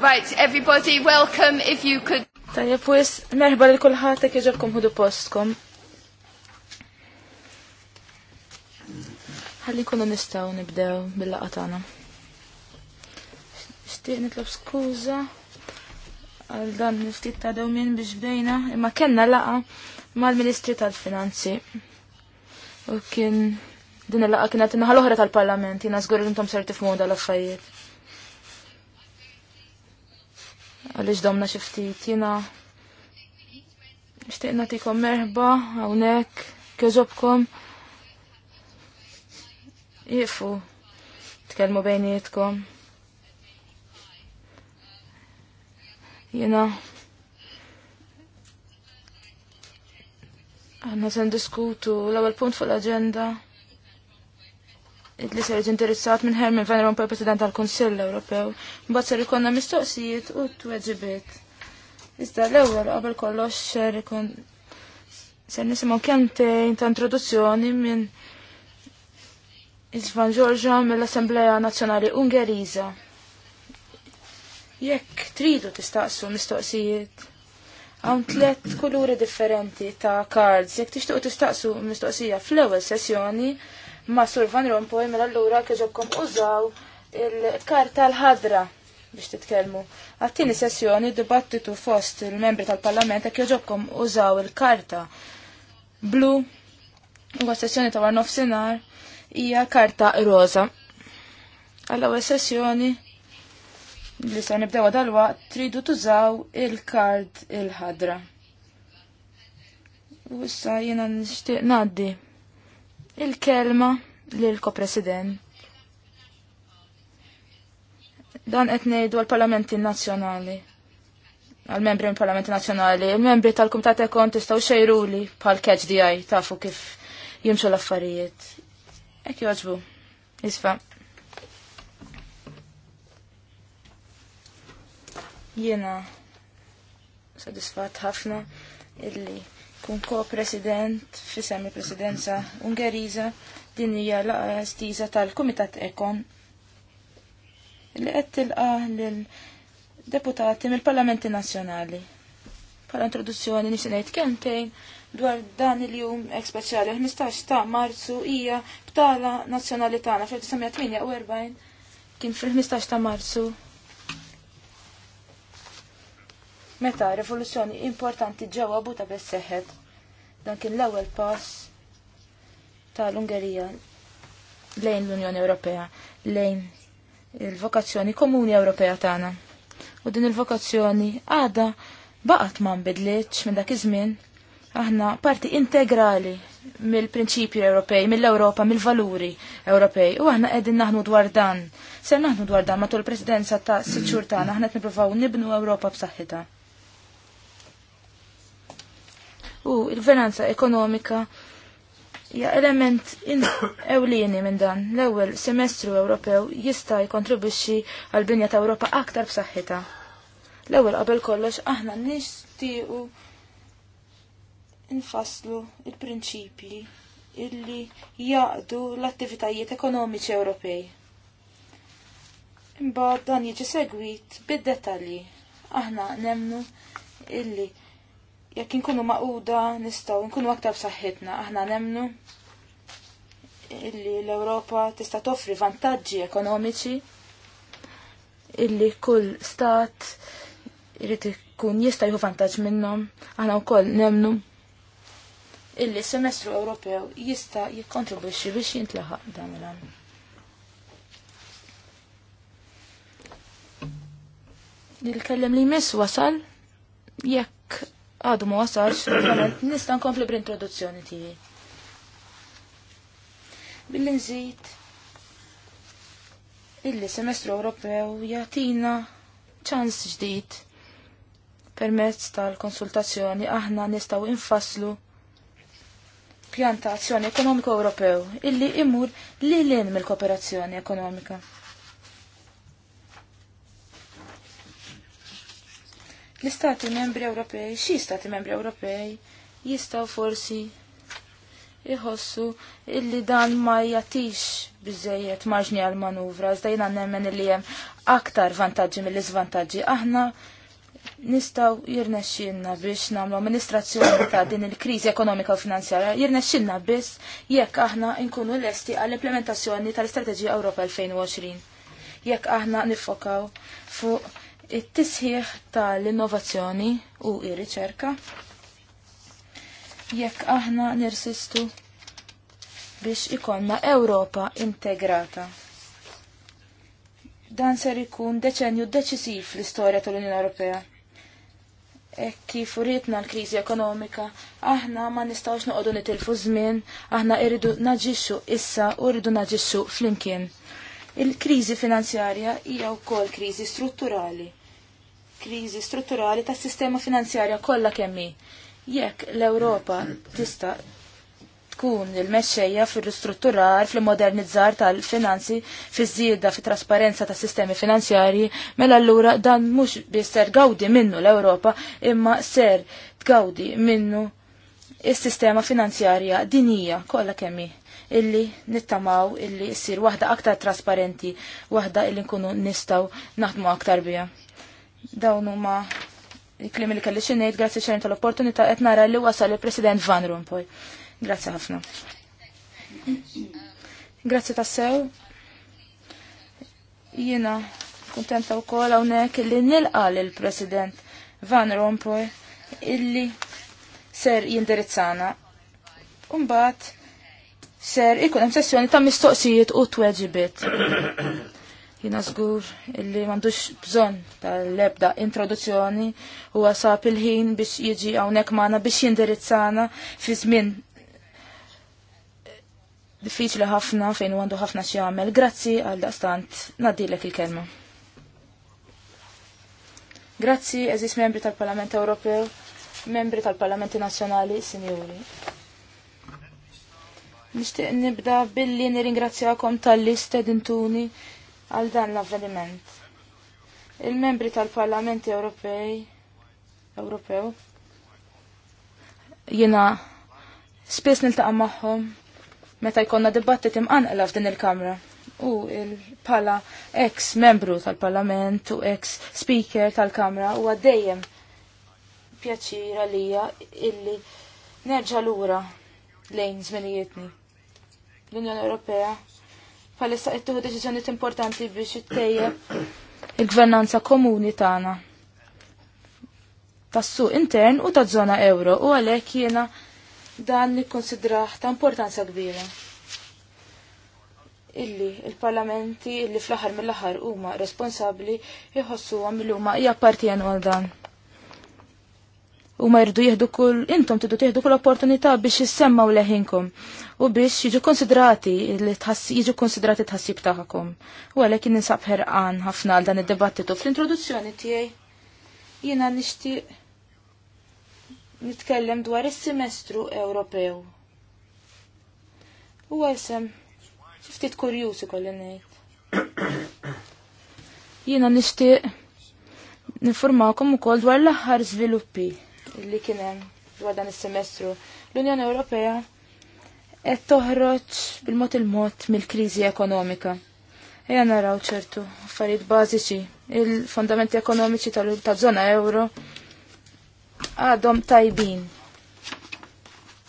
Right, everybody, welcome if you could. Tajja fwis, merħba li kullħat ek iġobkom hudu postkom. Ħalli kuna nistaw nibdew bil-laqa tagħna. nitlob skuża għal dan nistiq ta' dewmien biex bdejna, imma kellna laqa mal-Ministri tal-Finanzi. U kien din il-laqa kienet inħal oħra tal-Parlament, zgur l intom sertif tifmu l affajiet għalix domna xi ftit jiena tikom nagħtikom merħba hawnhekk kieġobkom jifu tkellmu bejnietkom. Jiena Għanna sen diskutu l-ewwel punt fuq l-aġenda li ser interessat minn Hermin Van Rompuy President tal-Kunsill Ewropew, Mbazz ser ikonna mistoqsijiet u t tweġibiet. Iżda l-ewwel qabel kollox ser ikun ser nisimaw kemm tejn ta' introduzzjoni minn Isvan Giorgia mill-Assembleja Nazzjonali Ungeriża. Jekk tridu tistaqsu mistoqsijiet Għam tlet kuluri differenti ta' cards. Jek tixtuq tistaqsu mistoqsija fl-ewel sessjoni, ma' Sur Van Rompuy mela allura keġokkom użaw il-karta l-ħadra biex titkellmu. Għattini sessjoni dibattitu fost il-membri tal-parlament e joġobkom użaw il-karta blu u sessjoni ta' nofsinar hija karta roza. Għallaw sessjoni li se nibdewa dal tridu tużaw il-kard il-ħadra. U issa jiena nixtieq ngħaddi il-kelma lil kopresident Dan qed ngħidu għall-Parlamenti Nazzjonali. Għal-membri mill-Parlamenti Nazzjonali, il-membri tal-Kumitat Ekon tistgħu xejruli bħal catch DI tafu kif jimxu l-affarijiet. Hekk joġbu. Isfa. Jiena Sadisfat ħafna illi kun ko-president fi semi presidenza Ungeriża din hija l estiża tal-Kumitat Ekon li qed tilqa lil deputati mill-Parlamenti Nazzjonali. Bħala introduzzjoni nixtieq ngħid campaign dwar dan il-jum ekspeċjali speċjali 15 ta' Marzu hija btala nazzjonali tagħna fil-1948 kien fil-15 ta' Marzu meta rivoluzzjoni importanti ġewwa Budapest seħħet. Dan kien l-ewwel pass tal-Ungerija lejn l-Unjoni Ewropea, lejn il-vokazzjoni komuni Ewropea tagħna. U din il-vokazzjoni għada baqgħet ma nbidlitx minn dak iż-żmien aħna parti integrali mill-prinċipju Ewropej, mill-Ewropa, mill-valuri Ewropej. U aħna qegħdin naħnu dwar dan. Ser naħnu dwar dan matul il-presidenza ta' xhur tagħna aħna qed nippruvaw nibnu Ewropa b'saħħitha. u il veranza ekonomika hija element ewlieni minn dan. L-ewwel semestru Ewropew jista' jkontribwixxi għal binja ta' Ewropa aktar b'saħħitha. L-ewwel qabel kollox aħna nixtiequ nfasslu il-prinċipji illi jaqdu l-attivitajiet ekonomiċi Ewropej. Imbagħad dan jiġi segwit bid-dettalji. Aħna nemnu illi jekk inkunu maquda nistgħu nkunu aktar b'saħħitna aħna nemnu illi l-Ewropa tista' toffri vantaġġi ekonomiċi illi kull stat irid ikun jista' jieħu vantaġġ minnhom aħna wkoll nemnu illi semestru Ewropew jista jikkontribwixxi biex jintlaħaq dan il-għam. kellem li jmiss wasal jekk għadu ma wasalx, nistan nista' nkompli bl-introduzzjoni tiegħi. Billi nżid illi semestru Ewropew jagħtina ċans ġdid permezz tal-konsultazzjoni aħna nistgħu infasslu pjanta azzjoni ekonomiku Ewropew illi imur li l-in mill-kooperazzjoni ekonomika. L-istati membri Ewropej, xi stati membri Ewropej jistgħu forsi iħossu illi dan ma jatix biżejjed marġni għal manuvra, zdajna nemmen illi hemm aktar vantaġġi mill-iżvantaġġi. Aħna nistaw jirnexxinna biex nagħmlu amministrazzjoni ta' din il-kriżi ekonomika u finanzjarja, jirnexxinna biss jekk aħna nkunu lesti għall implementazzjoni tal-Istrateġija Ewropa 2020. Jekk aħna nifokaw fuq it-tisħiħ tal-innovazzjoni u ir-riċerka jekk aħna nirsistu biex ikonna Ewropa integrata. Dan ser ikun deċenju deċisiv fl-istorja tal-Unjoni Ewropea. Ek kif uritna l-kriżi ekonomika, aħna ma nistgħux noqogħdu nitilfu żmien, aħna irridu naġixxu issa u rridu naġixxu flimkien. Il-kriżi finanzjarja hija wkoll kriżi strutturali kriżi strutturali tas-sistema finanzjarja kollha kemm Jekk l-Ewropa tista' tkun il-mexxejja fir ristrutturar fil-modernizzar tal-finanzi, fiż-żieda, fit-trasparenza tas sistemi finanzjarji, mela allura dan mhux biss ser gawdi minnu l-Ewropa, imma ser tgawdi minnu is-sistema finanzjarja dinija kollha kemm illi nittamaw illi ssir waħda aktar trasparenti, waħda illi nkunu nistaw naħdmu aktar biha. Dawn huma il-klim li kelli xinejt, grazzi xejn tal-opportunità qed nara li wasal il-President Van Rompuy. Grazzi ħafna. Grazzi tassew. Jiena kuntenta wkoll hawnhekk li nilqa lill-President Van Rompuy illi ser jindirizzana. Umbat, ser ikun hemm sessjoni ta' mistoqsijiet u tweġibiet. Jina zgur illi mandux bżon tal-lebda introduzzjoni u għasab il-ħin biex jiġi għawnek maħna biex jindirizzana fi żmien diffiċli ħafna fejn għandu ħafna għamel. Grazzi għal daqstant naddilek il-kelma. Grazzi, eżis membri tal-Parlament Ewropew, membri tal-Parlamenti Nazzjonali, sinjuri. Nishtiq nibda billi nirringrazzjakom tal li stedintuni. intuni għal dan l-avveniment. Il-membri tal parlament Ewropej Ewropew jiena spiss niltaqa' magħhom meta jkollna dibattit imqanqla f'din il-Kamra u il-pala ex membru tal-parlament u ex speaker tal-kamra u għaddejjem pjaċira lija illi nerġa lura lejn zminijietni. L-Unjoni Ewropea palissa qed tieħu deċiżjonijiet importanti biex jittejja il-gvernanza komuni tagħna tas-suq intern u taż-żona euro u għalhekk jiena dan nikkonsidrah ta' importanza kbira. Illi il-parlamenti illi fl-aħħar mill-aħħar huma responsabbli jħossuhom li huma hija partijan għal dan u ma jirdu jihdu kull, intom tiddu tieħdu kull opportunità biex jissemmaw leħinkom u biex jiġu konsidrati, jiġu konsidrati tħassib taħakom. U għalek ninsab ħerqan ħafna għal dan id-debattitu. Fl-introduzzjoni tiegħi jiena nixtieq nitkellem dwar is-semestru Ewropew. U għasem, ftit kurjusi kolli ngħid. Jiena nixtieq u ukoll dwar l-aħħar żviluppi li kienem dwar dan is-semestru. L-Unjoni Ewropea qed toħroġ bil-mod il-mod mill-kriżi ekonomika. Ejja naraw ċertu affarijiet bażiċi, il-fondamenti ekonomiċi tal-żona euro għadhom tajbin.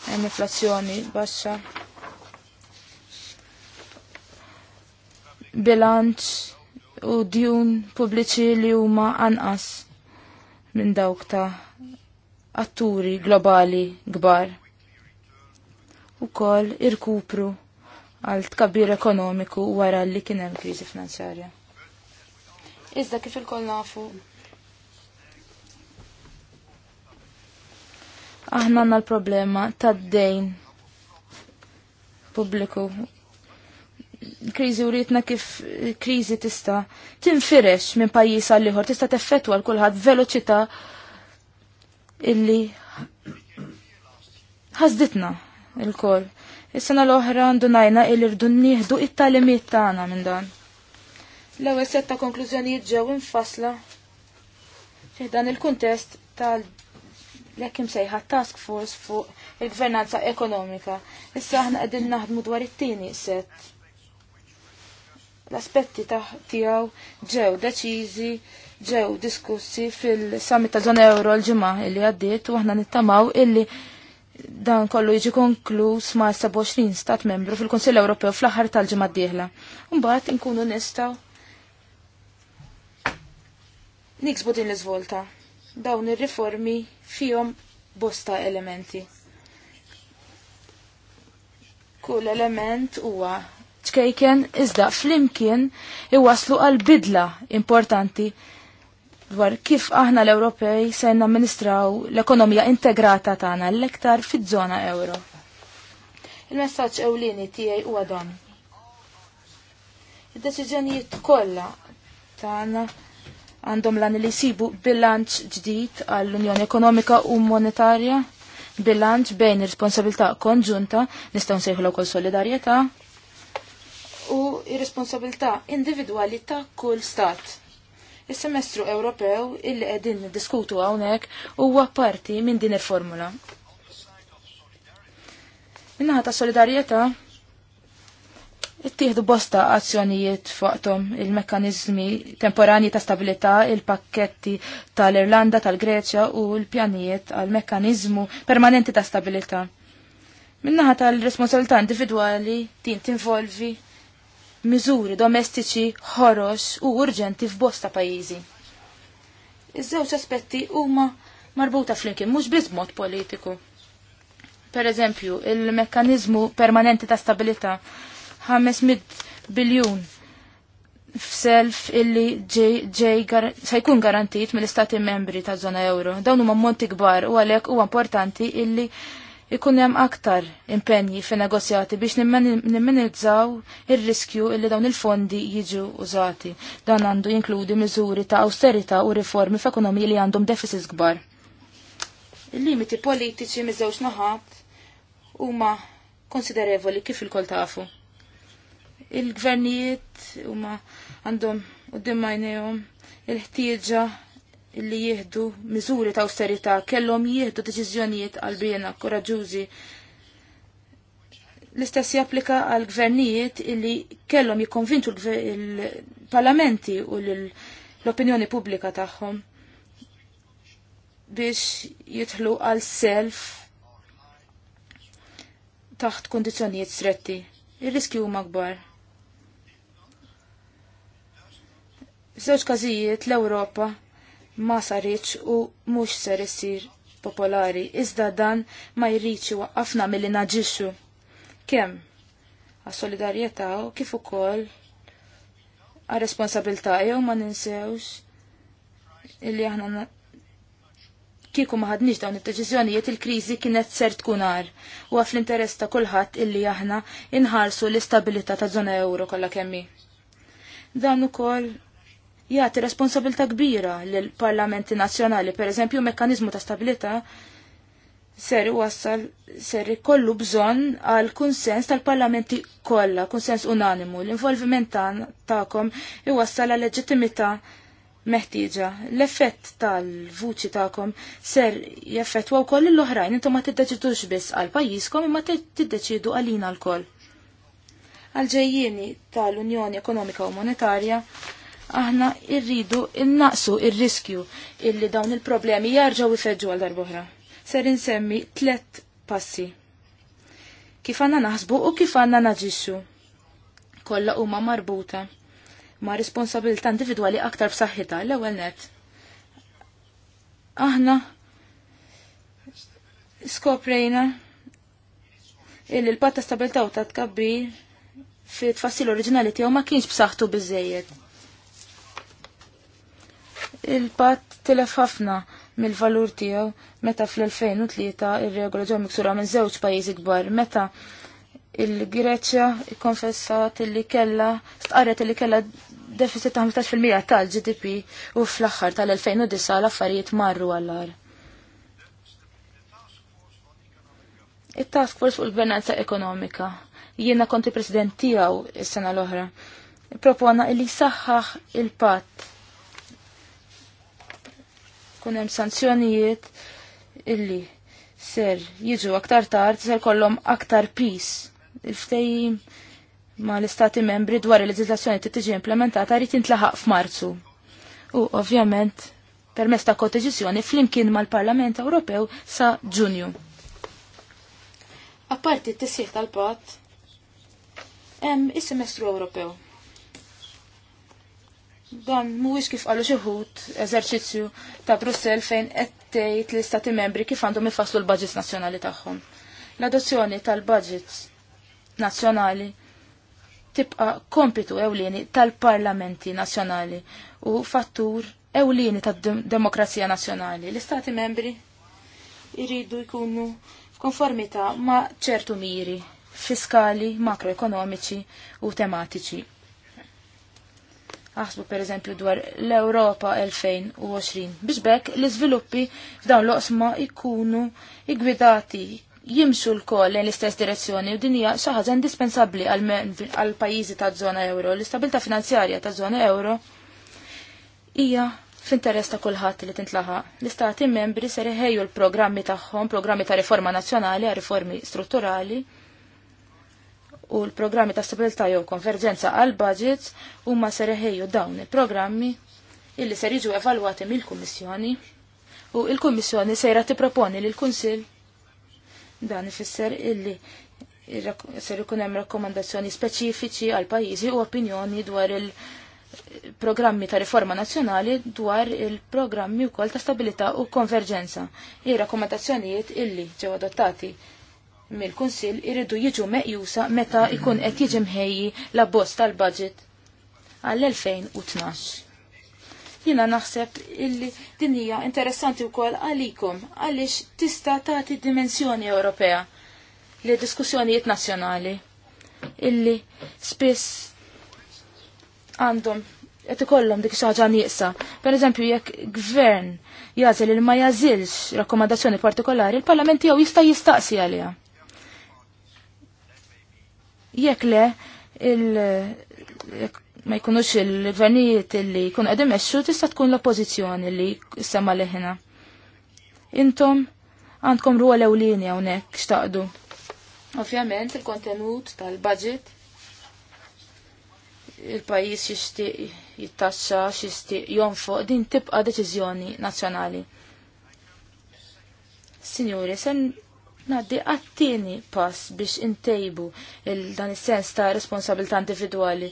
Hemm inflazzjoni baxxa. Bilanċ u djun pubbliċi li huma anqas minn dawk ta' atturi globali gbar. U kol irkupru għal tkabbir ekonomiku wara li kien hemm kriżi finanzjarja. Iżda kif il-kol nafu. Aħna għandna l-problema tad-dejn pubbliku. Kriżi uritna kif kriżi tista' tinfirex minn pajjiż għal ieħor, tista' teffettwa l kulħadd veloċità illi ħazditna il-kol. Is-sena l-oħra ndunajna illi rdu nieħdu it-talimiet tagħna minn dan. L-ewwel set ta' konklużjonijiet ġew infasla fih dan il-kuntest tal l-ekim sejħa task force fuq il-gvernanza ekonomika. Issa aħna qegħdin naħdmu dwar it-tieni set. L-aspetti tiegħu ġew deċiżi ġew diskussi fil-summit ta' zona euro l-ġimgħa illi għaddiet u aħna nittamaw illi dan kollu jiġi konkluż ma' 27 stat membru fil-Kunsill Ewropew fl-aħħar tal ġimma d-dieħla. Mbagħad inkunu nistgħu niksbu din l-iżvolta. Dawn ir-riformi fihom bosta elementi. Kull element huwa ċkejken iżda flimkien iwaslu għal bidla importanti dwar kif aħna l-Ewropej se namministraw l-ekonomija integrata tagħna l-iktar fiż-żona euro. Il-messaġġ ewlieni tiegħi huwa dan. Id-deċiżjonijiet kollha tagħna għandhom lan li jsibu bilanċ ġdid għall-Unjoni Ekonomika u Monetarja, bilanċ bejn ir-responsabilità konġunta, nistgħu nsejħlu wkoll solidarjetà, u ir-responsabilità individwali ta' kull stat Is-semestru Ewropew illi qegħdin niddiskutu hawnhekk huwa parti minn din il-formula. Minnaħa ta' solidarjetà ittieħdu bosta azzjonijiet fuqhom il-mekkaniżmi temporani ta' stabilità, il-pakketti tal-Irlanda, tal-Greċja u l-pjanijiet għal mekkaniżmu permanenti ta' stabilità. Minnaħa tal-responsabilità individwali din tinvolvi miżuri domestiċi ħoros u urġenti f'bosta pajjiżi. Iż-żewġ aspetti huma marbuta flimkien mhux biss mod politiku. Per eżempju, il-mekkanizmu permanenti ta' stabilità 500 biljun f'self illi ġej se jkun garantit mill-istati membri ta' zona euro. Dawn huma monti kbar u għalhekk huwa importanti illi ikun hemm aktar impenji fi negozjati biex nimmenizzaw ir-riskju illi dawn il-fondi jiġu użati. Dan għandu jinkludi miżuri ta' austerita u riformi f'ekonomi li għandhom deficits kbar. Il-limiti politiċi miżewġ naħat huma konsiderevoli kif il-kol tafu. Il-gvernijiet huma għandhom u dimmajnejhom il-ħtieġa Illi jieħdu miżuri ta' austerita, kellhom jieħdu deċiżjonijiet qalbina koraġużi. L-istess japplika għal gvernijiet illi kellhom jikkonvinċu l-parlamenti u l-opinjoni pubblika tagħhom biex jidħlu għal self taħt kondizjonijiet stretti. Ir-riskju huma kbar. Żewġ każijiet l-Ewropa ma saritx u mhux ser isir popolari, iżda dan ma jriċi waqqafna milli naġixxu. Kemm għas solidarjetà u kif ukoll a responsabilità jew ma ninsewx illi aħna kieku ma ħadniex dawn id-deċiżjonijiet il-kriżi kienet ser tkun għar u għaf l-interess ta' kulħadd illi aħna inħarsu l-istabilità ta' żona euro kollha kemmi. Dan ukoll jgħati responsabilità kbira lill parlamenti nazzjonali, pereżempju mekkaniżmu ta' stabilità ser wassal ser kollu bżonn għal kunsens tal-parlamenti kollha, konsens unanimu. L-involviment tagħkom iwassal għal leġittimità meħtieġa. L-effett tal-vuċi tagħkom ser jaffettwa wkoll l-oħrajn intom ma tiddeċidux biss għal pajjiżkom imma tiddeċidu għalina l-koll. Għal ġejjieni tal-Unjoni Ekonomika u Monetarja aħna irridu innaqsu ir-riskju illi dawn il-problemi jarġaw ifeġġu għal darbohra. Ser insemmi tlet passi. Kif għanna naħsbu u kif għanna naġixxu. Kolla huma marbuta ma' responsabilità individwali aktar b'saħħitha l-ewwel net. Aħna skoprejna illi l-patta stabilta u ta' tkabbir fit tfassil oriġinali tiegħu ma kienx b'saħħtu biżejjed il-patt tilef ħafna mill-valur tiegħu meta fl-2003 ir-regola ġew miksura minn żewġ pajjiżi kbar meta il-Greċja ikkonfessat li kella stqarret li kella deficit ta' 15% tal-GDP u fl-axħar tal-2009 l-affarijiet marru għallar. Il-Task Force u l-Gvernanza Ekonomika. Jiena konti president tiegħu is-sena l-oħra. Propona li saħħaħ il-patt kun hemm sanzjonijiet illi ser jiġu aktar tard ser kollhom aktar pis. Il-ftejjim ma l-istati membri dwar il-leġislazzjoni li tiġi implementata rrid jintlaħaq f'Marzu. U ovvjament permess ta' kodeċiżjoni flimkien mal-Parlament Ewropew sa Ġunju. Apparti t-tisħiħ tal-pat, hemm is-semestru Ewropew. Dan mhuwiex kif qalu xi ħut eżerċizzju ta' Brussell fejn qed tgħid l-istati membri kif għandhom ifasslu l-budgets nazzjonali tagħhom. L-adozzjoni tal-budgets nazzjonali tibqa' kompitu ewlieni tal-parlamenti nazzjonali u fattur ewlieni tad-demokrazija nazzjonali. L-istati membri jridu jkunu f'konformità ma' ċertu miri fiskali, makroekonomiċi u tematiċi. Aħsbu per eżempju dwar l-Europa 2020. Biex bekk l-iżviluppi f'dawn l-oqsma ikunu igwidati jimxu l-koll lejn l-istess direzzjoni u dinija xaħġa indispensabli indispensabbli għal pajjiżi ta' żona euro. l istabilta finanzjarja ta' żona euro hija fl-interess ta' kulħadd li tintlaħa. L-istati membri ser l-programmi tagħhom, programmi ta' riforma nazzjonali għal riformi strutturali u l-programmi ta' stabilità jew konverġenza għal budgets huma ser dawn il-programmi illi ser jiġu evalwati mill-Kummissjoni u il-Kummissjoni sejra tipproponi lil kunsill dan ifisser illi ser ikun hemm rakkomandazzjoni speċifiċi għal pajjiżi u opinjoni dwar il-programmi ta' riforma nazzjonali dwar il-programmi wkoll ta' stabilità u konverġenza. Ir-rakkomandazzjonijiet illi ġew adottati mill-Kunsill irridu jiġu meqjusa meta ikun qed jiġi mħejji l-abbozz tal-budget għall-2012. Jina naħseb illi din hija interessanti wkoll għalikom għaliex tista' tagħti dimensjoni Ewropea li diskussjonijiet nazzjonali illi spiss għandhom qed ikollhom dik xi ħaġa nieqsa. Pereżempju jekk gvern jażel il ma jażilx rakkomandazzjoni partikolari, il-Parlament tiegħu jista' jistaqsi għaliha. Jekk le il ma jkunux il-gvernijiet li jkun għadem eċxu tista' tkun l-oppozizjoni li sema leħna. Intom għandkom ruwa l-ewlini hawnhekk xtaqdu. Ovvjament il-kontenut tal-budget il-pajis xisti jittaxxa xixtieq jonfoq din tibqa' deċiżjoni nazzjonali. Sinjuri, sen Naddi għattini pass biex intejbu dan is-sens ta' responsabilità individwali.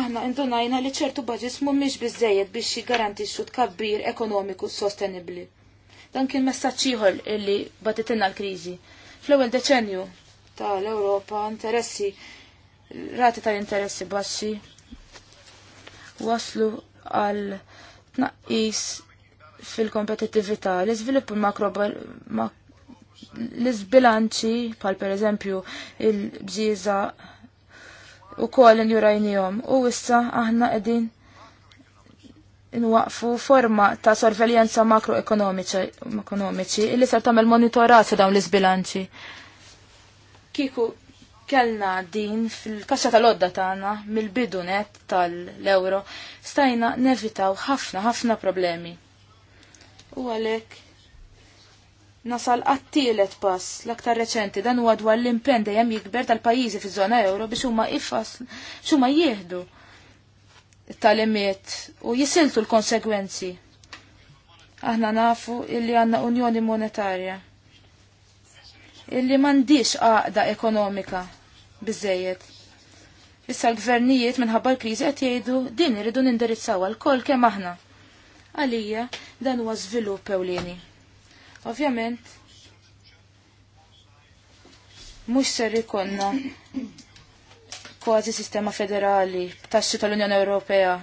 Aħna indunajna li ċertu budgets mhumiex bizzejed biex jiggarantixxu tkabbir ekonomiku sostenibbli. Dan kien messaġġ ieħor illi batitinna l-kriżi. Fl-ewwel deċenju tal-Ewropa interessi rati ta' interessi baxxi waslu għal tnaqqis fil-kompetittività, l-iżvilupp makro l-izbilanċi, pal per eżempju il-bżiza u kol jurajnijom. U issa aħna edin nwaqfu forma ta' sorveljenza makroekonomiċi illi ser tamel monitorat dawn l-izbilanċi. Kiku kellna din fil-kaxxa tal-odda tagħna mill-bidunet tal-euro stajna nevitaw ħafna ħafna problemi u għalhekk nasal għattilet pass l-aktar reċenti dan huwa dwar l-impenn dejjem jikber tal-pajjiżi fi zona euro biex huma iffas x'huma jieħdu tal-imiet u jisiltu l-konsegwenzi. Aħna nafu illi għandna Unjoni Monetarja illi m'għandix għaqda ekonomika bizzejiet. Issa l-gvernijiet minħabba l-kriżi qed jgħidu din iridu nindirizzaw għal kol kemm aħna għalija dan huwa żvilupp ewlieni. Ovvjament, mhux ser ikonna kważi sistema federali b'taxxi tal-Unjoni Ewropea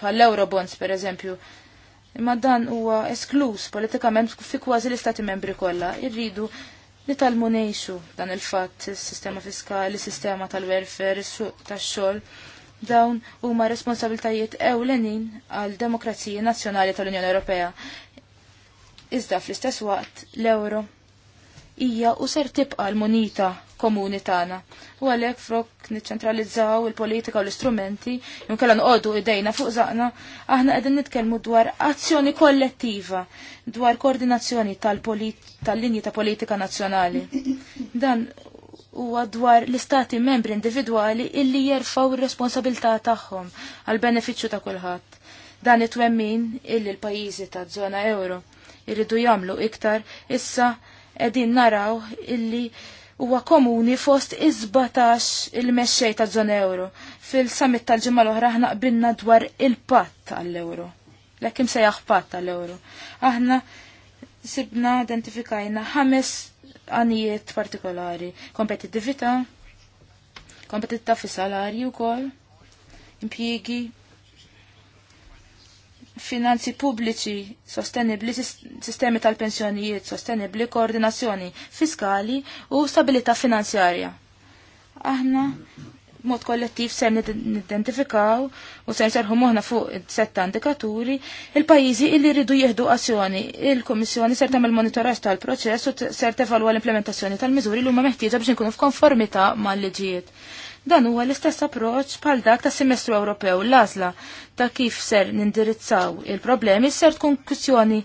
bħall-Eurobonds per eżempju, imma dan huwa esklus politikament fi kważi l-Istati membri kollha irridu tal-munejxu dan il-fatt il sistema fiskali, il sistema tal-welfare, il suq tax-xogħol Dawn huma responsabiltajiet ewlenin għal demokrazija nazzjonali tal-Unjoni Ewropea. Iżda fl-istess waqt l-euro hija u ser tibqa l-monita komuni tagħna. U għalhekk frok niċċentralizzaw il-politika u l-istrumenti, jumkella noqogħdu idejna fuq zaqna, aħna qegħdin nitkellmu dwar azzjoni kollettiva, dwar koordinazzjoni tal-linji ta' politika nazzjonali. Dan huwa dwar l-istati membri individwali illi jerfaw ir-responsabilità tagħhom għal benefiċċju ta' kulħadd. Dan it-twemmin illi l-pajjiżi ta' żona euro irridu jagħmlu iktar issa qegħdin naraw illi huwa komuni fost iż il-mexxej ta' żona euro. Fil-summit tal-ġimgħa l-oħra aħna qbilna dwar il-patt tal-euro. Lekk se patt tal-euro. Aħna sibna identifikajna ħames għanijiet partikolari. Kompetitivita, kompetittività fi salarju kol, impjiegi, finanzi pubbliċi sostenibli, sistemi tal-pensjonijiet sostenibli, koordinazzjoni fiskali u stabilità finanzjarja. Aħna mod kollettiv ser nidentifikaw u ser serħu moħna fuq setta indikaturi il-pajizi illi ridu jihdu azzjoni. Il-Komissjoni ser tagħmel monitoraġġ tal-proċess u ser tevalwa l-implementazzjoni tal-miżuri li huma meħtieġa biex inkunu f'konformità mal-liġijiet. Dan huwa l-istess approċċ bħal dak tas semestru Ewropew l-għażla ta' kif ser nindirizzaw il-problemi ser tkun kwistjoni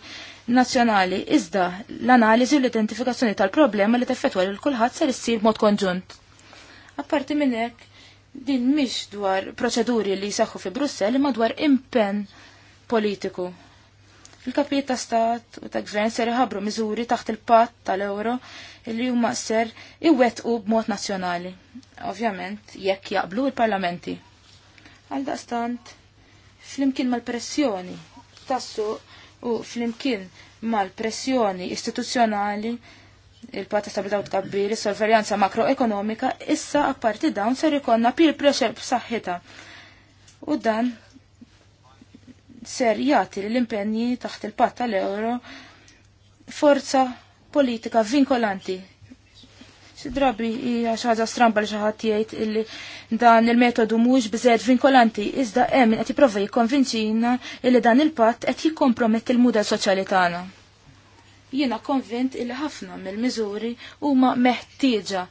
nazzjonali iżda l-analiżi u l-identifikazzjoni tal-problema li teffettwa lil kulħadd ser issir mod konġunt. Apparti minn hekk, Din mhix dwar proċeduri li jisaxu fi Brussell imma dwar impenn politiku. Il-kapijiet ta' stat u ta' gvern ser iħabru miżuri taħt il-patt tal-euro li huma ser iwettqu b'mod nazzjonali. Ovvjament jekk jaqblu il-parlamenti. Għal daqstant, flimkien mal-pressjoni tassu u flimkien mal-pressjoni istituzzjonali il-pata stabilità u tkabbir, is-sorveljanza makroekonomika, issa apparti dawn ser ikonna peer pressure b'saħħita. U dan ser jagħti l-impenji taħt il-patt tal-euro forza politika vinkolanti. Xi drabi hija xi ħaġa stramba li xi ħadd jgħid illi dan il-metodu mhux biżgħet vinkolanti, iżda hemm qed jipprova jikkonvinċina illi dan il-patt qed jikkomprometti il-mudell soċjali tagħna. Jiena konvint il ħafna mill-miżuri huma meħtieġa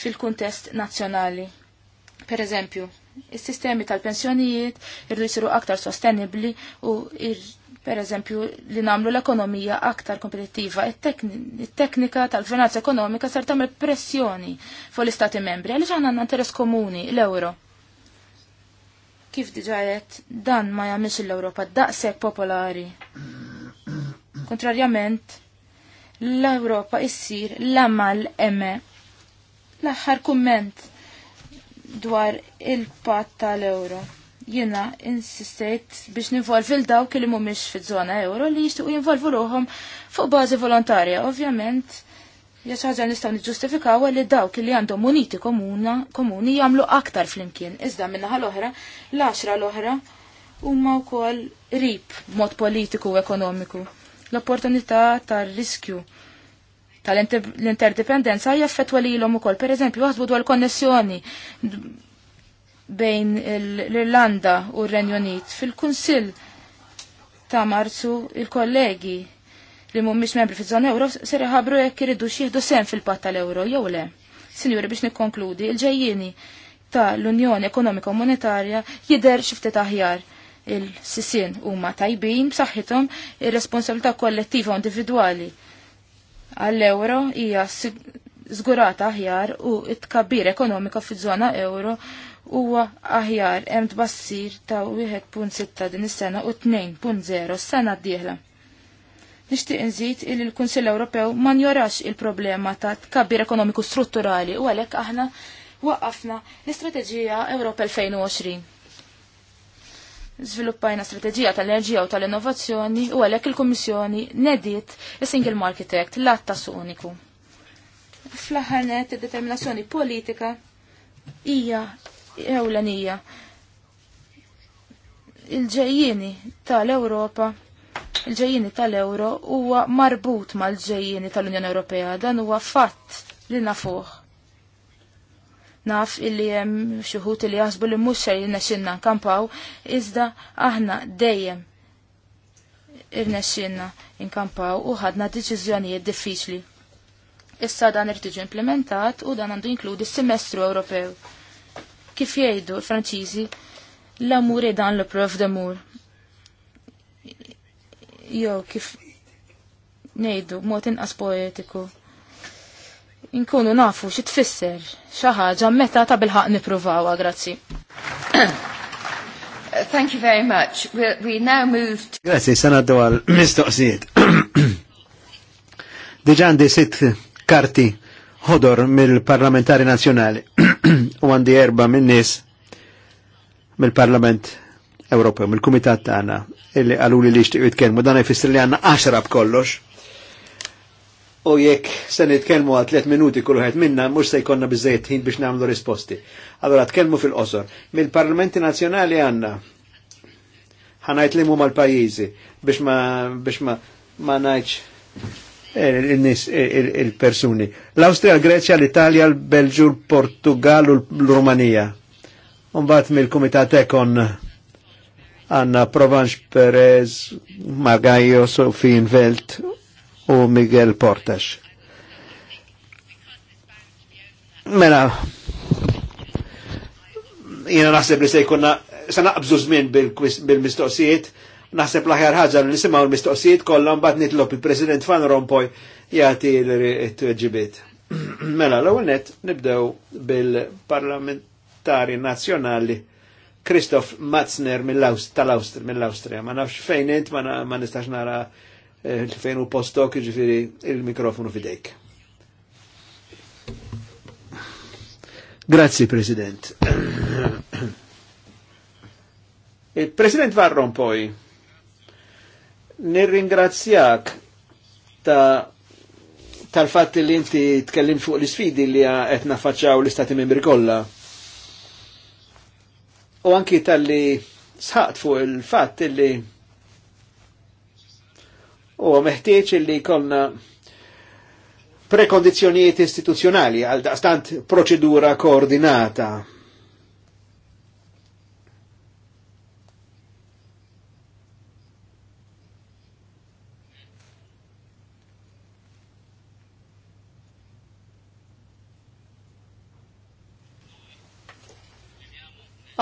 fil-kuntest nazzjonali. Per eżempju, is-sistemi tal-pensjonijiet irdu jsiru aktar sostenibbli u per eżempju, li namlu l-ekonomija aktar kompetittiva, il-teknika tal-finanza ekonomika ser tagħmel pressjoni fuq l-Istati membri, għaliex għandna interess komuni l-euro. Kif diġa dan ma jagħmilx l-Ewropa daqshekk popolari. Kontrarjament l-Ewropa issir l-amal eme. L-aħħar kumment dwar il-pat tal-euro. Jina insistejt biex ninvolvi l-dawk li mumiex fi zona euro li jishtiqu jinvolvu ruħom fuq bazi volontarja. Ovvjament, jasħaġa nistaw niġustifikaw li dawk li għandhom muniti komuna, komuni jamlu aktar flimkien. Iżda minna l-oħra, l-10 l-oħra, u ma' kol mod politiku u ekonomiku l-opportunità tar-riskju tal-interdependenza jaffetwa li l-om ukoll. Per eżempju, għazbu dwar konnessjoni bejn l-Irlanda u r-Renju Unit. Fil-Kunsil ta' marzu il-kollegi li mumiex membri fil-żon euro ser ħabru jekk iridu xieħdu sen fil-pat tal-euro, jew le. Sinjuri biex nikkonkludi, il-ġejjini ta' l-Unjoni Ekonomika u Monetarja jider xiftet aħjar il-sisien huma tajbin b'saħħithom ir-responsabilità kollettiva u individwali għall-euro hija żgurata aħjar u t-tkabbir ekonomika fiż-żona euro huwa aħjar hemm tbassir ta' 1.6 din is-sena u 2.0 s-sena d-dieħla. Nixtieq inżid li l-Kunsill Ewropew ma njorax il-problema ta' tkabbir ekonomiku strutturali u għalhekk aħna waqqafna l-Istrateġija Ewropa 2020. Zviluppajna strateġija tal-enerġija u tal-innovazzjoni u għalhekk il-Kummissjoni nediet il single Market Act l atta ta' uniku. Fl-aħħar net id-determinazzjoni politika hija ewlenija. il ġejjini tal-Ewropa il ġejjini tal-Euro huwa marbut mal ġejjini tal-Unjoni Ewropea dan huwa fatt li nafuh. Naf illi hemm xi ħut li jaħsbu li mhux ser nkampaw, iżda aħna dejjem irnexxinna nkampaw u ħadna deċiżjonijiet diffiċli. Issa dan irtiġu implementat u dan għandu inkludi s-semestru Ewropew. Kif jgħidu l-Franċiżi, l-amur e dan l prof d-amur. Jo, kif ngħidu, mod inqas poetiku inkunu nafu xi tfisser xi ħaġa meta ta' bilħaq nippruvawha. grazzi. Thank you very much. we now moved. Grazzi, sana dwar mistoqsijiet. għandi sitt karti ħodor mill-parlamentari nazjonali u għandi erba minnis mill-parlament Ewropew, mill-kumitat tagħna illi għaluli li jixtiequ jitkellmu dan jfisser li għandna 10 b'kollox u jekk se nitkellmu għal tliet minuti kull wieħed minna mhux se jkollna biżejjed ħin biex nagħmlu risposti. Allora tkellmu fil-qosor. Mill-Parlamenti Nazzjonali għandna ħanajt li huma l-pajjiżi biex ma biex ma ma ngħidx eh, il-nies eh, il-persuni. L-Awstrija, Greċja, l-Italja, l-Belġu, l-Portugal u l-Rumanija. Umbat mill-Kumitat Ekon għandna Provanx Perez, Magajo, Sofin Velt u Miguel Portax. Mela, jena naħseb li se jkunna, se naqbżu żmien bil-mistoqsijiet, bil naħseb l-aħjar ħaġa li nisimgħu l-mistoqsijiet kollha bat nitlop il-President Van Rompuy jagħti l-ġibiet. mela, l net nibdew bil-parlamentari nazzjonali Kristof Matzner mill austria mill ma nafx fejn int, ma nistax nara Eh, fejn u postok ġifiri il-mikrofonu fidejk. Grazzi, President. Eh, president Varron poi, nirringrazzjak ta' tal fat li inti tkellim fuq l-sfidi li għetna nafaċċaw l-Istati Membri kolla. U anki tal-li sħat fuq il -fat li u meħtieċ li kolna prekondizjonijiet istituzjonali għal daqstant proċedura koordinata.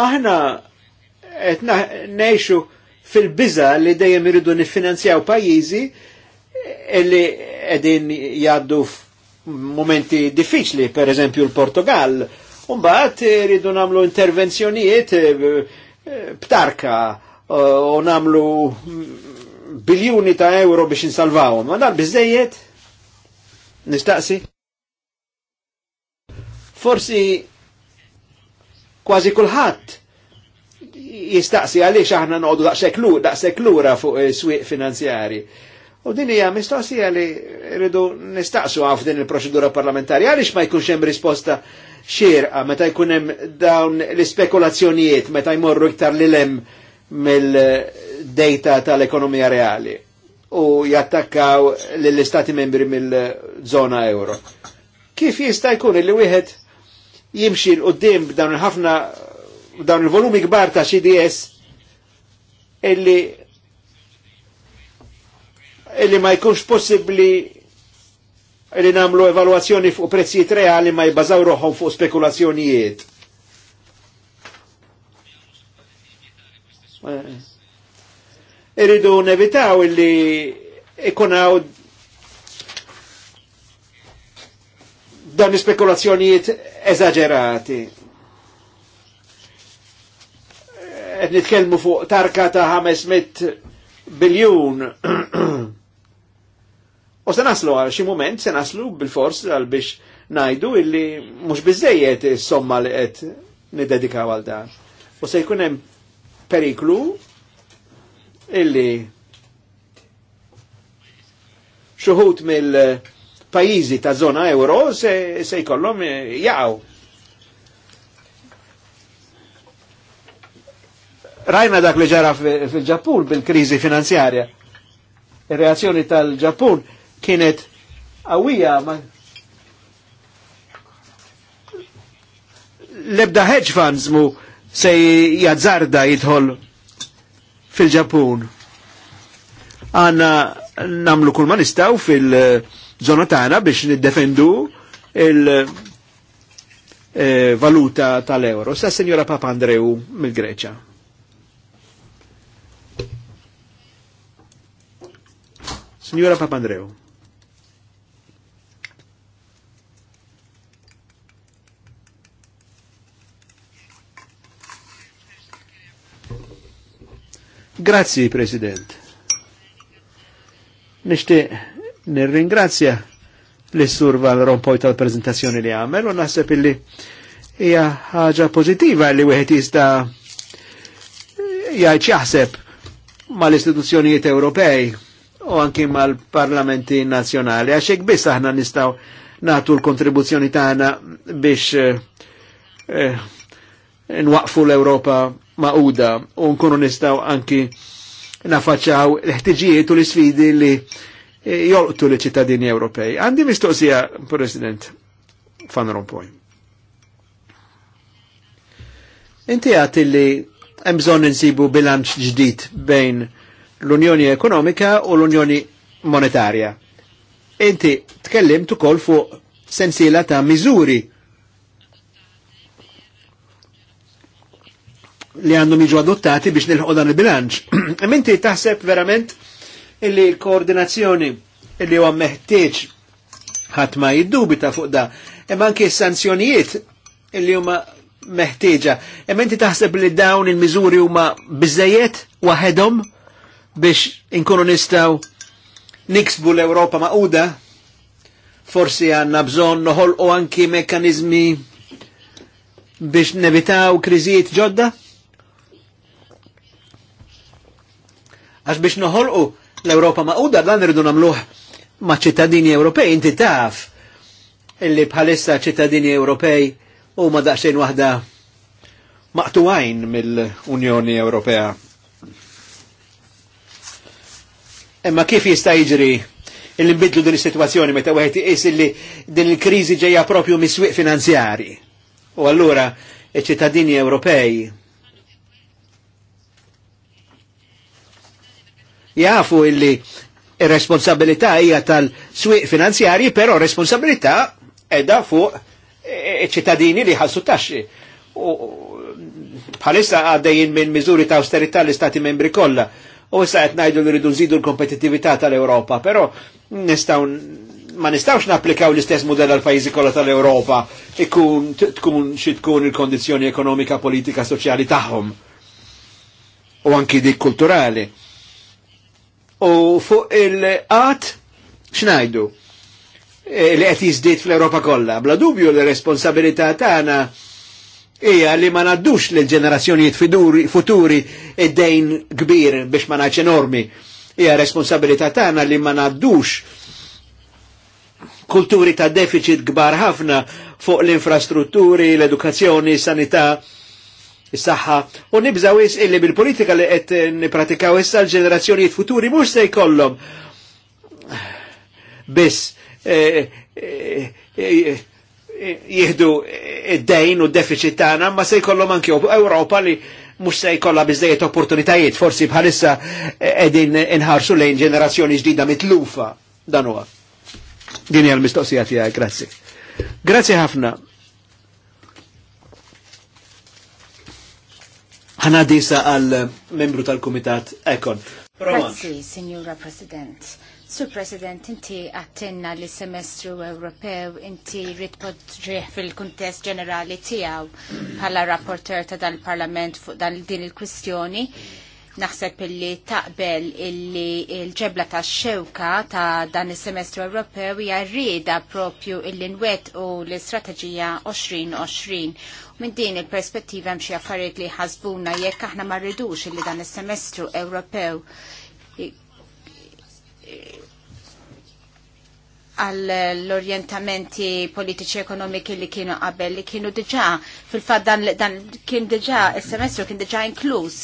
Aħna etna neħxu fil-biża li dejjem iridu nifinanzjaw pajjiżi eh, li qegħdin jgħaddu momenti diffiċli, per eżempju l-Portugal, Umbaħt rridu namlu intervenzjonijiet eh, b'tarka eh, u namlu biljuni ta' euro biex insalvawhom. Ma dal biżejjed? Nistaqsi? Forsi kważi kulħadd jistaqsi għaliex aħna noqogħdu daqshekk lura fuq is-swieq eh, finanzjari. U din hija mistoqsija li rridu nistaqsu għaf din il-proċedura parlamentari għaliex ma jkunx hemm risposta xierqa meta jkun hemm dawn l-ispekulazzjonijiet meta jmorru iktar li lem mill-data tal-ekonomija reali u jattakkaw lill-istati membri mill-zona euro. Kif jista' jkun li wieħed jimxi l-qoddim b'dawn ħafna dawn il-volumi kbar ta' CDS illi illi ma jkunx possibli illi namlu evaluazzjoni fuq prezzijiet reali ma jibbażaw roħom fuq spekulazzjonijiet. Iridu nevitaw illi ikunaw dan spekulazzjonijiet eżagerati qed eh, nitkellmu fuq tarka ta' 500 biljun. U se naslu għal xi mument se naslu bil-fors għal biex najdu illi mhux biżejjed is-somma li qed niddedikaw għal dan. U se jkun hemm periklu illi xuħut mill-pajizi ta' zona euro se, se jkollhom jaqgħu Rajna dak li ġara fil-Ġappun bil-krizi finanzjarja. Ir-reazzjoni tal-Ġappun kienet għawija ma lebda hedge funds mu se jazzarda jidħol fil ġappun Għanna namlu kull ma nistaw fil-zona tagħna biex niddefendu il-valuta eh, tal-euro. Sa' Signora Papandreu mill greċja Signora Papandreu. Grazzi, President. Nishtiq nirringrazzja l-Sur Val Rompoy tal-prezentazzjoni li għamel u naħseb illi hija ħaġa pożittiva li wieħed jista' jgħid jaħseb mal-istituzzjonijiet Ewropej u anki mal-parlamenti nazjonali, għaxek biss aħna nistaw natu l-kontribuzzjoni taħna biex eh, eh, nwaqfu l-Europa maquda u nkunu nistaw anki nafaċċaw l-ħtiġijiet u l-sfidi li eh, jolqtu li ċittadini Ewropej. Għandi mistoqsija, President fan rompoj. Inti għati li jemżon bżonn bilanċ ġdid bejn l-Unjoni Ekonomika u l-Unjoni Monetarja. Inti tkellimt ukoll fuq sensiela ta' miżuri li għandhom jiġu adottati biex nilħu dan il-bilanċ. Minti taħseb verament illi l koordinazzjoni illi huwa meħtieġ ħadd ma jiddubita fuq da, imma anke sanzjonijiet illi huma meħtieġa. Imma inti taħseb li dawn il-miżuri huma biżejjed waħedhom? biex inkunu nistaw niksbu l-Europa maquda, forsi għanna bżon noħol u anki mekanizmi biex nevitaw kriżijiet ġodda? Għax biex noħolqu l-Europa maquda dan irridu namluħ ma' ċittadini Ewropej, inti taf illi bħalissa ċittadini Ewropej u ma daqxejn waħda maqtuwajn mill-Unjoni Ewropea Imma kif jista' jiġri illi nbidlu din is-sitwazzjoni meta wieħed iqis illi din il-kriżi ġejja proprju miswiq finanzjari. U allura iċ-ċittadini Ewropej jafu illi responsabilità hija tal-swieq finanzjarji, però responsabilità edha fuq ċittadini li ħassu taxxi. bħalissa għaddejjin minn miżuri ta' austerità l-Istati membri kollha u issa qed ngħidu li rridu nżidu l-kompetittività tal-Ewropa, però nistgħu ma nistgħux napplikaw l-istess modell għal pajjiżi kollha tal-Ewropa ikun tkun xi tkun il-kondizzjoni ekonomika, politika, soċjali tagħhom. U anki dik kulturali. U fuq il-qat x'ngħidu? Eh, li qed jiżdied fl-Ewropa kollha. Bla dubju l-responsabilità tagħna hija li ma naddux lil ġenerazzjonijiet futuri id-dejn kbir biex ma ngħidx enormi. Ija responsabilità tagħna li ma naddux kulturi ta' deficit kbar ħafna fuq l-infrastrutturi, l-edukazzjoni, s-sanità, is-saħħa u nibżaw is illi bil-politika li qed nippratikaw issa l-ġenerazzjonijiet futuri mhux se jkollhom biss eh, eh, eh, jihdu id-dejn u d-deficit tagħna, ma se jkollhom anke Ewropa li mhux se jkollha biżejjed opportunitajiet, forsi bħalissa eh, qegħdin inħarsu lejn ġenerazzjoni ġdida mitlufa dan huwa. Din hija l-mistoqsija tiegħek, grazzi. Grazzi ħafna. Ħana disa għal membru tal-Kumitat Ekon. Grazie, Signora President. Sur President, inti għattinna li semestru Ewropew, inti ritpodriħ fil-kuntest ġenerali tijaw bħala rapporter ta' dal-Parlament fuq dan din il-kwistjoni naħseb illi taqbel illi il-ġebla ta' xewka ta' dan is semestru Ewropew hija rrieda propju illi nwet u l-istrateġija 2020. Minn din il-perspettiva hemm xi affarijiet li ħasbuna jekk aħna ma rridux illi dan is semestru Ewropew għall-orientamenti politiċi ekonomiki li kienu qabel li kienu diġa fil-fat dan, dan kien diġa il-semestru kien diġa inkluż.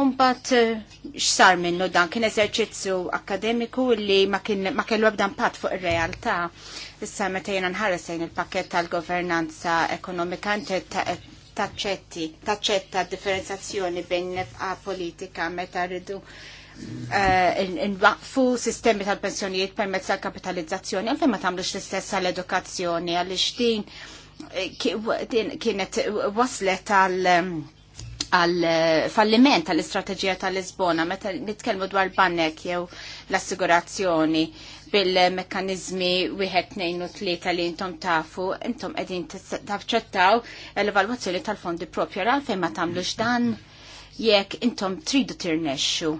Umbat x'sar minnu dan kien eżerċizzju akademiku li ma kellu ebda impatt fuq ir-realtà. Issa meta jiena nħaresejn il-pakket tal-governanza ekonomika taċċetti, taċċetta differenzazzjoni bejn nefqa politika meta rridu Eh, n-waqfu sistemi tal-pensjonijiet permezz tal-kapitalizzazzjoni, għalfejn ma tagħmlux l-istess għall-edukazzjoni għaliex din eh, kienet waslet għal eh, għal falliment tal-istrateġija tal-Lisbona, meta nitkellmu dwar bannek jew l-assigurazzjoni bil-mekkanizmi wieħed nejn u tlieta li intom tafu, intom qegħdin taċċettaw l-evalwazzjoni tal-fondi propju għal fejn ma tagħmlux dan jekk intom tridu tirnexxu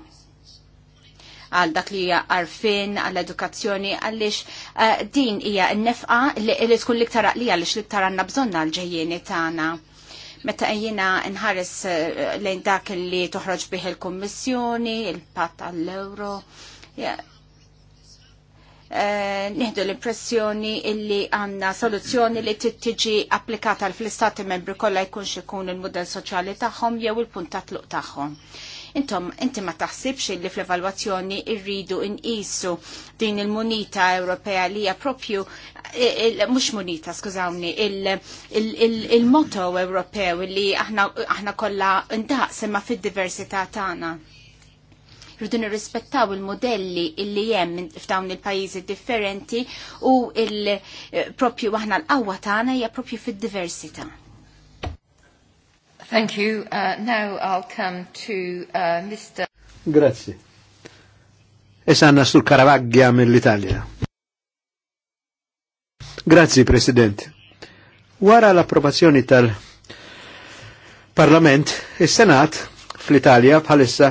għal dak li hija arfin, għall edukazzjoni għaliex eh, din hija n-nefqa li tkun liktar għalija għaliex liktar għandna bżonna l-ġejjieni tagħna meta ejjina nħares eh, lejn dak li toħroġ bih il-Kommissjoni, il-Patt għall-Euro. Eh, nieħdu l-impressjoni illi għanna soluzzjoni li tiġi applikata fl-istati membri kollha jkunx ikun il-mudell soċjali tagħhom jew il-puntat luq tagħhom. Intom, inti ma taħsibx li fl-evalwazzjoni irridu isu din il-munita Ewropea li hija propju eh, mhux munita, skużawni, il moto Ewropew li aħna kollha ndaqsema imma fid-diversità tagħna rridu nirrispettaw il-modelli illi hemm f'dawn il-pajjiżi differenti u il-propju eh, aħna l-qawwa tagħna hija propju fid-diversità. Thank you. Uh, now I'll come to uh, Mr. Grazie. Esa għanna sul Caravaggia mill Grazie, Presidente. Wara l-approvazzjoni tal-Parlament, il-Senat e fl-Italja bħalissa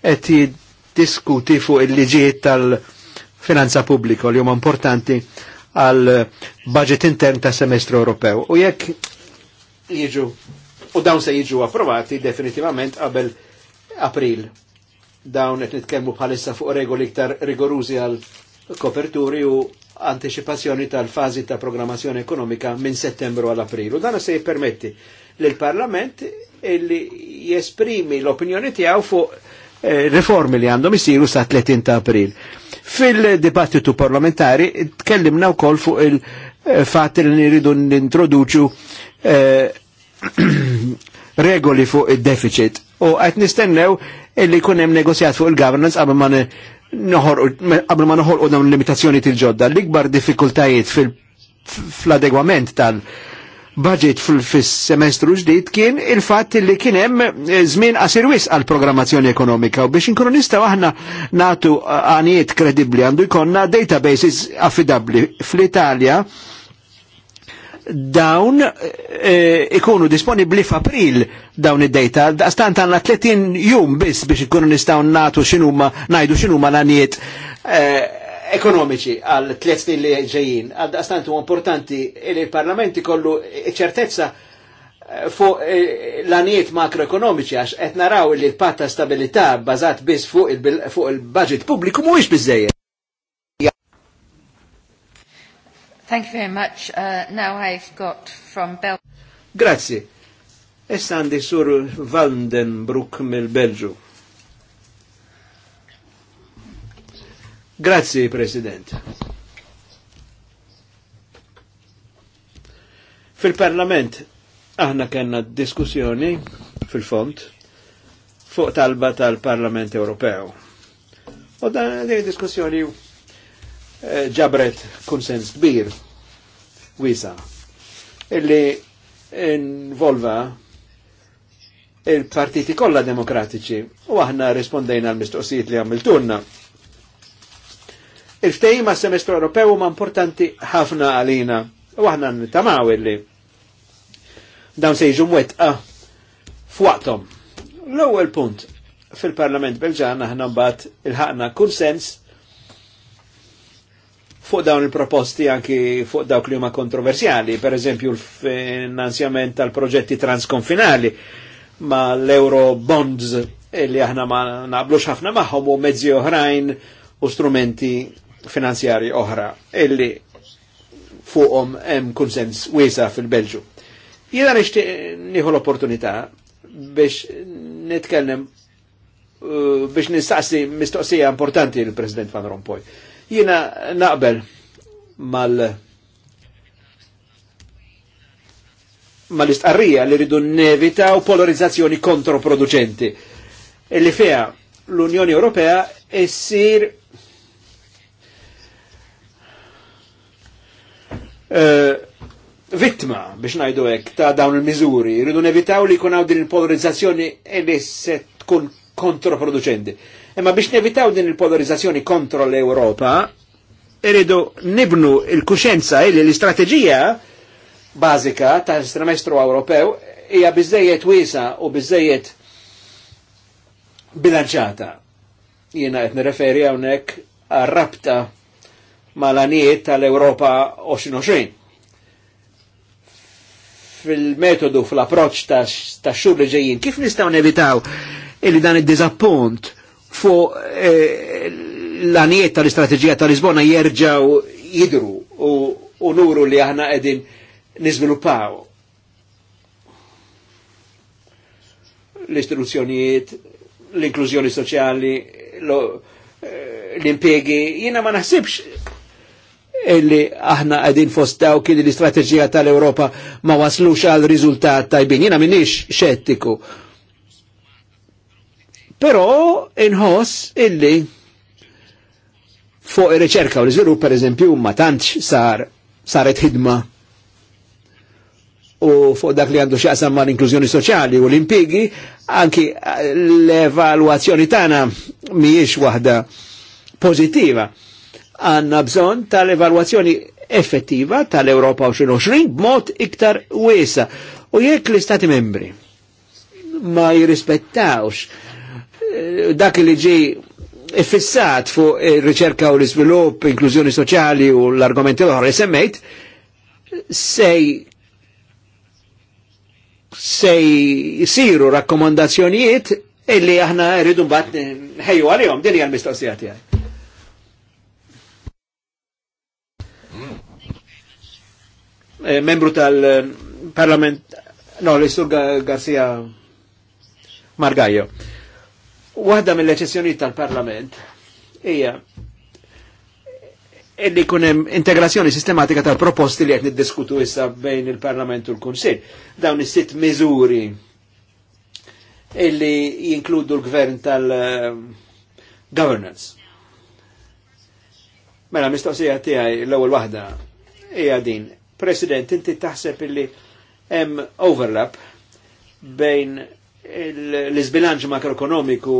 qed jiddiskuti fuq il-liġijiet tal-finanza pubblika li huma importanti għal budget intern ta' semestru Ewropew. U jekk jiġu u dawn se jiġu approvati definitivament qabel april. Dawn qed nitkellmu bħalissa fuq regoli iktar rigorużi għal koperturi u anticipazzjoni tal-fazi ta' programmazzjoni ekonomika minn settembru għal april. U dan se jippermetti l parlament illi jesprimi l-opinjoni tiegħu fuq eh, riformi li għandhom isiru sa' 30 ta' april. Fil-dibattitu parlamentari tkellimna wkoll fuq il-fatt eh, li nridu nintroduċu eh, regoli fuq id-deficit u għet nistennew illi kunem negozjat fuq il-governance qabel ma qabel u dawn limitazzjoni til-ġodda. L-ikbar diffikultajiet fil adegwament tal-budget fil-semestru ġdid kien il-fatt li kien hemm eh, żmien qasir wis għal programmazzjoni ekonomika u biex inkunu nistgħu aħna nagħtu eh, għanijiet kredibbli għandu jkollna databases affidabbli fl-Italja dawn eh, ikunu disponibli f'April dawn id-data, stant għandna 30 jum biss biex ikunu nistaw natu xinuma, najdu xinuma l-għaniet eh, ekonomiċi għal tliet snin li ġejjin. Għal huwa importanti li l-Parlamenti kollu ċertezza eh, fuq l-għaniet makroekonomiċi għax qed naraw li l-patta stabilità bbażat biss fuq il-budget pubbliku mhuwiex biżejjed. Thank you very much. Uh, now I've got from Bel. Grazie. Essa għandi sur Vandenbroek mill-Belġu. Grazie, President. Fil-Parlament aħna kena diskussjoni fil-font fuq talba tal-Parlament Ewropew. U dan din diskussjoni Eh, ġabret konsens kbir wisa illi involva il-partiti kollha demokratiċi u aħna rispondejna għal mistoqsijiet li għamiltunna. Il-ftehim ma' semestru Ewropew ma' importanti ħafna għalina u aħna nitamaw illi dawn se jiġu wetqa f'waqthom. L-ewwel punt fil-Parlament Belġan aħna mbagħad il ħakna kunsens fuq dawn il-proposti anki fuq dawk li huma kontroversjali, per eżempju l-finanzjament tal-proġetti transkonfinali ma l-euro bonds li aħna ma naqblux ħafna magħhom u mezzi oħrajn u strumenti finanzjari oħra illi fuqhom hemm kunsens wiesa fil-Belġu. Jiena nixtieq nieħu l-opportunità biex nitkellem eh, biex nistaqsi mistoqsija importanti l-President Van Rompuy Jina naqbel mal- mal-istqarrija li ridu nevitaw polarizzazzjoni kontroproducenti. Illi e feja l-Unjoni Ewropea essir eh, vittma biex najdu hekk ta' dawn il-miżuri, rridu nevitaw li jkun hawn din il-polarizzazzjoni e li se tkun kontroproducenti. Imma biex nevitaw din il-polarizzazzjoni kontro l-Europa, irridu nibnu il-kuxenza illi e l-istrateġija bażika tal-semestru Ewropew hija biżejjed wiesa u biżejjed bilanċata. Jiena qed nirreferi hawnhekk għar-rabta mal-anijiet tal-Europa 2020. Fil-metodu, fl-approċ ta' xur li ġejjin, kif nistaw nevitaw illi dan id-dizappunt fuq eh, l-anijiet tal istrategija tal-Lisbona jerġaw jidru u nuru li aħna qegħdin niżviluppaw. L-istituzzjonijiet, l-inklużjoni soċjali, eh, l-impiegi, jiena ma naħsibx illi aħna għedin fost daw kien l-istrateġija tal-Europa ma waslux għal riżultat tajbin. Jina minnix xettiku Però inħoss illi fuq ir-riċerka u l per eżempju ma tantx sar saret ħidma u fuq dak li għandu xaqsam ma l-inklużjoni soċjali u l-impigi, anki l-evaluazzjoni tagħna mhijiex waħda pożittiva. Għanna bżon tal-evaluazzjoni effettiva tal ewropa 2020 b'mod iktar wiesa. U jekk l-Istati membri ma jirrispettawx Eh, dak li ġi fissat fuq il eh, riċerka u l izvilup inklużjoni soċjali u l-argumenti l ħor li semmejt, sej sej siru rakkomandazzjonijiet illi aħna rridu mbagħad ħejju għalihom din hija l-mistoqsija tiegħi. Eh, membru tal-Parlament, no, l-Istur Garcia Margajo. Waħda mill-eċessjoni tal-Parlament hija illi kunem integrazzjoni sistematika tal-proposti li qed niddiskutu issa bejn il-Parlament u l-Kunsill. Dawn is-sitt miżuri illi jinkludu l-gvern tal-governance. Mela mistoqsija tiegħi l-ewwel waħda hija din. President, inti taħseb illi hemm overlap bejn l-izbilanċ makroekonomiku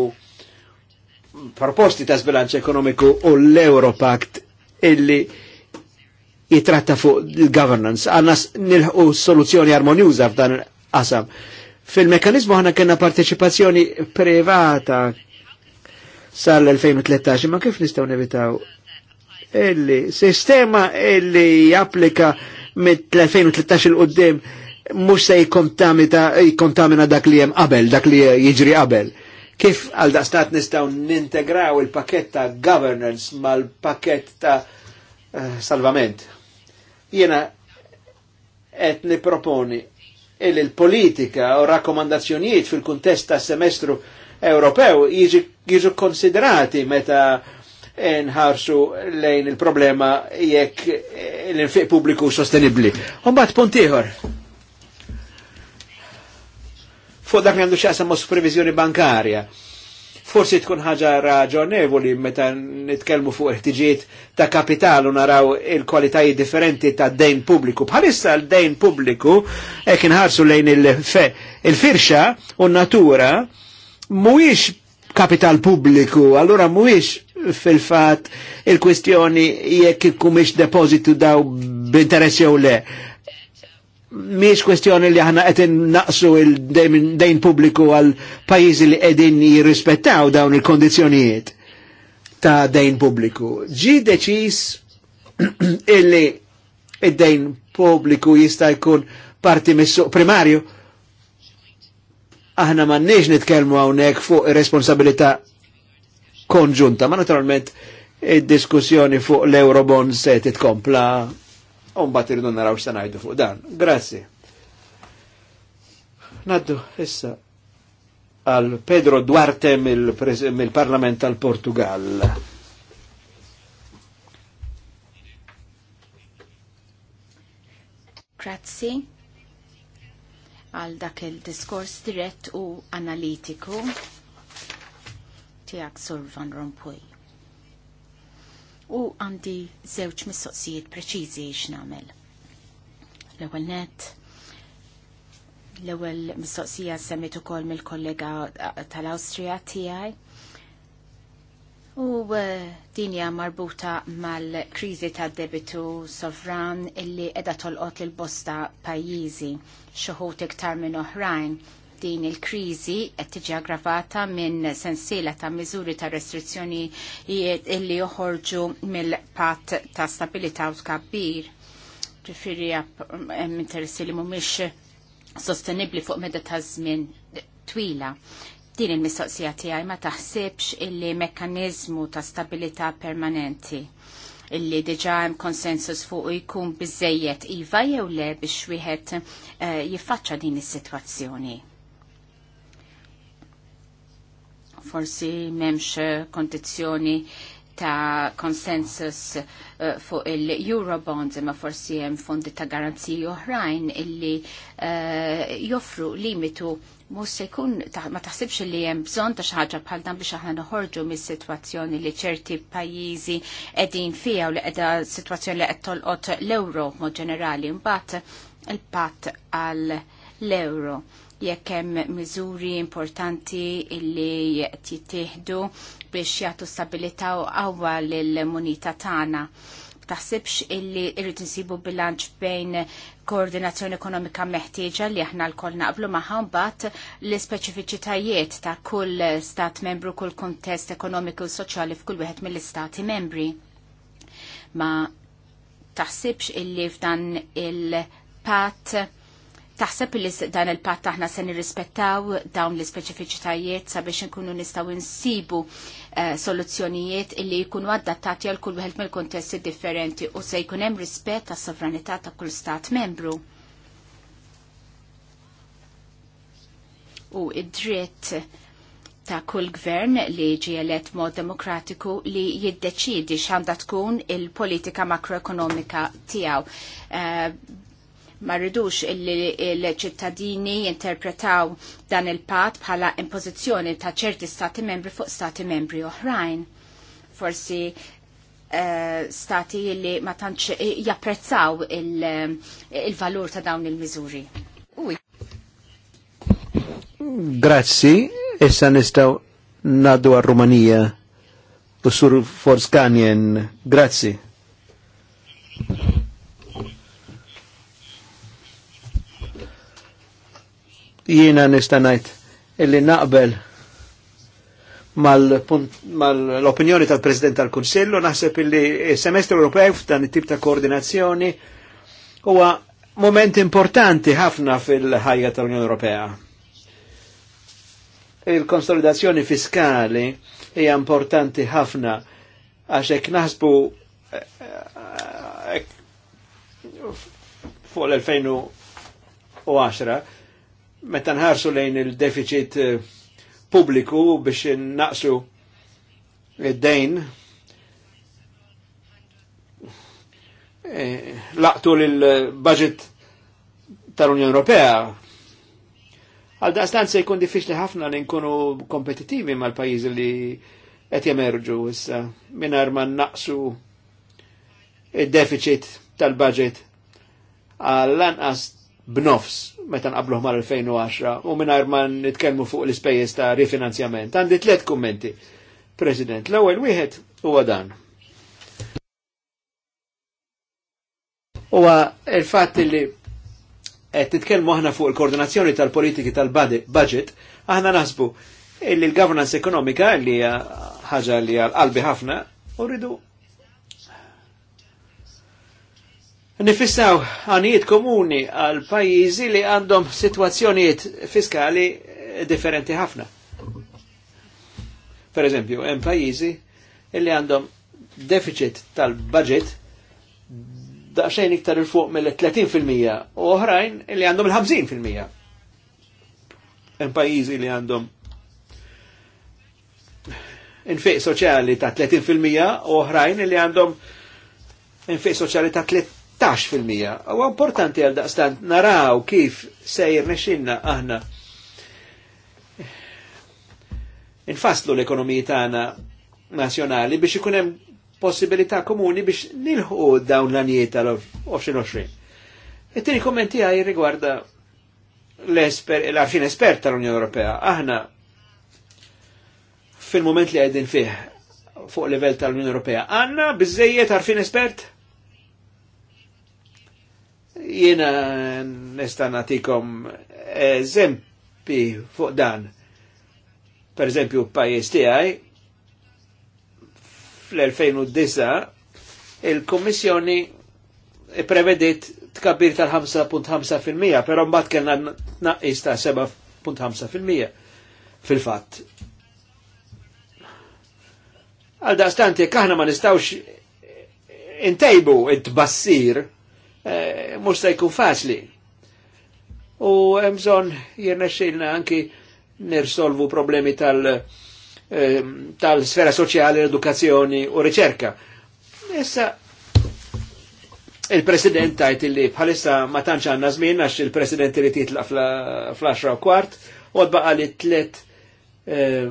proposti ta' sbilanċ ekonomiku u l-Europact illi jitratta fuq il-governance. Għanna nilħu soluzzjoni armonjuza f'dan qasam. Fil-mekanizmu għanna kena parteċipazzjoni privata sal-2013, ma kif nistaw nevitaw? Illi, sistema illi japplika mit-2013 il-qoddim mux se jikontamina dak li jem qabel, dak li jiġri qabel. Kif għal daqstat nistaw nintegraw il pakett ta' governance mal pakett ta' eh, salvament? Jena et niproponi il il-politika u rakkomandazzjonijiet fil-kuntest ta' semestru Ewropew jiġu konsiderati meta nħarsu lejn il-problema jekk l-infiq pubbliku sostenibli. Umbat puntiħor fuq dak li għandu xaqsam supervizjoni bankarja. Forsi tkun ħaġa raġonevoli meta nitkellmu fuq ħtiġiet ta' kapital u naraw il-kwalitajiet differenti ta' dejn pubbliku. Bħalissa l-dejn pubbliku hekk inħarsu lejn il-firxa il u natura mhuwiex kapital pubbliku, allura mhuwiex fil-fat il-kwestjoni jekk kumiex depositu daw b'interess jew le miex kwestjoni li ħana qed naqsu il-dejn pubbliku għal pajjiżi li qegħdin jirrispettaw dawn il-kondizzjonijiet ta' dejn pubbliku. Ġi deċiż illi id-dejn pubbliku jista' jkun parti mis-suq primarju. Aħna m'għandniex nitkellmu hawnhekk fuq responsabilità konġunta, ma naturalment id-diskussjoni fuq l-Eurobond se titkompla un bat irridu naraw xanajdu fuq dan. Grazzi. Naddu issa għal Pedro Duarte mill-Parlament mil tal-Portugal. Grazzi għal dak il-diskors dirett u analitiku tijak Sur Van Rompuy u għandi żewġ mistoqsijiet preċiżi namel. L-ewwel net l-ewwel mistoqsija semmit ukoll mill-kollega tal-Awstrija tiegħi. U eh, dinja marbuta mal-kriżi tad debitu sovran illi qiegħda tolqot l bosta pajjiżi xi ħud iktar minn oħrajn din il-kriżi qed tiġi aggravata minn sensiela ta' miżuri ta' restrizzjoni illi joħorġu mill-patt ta' stabilità u tkabbir. Ġifieri hemm interessi li mhumiex sostenibbli fuq meta ta' żmien twila din il-mistoqsija tiegħi ma taħsibx illi mekkaniżmu ta' stabilità permanenti illi diġa hemm konsensus fuq jkun biżejjed iva jew le biex wieħed uh, jiffaċċa din is-sitwazzjoni. forsi memx eh, kondizjoni ta' konsensus uh, fuq il-Eurobonds imma forsi hemm fondi ta' garanziji oħrajn illi uh, joffru limitu mhux se jkun ta ma taħsibx li hemm bżonn ta' xi ħaġa bħal dan biex aħna noħorġu mis-sitwazzjoni li ċerti pajjiżi qegħdin fiha u li qiegħda sitwazzjoni li qed tolqot l ewro mod ġenerali mbagħad il-patt għal l jekk hemm miżuri importanti illi jittieħdu biex jagħtu stabilità u qawwa lill-munita tagħna. Taħsibx illi irrid insibu bilanċ bejn koordinazzjoni ekonomika meħtieġa li aħna l-koll naqblu maħa mbagħad l-ispeċifiċitajiet ta' kull stat membru, kull kontest ekonomiku u soċjali f'kull wieħed mill-istati membri. Ma taħsibx illi f'dan il-pat Taħseb li dan il-patt aħna se nirrispettaw dawn l-ispeċifiċitajiet sabiex nkunu nistgħu insibu eh, soluzzjonijiet illi jkunu adattati għal kull wieħed mill-kontesti differenti u se jkun hemm rispett tas-sovranità ta' kull stat membru. U id-dritt ta' kull gvern li ġi elett mod demokratiku li jiddeċidi x'għandha tkun il-politika makroekonomika tiegħu. Uh, ma rridux illi l-ċittadini jinterpretaw dan il-pat bħala impożizzjoni ta' ċerti stati membri fuq stati membri oħrajn. Forsi uh, stati li ma tantx japprezzaw il-valur il ta' dawn il-miżuri. Grazzi, issa nistaw nadu għal-Rumanija u sur Forskanjen. Grazzi. jiena nistanajt illi naqbel mal-opinjoni mal tal-President tal-Kunsillu, naħseb illi semestru Ewropew f'dan it-tip ta' koordinazzjoni huwa moment importanti ħafna fil-ħajja tal-Unjoni Ewropea. Il-konsolidazzjoni fiskali hija importanti ħafna għax hekk naħsbu eh, eh, eh, fuq l-2010 meta nħarsu lejn il-deficit eh, publiku biex naqsu id-dejn eh, laqtu l-budget tal-Unjoni Ewropea. Għal daqstan se jkun diffiċli ħafna li nkunu kompetitivi mal-pajjiżi li qed jemerġu issa mingħajr ma naqsu id-deficit tal-budget għal lanqas b'nofs meta nqabluh mal-2010 u mingħajr ma nitkellmu fuq l-ispejjeż ta' rifinanzjament. Għandi tliet kummenti, President. L-ewwel wieħed huwa dan. Huwa il-fatt li qed titkellmu aħna fuq il-koordinazzjoni tal-politiki tal-budget, aħna naħsbu illi l-governance ekonomika li ħaġa li għal-qalbi ħafna, u rridu nifissaw għanijiet komuni għal pajizi li għandhom situazzjonijiet fiskali eh, differenti ħafna. Per eżempju, hemm pajizi li għandhom deficit tal-budget daqsxejn iktar il fuq mill-30% u oħrajn li għandhom il-50%. Hemm pajizi li għandhom infiq soċjali ta' 30% u oħrajn illi għandhom infiq soċjali ta' 30 16%. U importanti għal daqstant naraw kif sejr nexinna aħna infaslu l-ekonomiji tagħna nazzjonali biex ikun hemm possibilità komuni biex nilħu dawn l-anijiet tal-2020. It-tieni kommenti għaj rigwarda l-arfin espert tal-Unjoni Ewropea. Aħna fil-moment li għedin fih fuq livell tal-Unjoni Ewropea, għanna bizzejiet arfin espert? Jena nista' nagħtikom eżempi fuq dan. Per eżempju, pajis tiegħi fl-2009 il komissjoni prevedit tkabbir tal-5.5%, pero mbagħad kellna naqis ta' 7.5% fil-fatt. Għal da stanti, kahna ma nistawx intejbu it-bassir Musta eh, mux jkun faċli. U jirna xilna anki nirsolvu problemi tal- eh, tal-sfera soċjali, edukazzjoni u riċerka. Issa il-President tajt li bħalissa ma tantx għandna żmien għax il-President li titla fl-10 u kwart u baqa li tlet eh,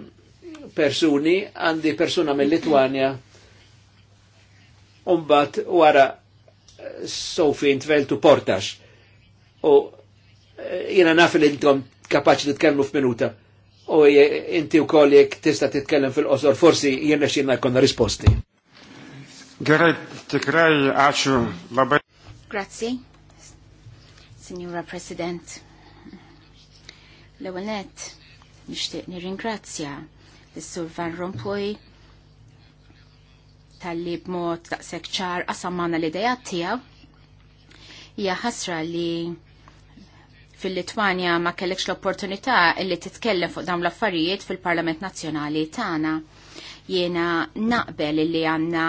persuni għandi persuna mill-Litwanja mbagħad wara Sofi Intveltu Portax. U eh, jena naf li intom kapaċi titkellmu f'minuta. U eh, inti u koll tista titkellem fil-qosor, forsi jena xina jkonna risposti. Għerej, għaxu Grazie, Signora President. L-ewel nishtiq nirringrazzja l-Sur Van Rompuy tal-li b'mod daqshekk ċar qasammana l-idea tiegħu. Hija ħasra li fil-Litwanja ma kellekx l-opportunità li titkellem fuq dawn l-affarijiet fil-Parlament Nazzjonali tagħna. Jiena naqbel li għandna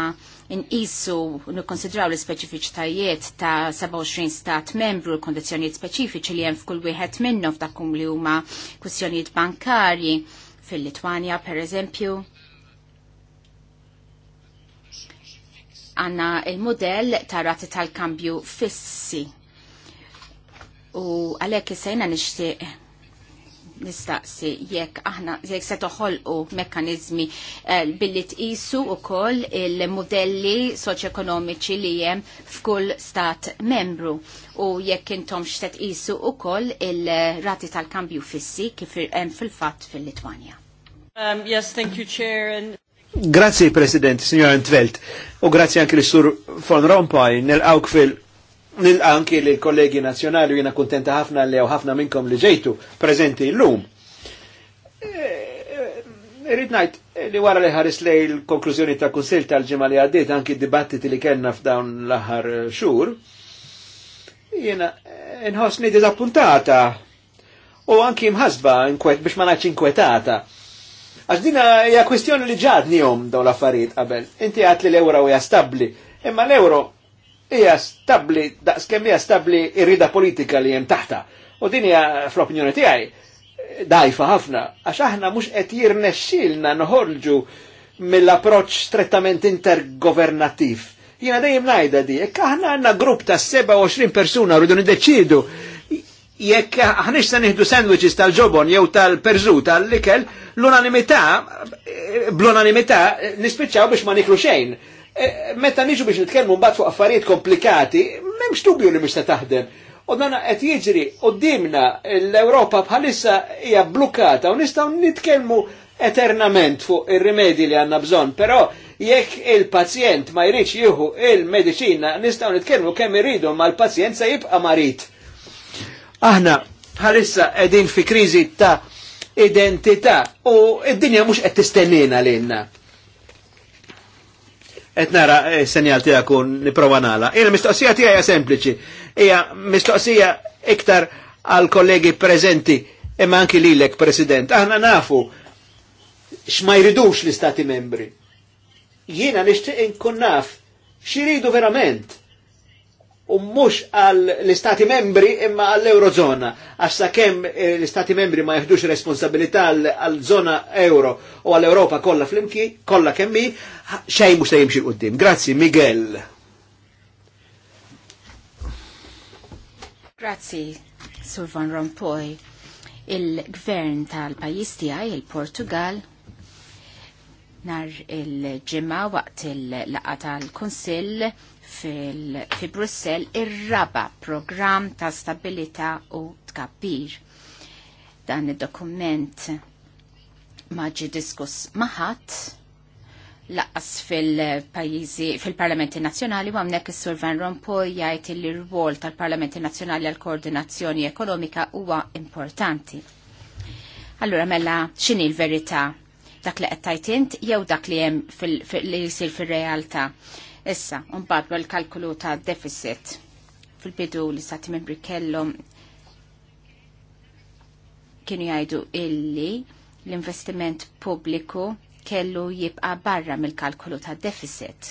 nqisu nikkonsidraw l-speċifiċitajiet ta' 27 stat membru l-kondizzjonijiet speċifiċi li hemm f'kull wieħed minnhom f'dakum li huma kwistjonijiet bankarji fil-Litwanja pereżempju għanna il-modell ta' rati tal-kambju fissi. U għalek jisajna nishtiq nistaqsi jekk aħna jekk se toħolqu mekkaniżmi eh, billi tqisu wkoll il-modelli soċjoekonomiċi li hemm f'kull stat membru u jekk intom x'se tqisu wkoll il-rati tal-kambju fissi kif hemm fil-fatt fil-Litwanja. Um, yes, thank you, Chair. And... Grazzi, President, signor Antvelt, u grazie anki l-Sur von Rompuy, nel Aukfil, nil-anki l-kollegi nazjonali, jena kontenta ħafna li ħafna minnkom li ġejtu prezenti l-lum. Eh, eh, irrid najt li wara li ħares lej l-konklużjoni ta' kunsil tal-ġimma li għaddiet anki dibattiti li kellna f'dawn l-aħħar xhur, jiena eh, inħossni diżappuntata, u anki mħasba biex ma ngħidx inkwetata Għax dina hija kwistjoni li ġadni jom daw l-affarijiet qabel. Inti għat li l-euro hija stabbli, imma l-euro hija stabli, daqskemm hija stabli rida politika li hemm taħta. U din hija fl-opinjoni tiegħi dajfa ħafna, għax aħna mhux qed jirnexxilna noħorġu mill-approċċ strettament intergovernattiv. Jiena dejjem ngħidha di, aħna għandna grupp ta' 27 persuna rridu niddeċidu jekk ħanix se nieħdu sandwiches tal-ġobon jew tal-perżu tal-likel, l-unanimità, bl-unanimità nispiċċaw biex ma niklu xejn. E, meta niġu biex nitkellmu mbagħad fuq affarijiet komplikati, m'hemmx dubju li mhux se taħdem. U dan qed jiġri qudiemna l-Ewropa bħalissa hija blukkata u nistgħu nitkellmu eternament fuq ir-rimedji li għandna bżonn, però jekk il-pazjent ma jridx jieħu il-mediċina nistgħu nitkellmu kemm irridu mal pazjent se jibqa' marit Aħna bħalissa edin fi krizi ta' identità u id-dinja mux qed tistennina lilna. Qed nara eh, s-senjal tiegħek kun nipprova nagħla. Jiena mistoqsija tiegħi hija sempliċi. Hija mistoqsija iktar għal kollegi prezenti imma anki lilek President. Aħna nafu x'ma jridux l-Istati membri. Jiena nixtieq inkun naf x'iridu verament u mux għal l-istati membri imma għall eurozona għax sakemm eh, l-istati membri ma jeħdux responsabilità għal zona euro u għall Europa kollha flimki, kollha kemmi, xejn mhux se jimxi qudiem. Grazzi Miguel. Grazzi, Sur Van Rompuy. Il-gvern tal-pajis tiegħi, il-Portugal, nar il ġimma waqt il-laqgħa tal-Kunsill fi Brussel ir-raba programm ta' stabilità u tkabbir. Dan id-dokument maġi diskuss maħat laqqas fil-pajizi, fil-parlamenti nazjonali, għamnek il-Sur Van Rompuy jajt li l rwol tal-parlamenti nazjonali għal-koordinazzjoni ekonomika huwa importanti. Allura mela, xini l-verita? Dak li qed tajtint jew dak li hemm li jsir fir-realtà. Issa, bad għal kalkulu ta' deficit fil-bidu li stati membri kellom kienu jgħidu illi l-investiment pubbliku kellu jibqa' barra mill-kalkulu ta' deficit.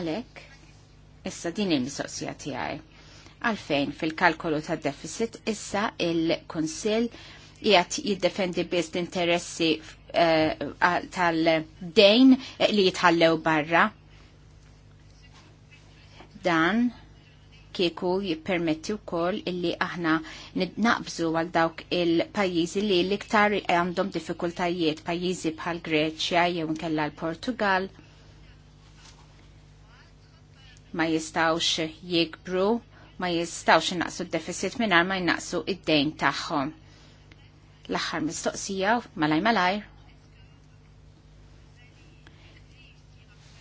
Għalek, issa din il-mistoqsija tiegħi. Għalfejn fil-kalkolu ta' deficit issa il-Konsil jgħat jiddefendi biss l-interessi uh, tal-dejn li jitħallew barra. Dan kieku jippermetti wkoll illi aħna naqbżu għal dawk il-pajjiżi li l-iktar għandhom diffikultajiet, pajjiżi bħal Greċja jew inkella l-Portugal ma jistawx jikbru ma jistawx naqsu d-deficit minar ma jnaqsu id-dejn tagħhom. L-aħħar mistoqsija malaj malaj.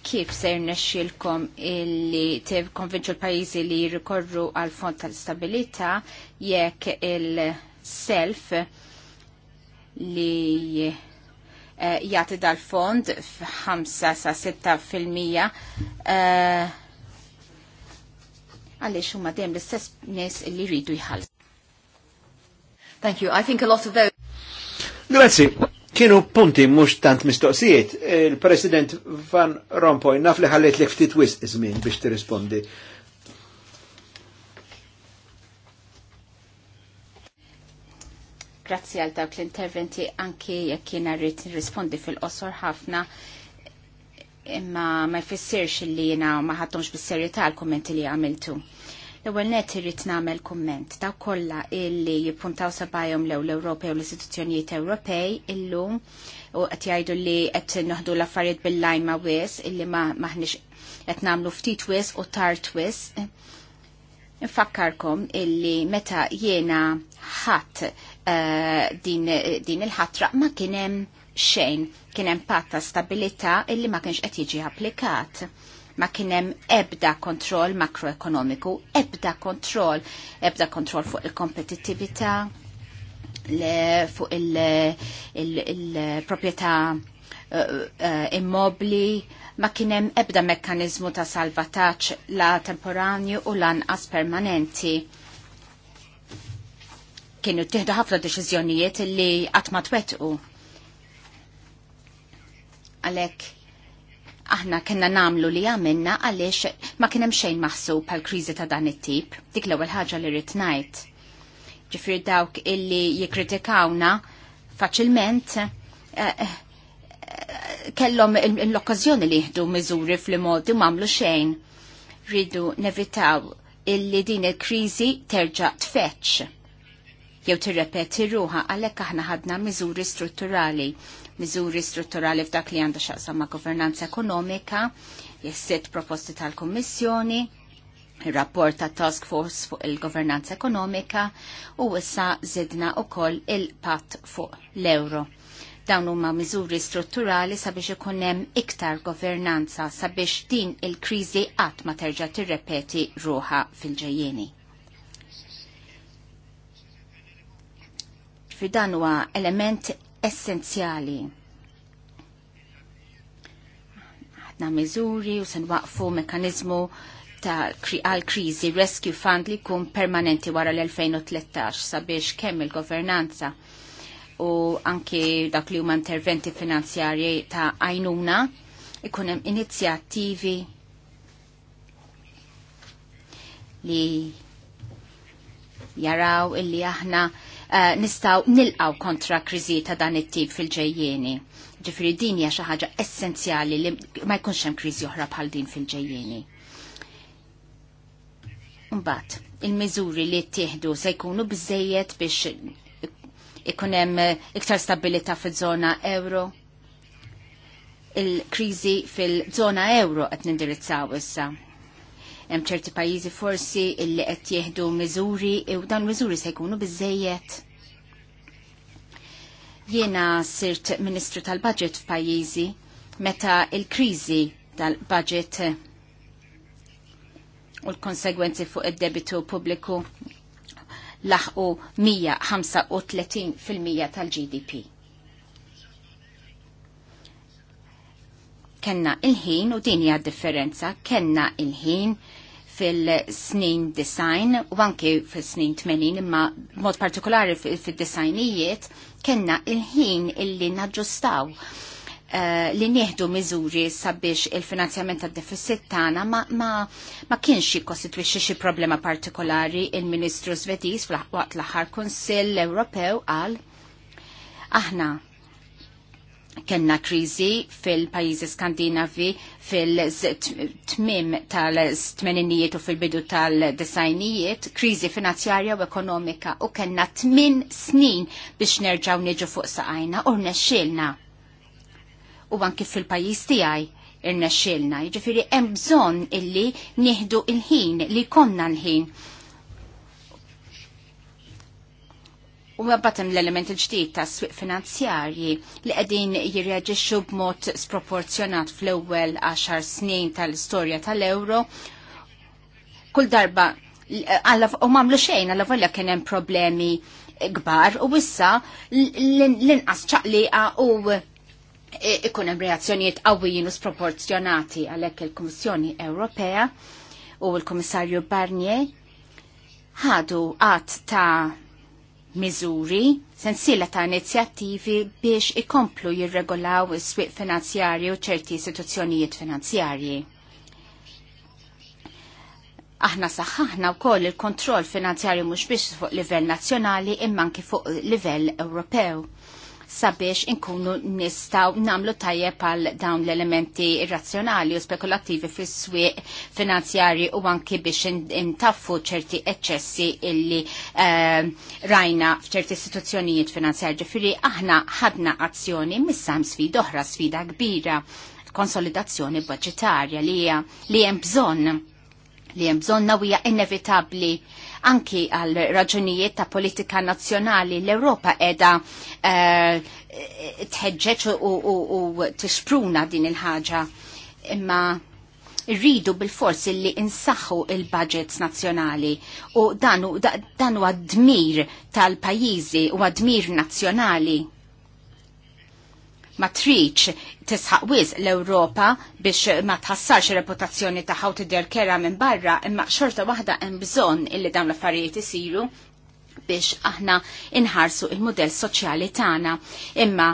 Kif ser nexxilkom illi konvinċu l pajizi li jirrikorru għal fond tal stabilita jekk il-self li eh, jagħti dal-fond f f'5 sa 6 fil-mija eh, għalli xumma dem l-istess nies li jridu jħal. Thank you. I think a lot of those Grazie. kienu punti mux tant mistoqsijiet. Il-President Van Rompuy naf li ħallet li ftit wis izmin biex tirrispondi. Grazzi għal dawk l-interventi anki jekk jiena rrid nirrispondi fil-qosor ħafna imma ma jfissirx li jiena ma ħadtomx bis-serjetà l-kommenti li għamiltu L-ewwel net irrid nagħmel kumment daw kollha illi jippuntaw sabajhom lew l-Ewropej u l-istituzzjonijiet Ewropej illum u qed jgħidu li qed noħdu l-affarijiet bil-lajma wis illi ma maħniex qed nagħmlu ftit wis u tard wis. Infakkarkom illi meta jiena ħadd eh, din, il-ħatra ma kien hemm xejn kien hemm patt ta' stabilità illi ma kienx qed jiġi applikat ma kienem ebda kontroll makroekonomiku, ebda kontroll, ebda kontroll fuq il-kompetittività, fuq il-propieta eh, eh, immobli, ma kienem ebda mekkanizmu ta' salvataċ la temporanju u lanqas permanenti kienu tieħdu ħafna deċiżjonijiet li qatt ma twettqu. Għalhekk aħna kena namlu li għamilna għaliex ma kienem xejn maħsub pal kriżi ta' dan it-tip, dik l-ewwel ħaġa li rrid ngħid. Ġifier dawk illi jikkritikawna faċilment kellom eh, eh, kellhom l-okkażjoni li jieħdu miżuri fl u m'għamlu xejn. Ridu nevitaw illi din il-kriżi terġa' tfetx jew tirrepeti ruha għalhekk aħna ħadna miżuri strutturali miżuri strutturali f'dak li għandha x'aqsam ma' governanza ekonomika, jessiet proposti tal-Kommissjoni, il-rapport ta' Task Force fuq il-Governanza Ekonomika u issa zidna u koll il-pat fuq l-euro. Dawn huma miżuri strutturali sabiex ikun hemm iktar governanza sabiex din il-kriżi qatt ma terġa' tirrepeti ruha fil-ġejjeni. Fi dan huwa element essenzjali. Għadna miżuri u sen waqfu mekanizmu ta' għal krizi Rescue Fund li kun permanenti wara l-2013 sabiex kemm il-governanza u anki dak li huma interventi finanzjarji ta' għajnuna ikun hemm inizjattivi li jaraw illi aħna Eh, nistaw nilqaw kontra kriżi ta' dan it-tip fil-ġejjeni. Ġifri din hija xi ħaġa essenzjali li ma jkunx hemm kriżi oħra bħal din fil-ġejjeni. Mbagħad, il-miżuri li ttieħdu se jkunu biżejjed biex ikun hemm eh, iktar stabilità fiż-żona euro il-kriżi fil-żona euro qed nindirizzaw issa hemm ċerti pajjiżi forsi illi qed jieħdu miżuri u dan miżuri se jkunu biżejjed. Jiena sirt Ministru tal-Budget f'pajjiżi meta il-kriżi tal-budget u l-konsegwenzi fuq id-debitu pubbliku laħqu 135% tal-GDP. Kenna il-ħin u din hija differenza, kenna il-ħin fil-snin design u anke fil-snin 80 imma mod partikolari fil-designijiet kena il-ħin illi naġġustaw uh, li nieħdu miżuri sabiex il-finanzjament tad deficit tagħna ma, ma, ma kienx jikkostitwixxi xi problema partikolari il-Ministru Svediż waqt l-aħħar Kunsill Ewropew qal aħna Kenna krizi fil-pajizi skandinavi fil-tmim tal-stmeninijiet u fil-bidu tal-desajnijiet, krizi finanzjarja u ekonomika u kenna tmin snin biex nerġaw nġu fuq saqajna u rnexxilna. U anki fil pajjiż tiegħi irnexxilna, jiġifieri hemm bżonn illi nieħdu il-ħin li konna l-ħin U għabbatem l-element il-ġdid ta' swiq finanzjarji li qegħdin jirreġixxu b'mod sproporzjonat fl-ewwel 10 snin tal-istorja tal-euro. Kull darba u mamlu xejn għalla volja kien hemm problemi kbar u issa l-inqas ċaqliqa u ikun hemm reazzjonijiet qawwijin u sproporzjonati għalhekk il-Kummissjoni Ewropea u l-Kummissarju Barnier ħadu għat ta' miżuri, sensiela ta' inizjattivi biex ikomplu jirregolaw is-swieq finanzjarji u ċerti istituzzjonijiet finanzjarji. Aħna saħħaħna wkoll il-kontroll finanzjarju mhux biex fuq livell nazzjonali imma anke fuq livell Ewropew sabiex inkunu nistaw namlu tajjeb għal dawn l-elementi irrazzjonali u spekulattivi fis swieq finanzjari u anki biex intaffu ċerti eccessi illi eh, rajna f'ċerti istituzzjonijiet finanzjari ġifiri aħna ħadna azzjoni missam sfida oħra sfida kbira konsolidazzjoni budgetarja li hemm bżonn li hemm bżonn nawija inevitabbli anki għal raġunijiet ta' politika nazzjonali l-Ewropa edha eh, tħeġġeġ u tixpruna din il-ħaġa. Imma rridu bil-fors li insaħħu il-budgets nazzjonali u dan huwa dmir tal-pajjiżi u dmir nazzjonali ma triċ tisħaq wis l-Ewropa biex ma tħassarx reputazzjoni ta' ħawti tidher kera minn barra, imma xorta waħda hemm bżonn illi dawn l-affarijiet isiru biex aħna inħarsu il-modell soċjali tagħna. Imma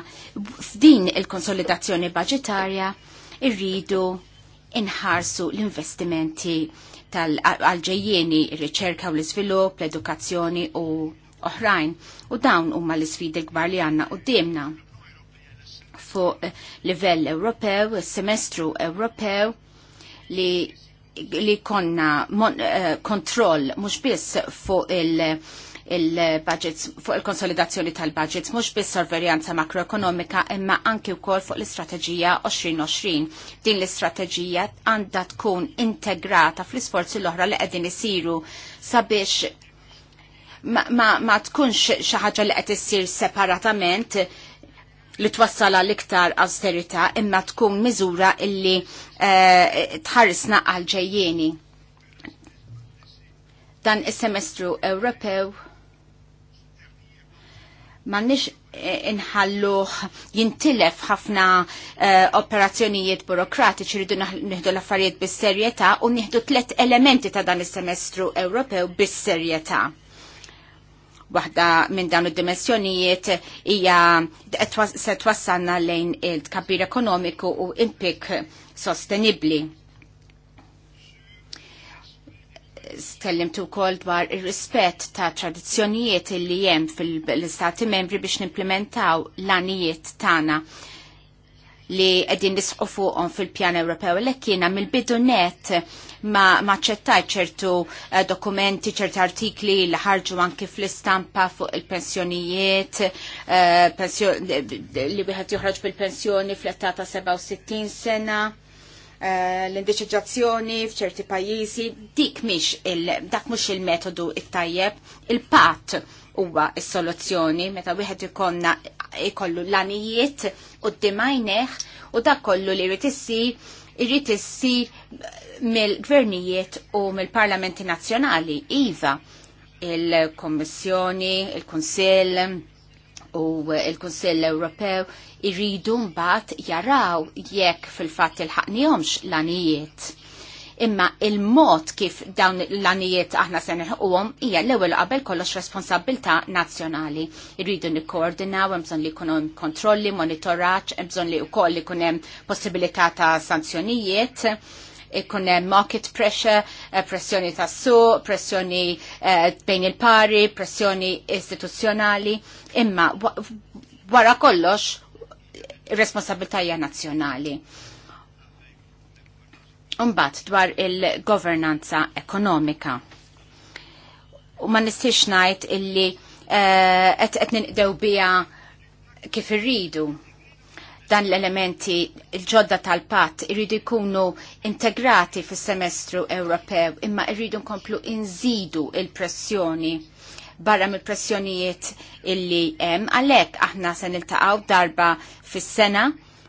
f'din il-konsolidazzjoni budgetarja irridu inħarsu l-investimenti tal-ġejjeni, ir-riċerka u l-iżvilupp, l-edukazzjoni u oħrajn. U dawn huma l-isfidi kbar li għandna qudiemna fuq livell Ewropew, semestru Ewropew li li konna kontroll uh, eh, kontroll mhux biss fuq il- il-budgets, fuq il-konsolidazzjoni tal-budgets, mhux biss sorverjanza makroekonomika, imma anki wkoll fuq l-istrateġija 2020. Din l-istrateġija għandha tkun integrata fl-isforzi l-oħra li qegħdin isiru sabiex ma, ma, ma tkunx xi ħaġa li qed issir separatament li twassala l-iktar austerita imma tkun miżura illi uh, tħarisna għal ġejjeni. Dan is-semestru Ewropew m'għandniex eh, inħalluh jintilef ħafna uh, operazzjonijiet burokratiċi rridu nieħdu l-affarijiet bis-serjetà u nieħdu tliet elementi ta' dan is-semestru Ewropew bis-serjetà. Waħda minn dawn id-dimensjonijiet hija se twassalna lejn il-tkabbir ekonomiku u impik sostenibli. Stellimtu wkoll dwar ir-rispett ta' tradizzjonijiet li hemm fil istati membri biex nimplementaw l-anijiet tagħna li qegħdin nisqu fuqhom fil-pjan Ewropew. Lek jiena mill-bidu net ma maċċettajt ċertu eh, dokumenti, ċertu artikli li ħarġu anki fl-istampa fuq il-pensjonijiet, eh, li wieħed joħroġ bil-pensjoni fl etta ta' 67 sena eh, l-indiċiġazzjoni f'ċerti pajjiżi, dik mhix dak mhux il-metodu it-tajjeb, il-pat huwa s-soluzzjoni meta wieħed ikonna ikollu l-anijiet u d-dimajneħ u dak kollu li jrid issir mill-gvernijiet u mill-parlamenti nazzjonali iva il-Kommissjoni, il-Kunsill u il-Kunsill Ewropew irridu mbagħad jaraw jekk fil-fatt il-ħaqnihomx l-anijiet imma il-mod kif dawn l-anijiet aħna se nħuqhom hija l-ewwel qabel kollox responsabilità nazzjonali. Irridu nikkoordinaw hemm bżonn li jkun hemm kontrolli, monitoraġġ, hemm li li wkoll ikun hemm possibilità ta' sanzjonijiet ikun hemm market pressure, eh, pressjoni tas suq, pressjoni eh, bejn il-pari, pressjoni istituzzjonali, imma wara kollox responsabilitajja nazzjonali. Umbat dwar il-governanza ekonomika. U ma nistix najt illi qed uh, ninqdew biha kif irridu dan l-elementi il-ġodda tal-pat irridu jkunu integrati fis semestru Ewropew imma irridu nkomplu inżidu il-pressjoni barra mill-pressjonijiet illi hemm għalhekk aħna se niltaqgħu darba fis-sena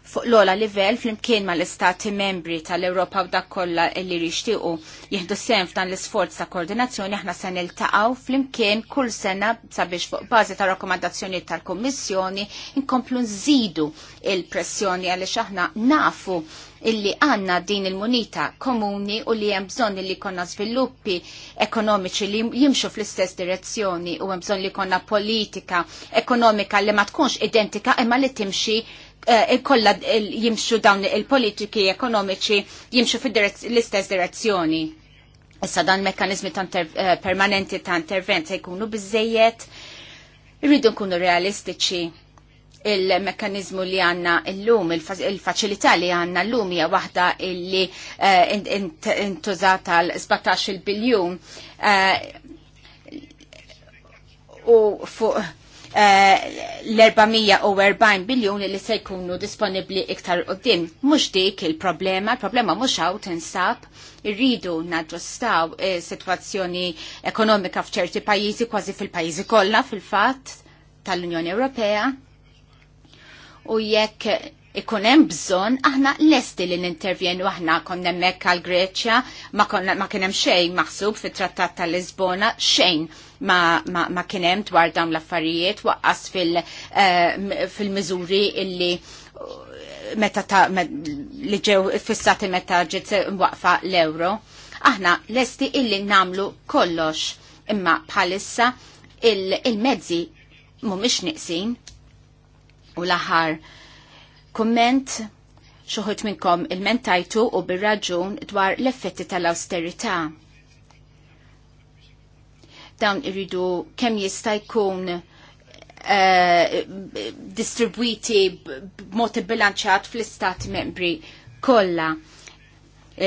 fuq l-ola livell flimkien ma l-istati membri tal-Europa u dak kollha li rixtiequ jieħdu sen f'dan l-isforz ta' koordinazzjoni aħna se niltaqgħu flimkien kull sena sabiex fuq bażi ta' rakomandazzjoni tal-Kummissjoni inkomplu nżidu il-pressjoni għaliex aħna nafu illi għanna din il-munita komuni u li hemm bżonn li konna sviluppi ekonomiċi li jimxu fl-istess direzzjoni u hemm bżonn li konna politika ekonomika li ma tkunx identika imma li timxi Eh, kollha jimxu dawn il-politiki ekonomiċi jimxu fil-istess direzzjoni. Issa dan mekkanizmi ta' eh, permanenti ta' intervent se jkunu bizzejiet, irridu nkunu realistiċi il-mekkanizmu li għanna l-lum, il-facilità li għanna l-lum hija waħda illi eh, intużata l-17 biljun u fuq Eh, l-440 biljoni li se jkunu disponibli iktar din. Mhux dik il-problema, il-problema mhux għaw tinsab irridu nadġustaw eh, situazzjoni ekonomika f'ċerti pajjiżi kważi fil-pajjiżi kollha fil-fatt tal-Unjoni Ewropea. U jekk ikun hemm bżonn aħna lesti li nintervjenu aħna konna hemmhekk għal Greċja ma ma kien hemm xejn maħsub fit-Trattat tal-Lisbona xejn ma, ma, ma kien hemm dwar dawn l-affarijiet waqqas fil, uh, eh, fil miżuri illi meta ta' li ġew fissati meta ġiet waqfa l-euro. Aħna lesti illi namlu kollox imma bħalissa il-mezzi il mhumiex niqsin u l Komment xoħut minnkom il-mentajtu u bil-raġun dwar l-effetti tal austerita Dawn irridu kemm jista' jkun uh, eh, distribwiti b'mod bilanċat fl-istat membri kollha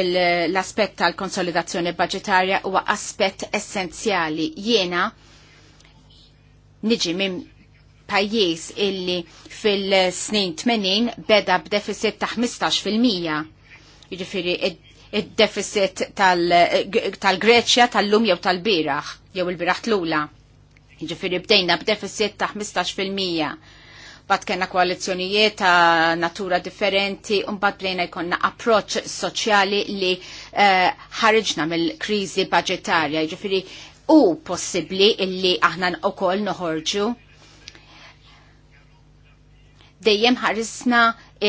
l-aspett tal-konsolidazzjoni budgetarja huwa aspett essenzjali. Jiena niġi minn pajjiż illi fil-snin 80 beda b'deficit ta' 15%. Jiġifieri id-deficit tal-Greċja tal tal-lum jew tal-biraħ, jew il-biraħ tlula. Jiġifieri bdejna b'deficit ta' 15%. Bat kena koalizjonijiet ta' natura differenti, un bat bdejna jkonna approċ soċjali li eh, ħarġna mill-krizi budgetarja. Jiġifieri u possibli illi aħna u koll noħorġu dejjem ħarisna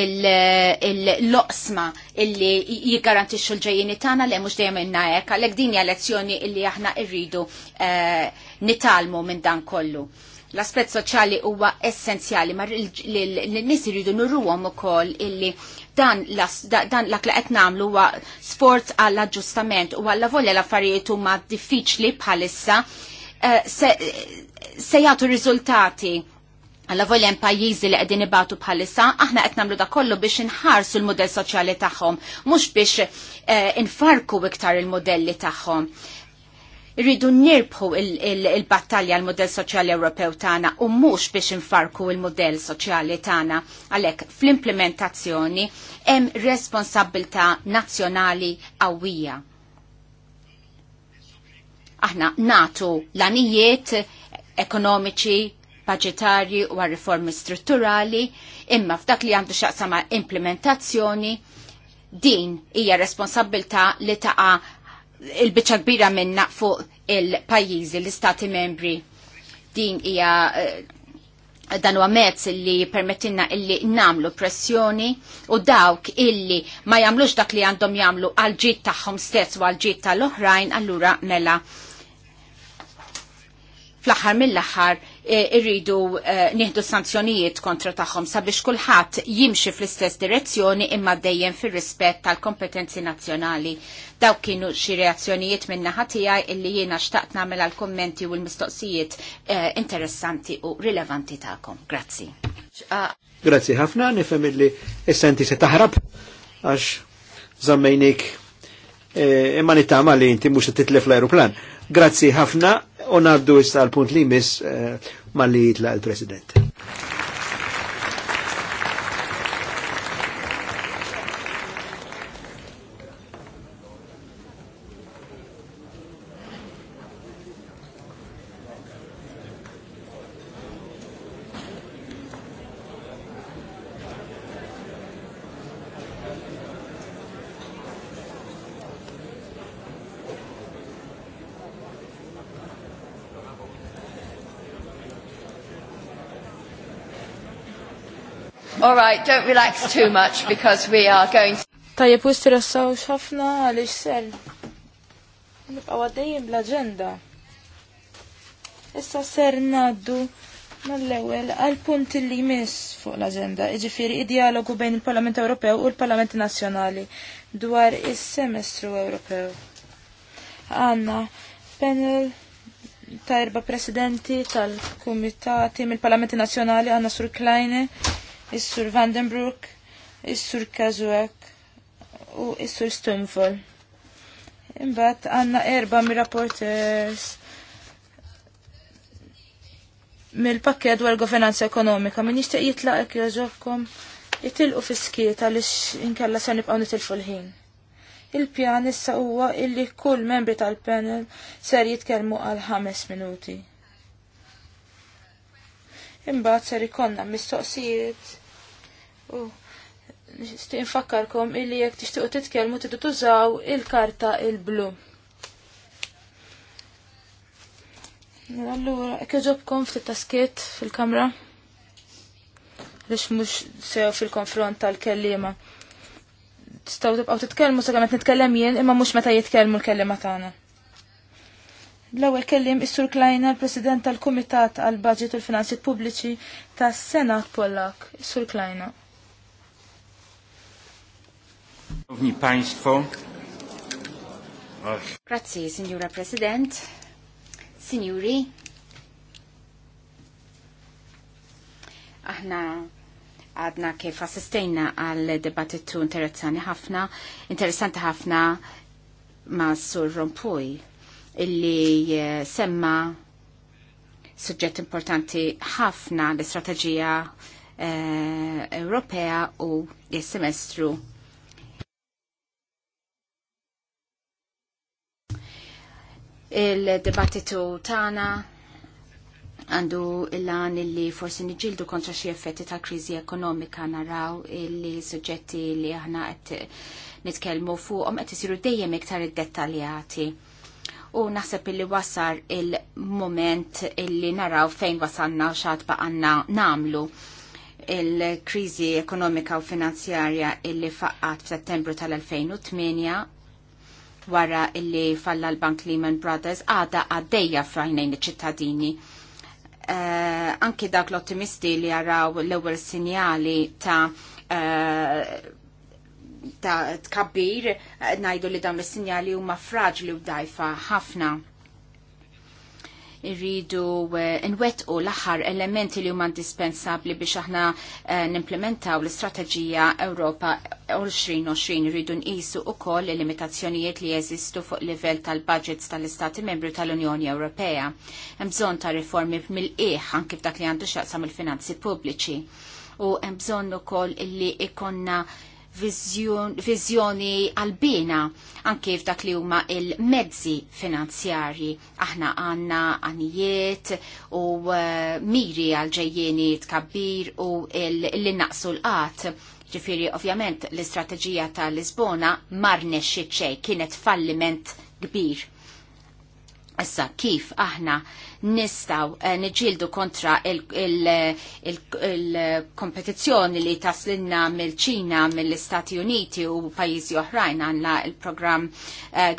il-loqsma illi jiggarantixxu l-ġejjini tagħna li mhux dejjem inna hekk għalhekk din hija lezzjoni illi aħna rridu eh, nitalmu minn dan kollu. L-aspett soċjali huwa essenzjali, ma l-nies iridu nurruhom ukoll illi dan l-ak li qed nagħmlu huwa sport għall-aġġustament u għalla volja l-affarijiet huma diffiċli bħalissa eh, se jagħtu riżultati Għalla voljen pajjiżi li għedin ibatu bħalissa, aħna qed nagħmlu da kollu biex inħarsu l-modell soċjali tagħhom, mhux biex eh, infarku iktar il-modelli tagħhom. Irridu nirbħu il-battalja l modell soċjali Ewropew tagħna u mhux biex infarku il-modell soċjali tagħna. Għalhekk fl-implementazzjoni hemm responsabilità nazzjonali qawwija. Aħna natu lanijiet ekonomiċi budgetarji u għal riformi strutturali, imma f'dak li għandu xaqsa ma' implementazzjoni, din hija responsabilta li taqa il-bicċa kbira minna fuq il-pajjiżi, l-istati membri. Din hija eh, dan huwa mezz li permettinna illi namlu pressjoni u dawk illi ma jagħmlux dak li għandhom jagħmlu għal ġid tagħhom stess u għal ġid tal-oħrajn allura mela fl-aħħar mill-aħħar Eh, irridu eh, nieħdu sanzjonijiet kontra tagħhom sabiex kulħadd jimxi fl-istess direzzjoni imma dejjem fir-rispett tal-kompetenzi nazzjonali. Dawk kienu xi reazzjonijiet minn naħa tiegħi illi jiena xtaqt nagħmel għall-kummenti u l-mistoqsijiet eh, interessanti u rilevanti tagħkom. Grazzi. Ah. Grazzi ħafna, nifhem illi essenti se taħrab għax zammejnik imma nittama li inti mhux titlef l-ajruplan. Grazzi ħafna onaddu issa l-punt li mis eh, ma li jitla l-President. don't relax too much because we are going to... Tajjeb wist rassaw xafna għalix sel. Nibqa għaddejjem bl-agenda. Issa ser naddu mal-ewel għal punti li jmiss fuq l-agenda, iġifiri id-dialogu bejn il-Parlament Ewropew u l-Parlament Nazzjonali dwar is-semestru Ewropew. Għanna panel ta' erba presidenti tal-Kumitati mill-Parlamenti Nazzjonali għanna Sur Kleine, is-Sur Vandenbroek, is-Sur Kazuek u is-Sur Stumfol. Imbagħad għandna erba' mi rapporters mill-pakket dwar governanza ekonomika. Min jixtieq jitlaq hekk jogħġobkom jitilqu fiskiet għaliex inkella se nibqgħu nitilfu l-ħin. Il-pjan issa huwa illi kull membri tal-panel ser jitkellmu għal ħames minuti. Imbagħad ser ikonna mistoqsijiet U nixtieq infakkarkom illi jekk tixtiequ titkellmu tidu tużaw il-karta il-blu. Mela, allura, ekk iġobkom ftit taskiet fil-kamra biex mhux sew fil-konfront tal-kellima. Tistgħu tibqgħu titkellmu sa kemm qed nitkellem jien imma mhux meta jitkellmu l-kellima tagħna. L-ewwel kellim is-Sur Kleiner, President tal-Kumitat għal Budget u l-Finanzi Pubbliċi tas-Senat Pollak, is-Sur Kleiner. Szanowni Państwo. Grazie, signora President. Signori. Aħna għadna kif assistejna għal debattitu interessanti ħafna, interessanti ħafna ma' Sur Rompuy illi eh, semma suġġett importanti ħafna l istrategija eh, Ewropea u s-semestru il-dibattitu tagħna għandu il-lan illi forsi niġildu kontra xie effetti ta' krizi ekonomika naraw illi suġġetti li aħna qed nitkellmu fuqhom qed isiru dejjem iktar iddettaljati. U naħseb illi wasar il-moment illi naraw fejn wasanna u xad baqanna namlu il-krizi ekonomika u finanzjarja illi faqqat f'Settembru tal-2008 wara illi falla l-Bank Lehman Brothers għada għaddejja frajnejn iċ-ċittadini. Uh, anki dak l-ottimisti li jaraw l-ewwel sinjali ta' uh, ta' tkabbir eh, najdu li dawn is-sinjali huma fraġli u dajfa ħafna irridu eh, nwettqu l-aħħar elementi li huma indispensabbli biex aħna eh, nimplementaw l-istrateġija Ewropa 2020 irridu nqisu wkoll il-limitazzjonijiet li jeżistu fuq livell tal-budgets tal-Istati Membri tal-Unjoni Ewropea. Hemm bżonn ta' riformi mill-qiegħ anke dak li għandu x'jaqsam il-finanzi pubbliċi u hemm bżonn ukoll illi ikonna viżjoni għalbina anke f'dak li huma il-mezzi finanzjarji. Aħna għandna għanijiet u eh, miri għal tkabbir u l-naqsu l-qat. Ġifiri, ovvjament, l-istrateġija ta' Lisbona marne xejn kienet falliment kbir. Issa, kif aħna nistaw eh, niġildu kontra il-kompetizjoni li taslinna mill-ċina, mill-Istati Uniti u pajjiżi oħrajn għanna il-programm eh,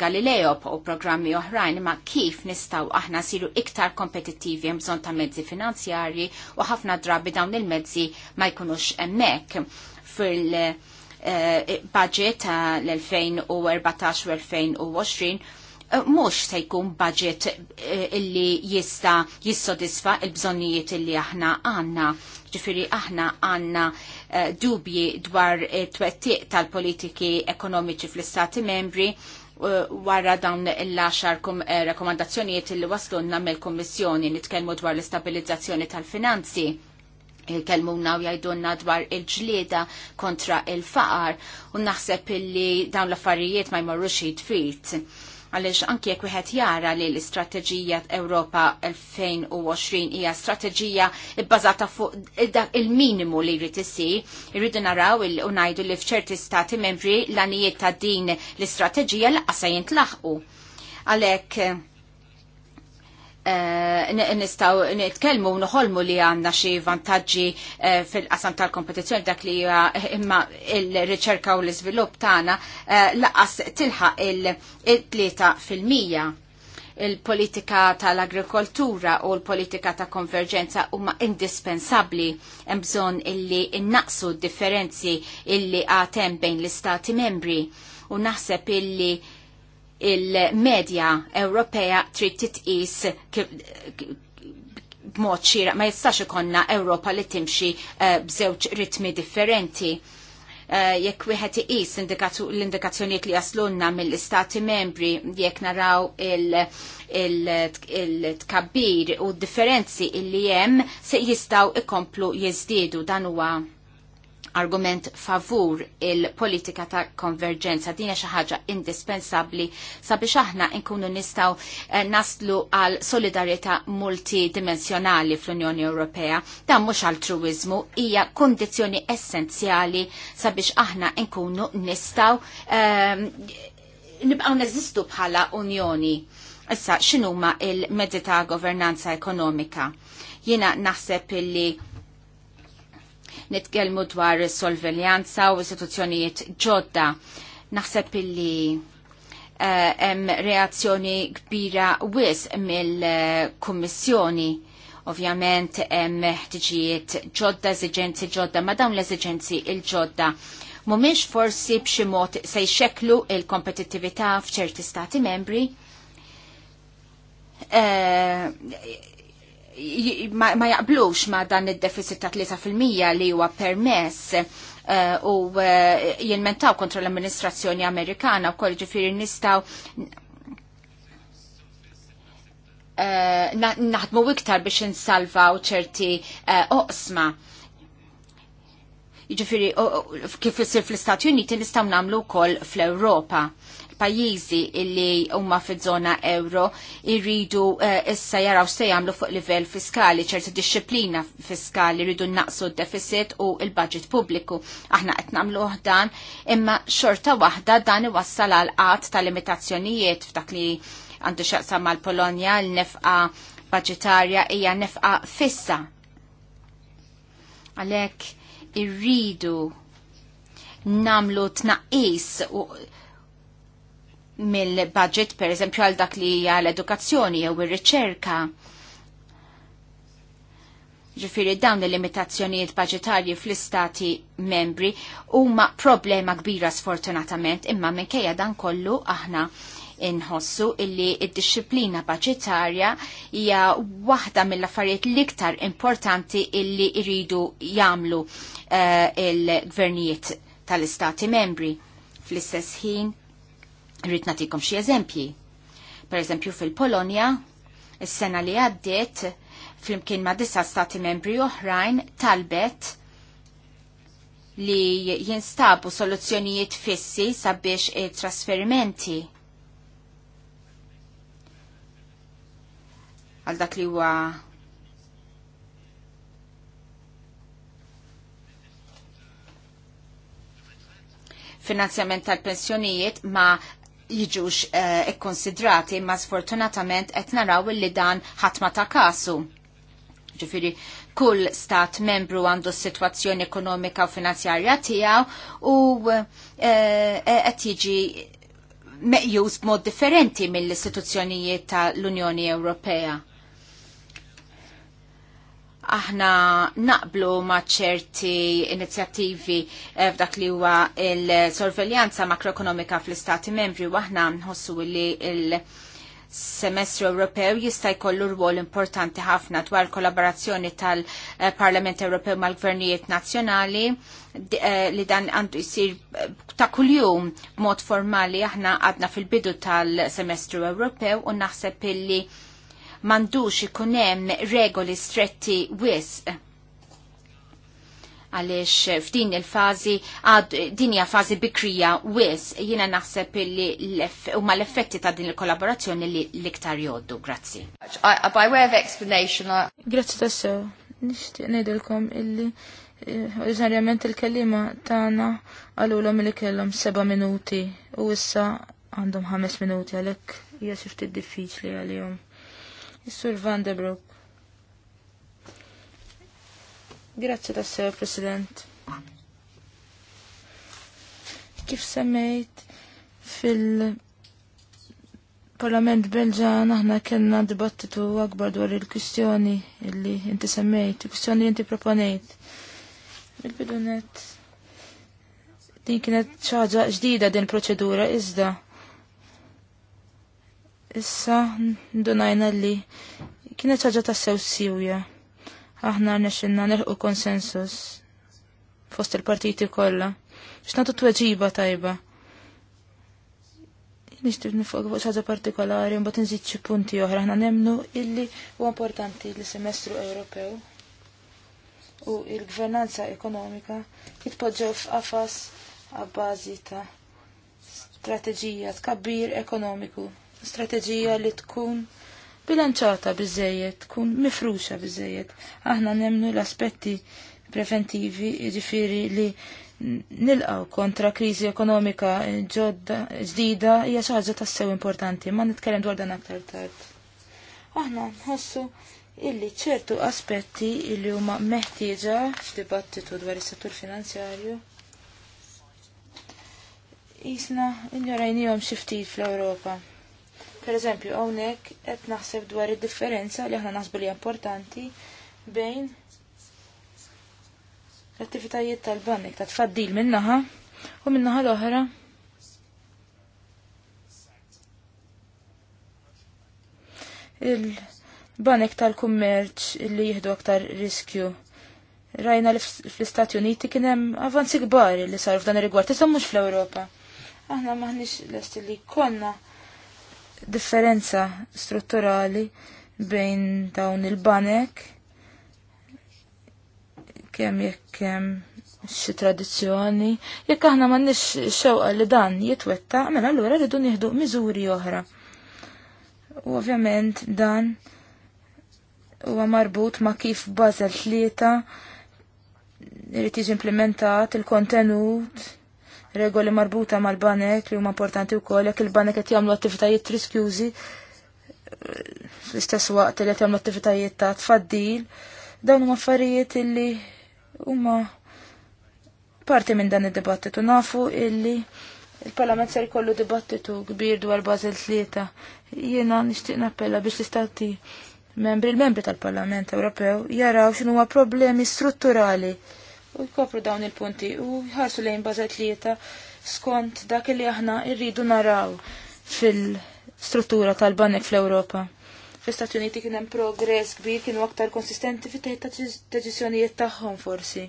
Galileo u programmi oħrajn, ma kif nistaw aħna siru iktar kompetittivi bżon ta' mezzi finanzjarji u ħafna drabi dawn il-mezzi ma jkunux emmek fil- eh, budget l-2014 u 2020 Eh, mhux se jkun budget eh, illi jista jissodisfa il-bżonnijiet illi aħna għandna. Ġifiri aħna għandna eh, dubji dwar twettiq tal-politiki ekonomiċi fl-istati membri wara dawn il-laxar rekomandazzjonijiet illi waslunna mill-Kummissjoni nitkellmu dwar l-istabilizzazzjoni tal-finanzi kelmuna u jajdunna dwar il-ġlieda kontra il-faqar u naħseb illi dawn l-affarijiet ma jmorrux jitfit għaliex anki jekk wieħed jara li l-istrateġija Ewropa 2020 hija strateġija bbażata fuq il-minimu li jrid isir, irridu naraw u ngħidu li f'ċerti stati membri l-anijiet ta' din l-istrateġija laqqa se jintlaħqu. Għalhekk Eh, nistaw nitkelmu nħolmu li għanna xie vantaġġi eh, fil-qasam tal-kompetizjoni dak li imma il-riċerka u l-izvilup tagħna eh, laqas tilħaq il-3 fil-mija il-politika tal-agrikoltura u l-politika ta' konverġenza huma indispensabbli hemm bżonn illi innaqsu d differenzi illi għatem bejn l-istati membri u naħseb illi il-medja Ewropea trid titqis b'mod xira ma jistax ikonna Ewropa li timxi eh, b'żewġ ritmi differenti. Eh, jekk wieħed iqis l-indikazzjonijiet li jaslunna mill-istati membri jekk naraw il-tkabbir u d differenzi illi hemm se jistgħu ikomplu jiżdiedu dan huwa argument favur il-politika ta' konverġenza. Din xi ħaġa indispensabbli sabiex aħna nkunu nistgħu eh, naslu għal solidarjetà multidimensjonali fl-Unjoni Ewropea. Dan mhux altruiżmu hija kondizzjoni essenzjali sabiex aħna nkunu nistgħu eh, nibqgħu neżistu bħala Unjoni. Issa x'inhuma il-medita governanza ekonomika? Jiena naħseb illi nitkellmu dwar sorveljanza u istituzzjonijiet ġodda. Naħseb illi eh, hemm uh, reazzjoni kbira wis mill-Kummissjoni. Ovvjament hemm ħtiġijiet ġodda, eżiġenzi ġodda, ma dawn l-eżiġenzi il-ġodda mumiex forsi b'xi mod se jxeklu il-kompetittività f'ċerti stati membri. Uh, ma, jaqblux ma dan id-deficit ta' 3% li huwa permess uh, u uh, jinmentaw kontra l-amministrazzjoni Amerikana u kolli ġifiri nistaw uh, naħdmu iktar biex insalvaw ċerti oqsma. Ġifiri, kif isir fl-Istati Uniti nistaw namlu kol fl-Europa pajjiżi illi huma fi zona euro irridu uh, issa jaraw se jagħmlu fuq livell fiskali, ċerti disciplina fiskali rridu naqsu d-deficit u l-budget pubbliku. Aħna qed nagħmlu dan, imma xorta waħda dan iwassal għal qatt ta' limitazzjonijiet f'dak li għandu xaqsam mal-Polonja l-nefqa budgetarja hija nefqa fissa. Għalhekk irridu namlu tnaqis u mill-budget per eżempju għal dak li hija l-edukazzjoni jew ir-riċerka. Ġifiri dawn il-limitazzjonijiet budgetarji fl-istati membri huma problema kbira sfortunatament imma minkejja dan kollu aħna inħossu illi id-disciplina budgetarja hija waħda mill-affarijiet l-iktar importanti illi iridu jagħmlu uh, il-gvernijiet tal-istati membri. Fl-istess ħin Rrit natikom xie eżempji. Per eżempju fil-Polonja, s-sena li għaddiet, flimkien ma' disa stati membri oħrajn, talbet li jinstabu soluzzjonijiet fissi sabiex trasferimenti. Għal dak li huwa finanzjament tal-pensjonijiet ma jiġux eh, ikkonsidrati imma sfortunatament qed naraw li dan ħatma ta' kasu. Ġifiri, kull stat membru għandu s-sitwazzjoni ekonomika u finanzjarja tiegħu u eh, eh, qed jiġi meqjus b'mod differenti mill-istituzzjonijiet tal-Unjoni Ewropea aħna naqblu ma' ċerti inizjattivi eh, f'dak li huwa il-sorveljanza makroekonomika fl-istati membri u aħna nħossu li il- semestru Ewropew jista' jkollu rwol importanti ħafna dwar kollaborazzjoni tal-Parlament Ewropew mal-Gvernijiet Nazzjonali eh, li dan għandu jsir ta' kuljum mod formali aħna għadna fil-bidu tal-semestru Ewropew u naħseb illi mandux ikunem regoli stretti wisq għalix f'din il-fazi, għad dinja fazi bikrija wis, jina naħseb li huma l-effetti ta' din il-kollaborazzjoni li l-iktar joddu, grazzi. By way of explanation, Grazzi tassew, nishtiq nejdilkom illi eh, Oriġinarjament il-kellima tagħna għalulhom li kellhom seba' minuti u issa għandhom ħames minuti għalhekk hija xi ftit diffiċli għalihom. Is-Sur Van de Broek. Grazzi sé, President. Kif semmejt fil- Parlament Belġan aħna kellna dibattitu akbar dwar il-kwistjoni illi inti semmejt, il-kwistjoni li inti proponejt. Il-bidunet din kienet ċaġa ġdida din proċedura iżda Issa ndunajna li kienet ħaġa ta' sew siwja. Aħna rnexxinna nerħu konsensus fost il-partiti kollha. Biex tweġiba tajba. Nixtieq nifog fuq ħaġa partikolari mbagħad inżid xi punti oħra aħna nemnu illi huwa importanti li semestru Ewropew u il-gvernanza ekonomika jitpoġġew f'qafas għabbażi ta' strateġija tkabbir ekonomiku strateġija li tkun bilanċata biżejjed, tkun mifruxa biżejjed. Aħna nemnu l-aspetti preventivi, ġifiri li nilqaw kontra kriżi ekonomika ġodda, ġdida, hija xi ħaġa tassew importanti, ma nitkellem dwar dan aktar tard. Aħna nħossu illi ċertu aspetti illi huma meħtieġa f'dibattitu dwar is-settur finanzjarju. Isna injorajnijom xi ftit fl-Ewropa. Per eżempju, hawnhekk qed naħseb dwar id-differenza li aħna naħsbu li importanti bejn l-attivitajiet tal-banek ta' tfaddil minnaħa u minnaħa l-oħra il-banek tal-kummerċ li jihdu aktar riskju. Rajna li fl-Istati Uniti kien hemm avanzi kbar li saru f'dan ir-rigward, iżda mhux fl-Ewropa. Aħna maħniex lest li konna differenza strutturali bejn dawn il-banek kemm jekk hemm xi tradizzjoni, jekk aħna m'għandniex xewqa li dan jitwetta, mela allura rridu nieħdu miżuri oħra. U ovvjament dan huwa marbut ma' kif Basel tlieta irid jiġi implementat il-kontenut regoli marbuta mal-banek li huma importanti wkoll jekk il-banek qed jagħmlu attivitajiet riskjużi fl-istess waqt li qed jagħmlu attivitajiet ta' tfaddil dawn huma affarijiet illi huma parti minn dan id-dibattitu nafu illi il-Parlament ser jkollu dibattitu kbir dwar Basel tlieta. Jiena nixtieq nappella biex l-istati membri l-membri tal-Parlament Ewropew jaraw x'inhuwa problemi strutturali u jkopru dawn il-punti u jħarsu lejn bażat tlieta skont dak li aħna rridu naraw fil-struttura tal-banek fl-Ewropa. Fl-Istati Uniti kien hemm progress kbir kienu aktar konsistenti fit ta' deċiżjonijiet tagħhom forsi.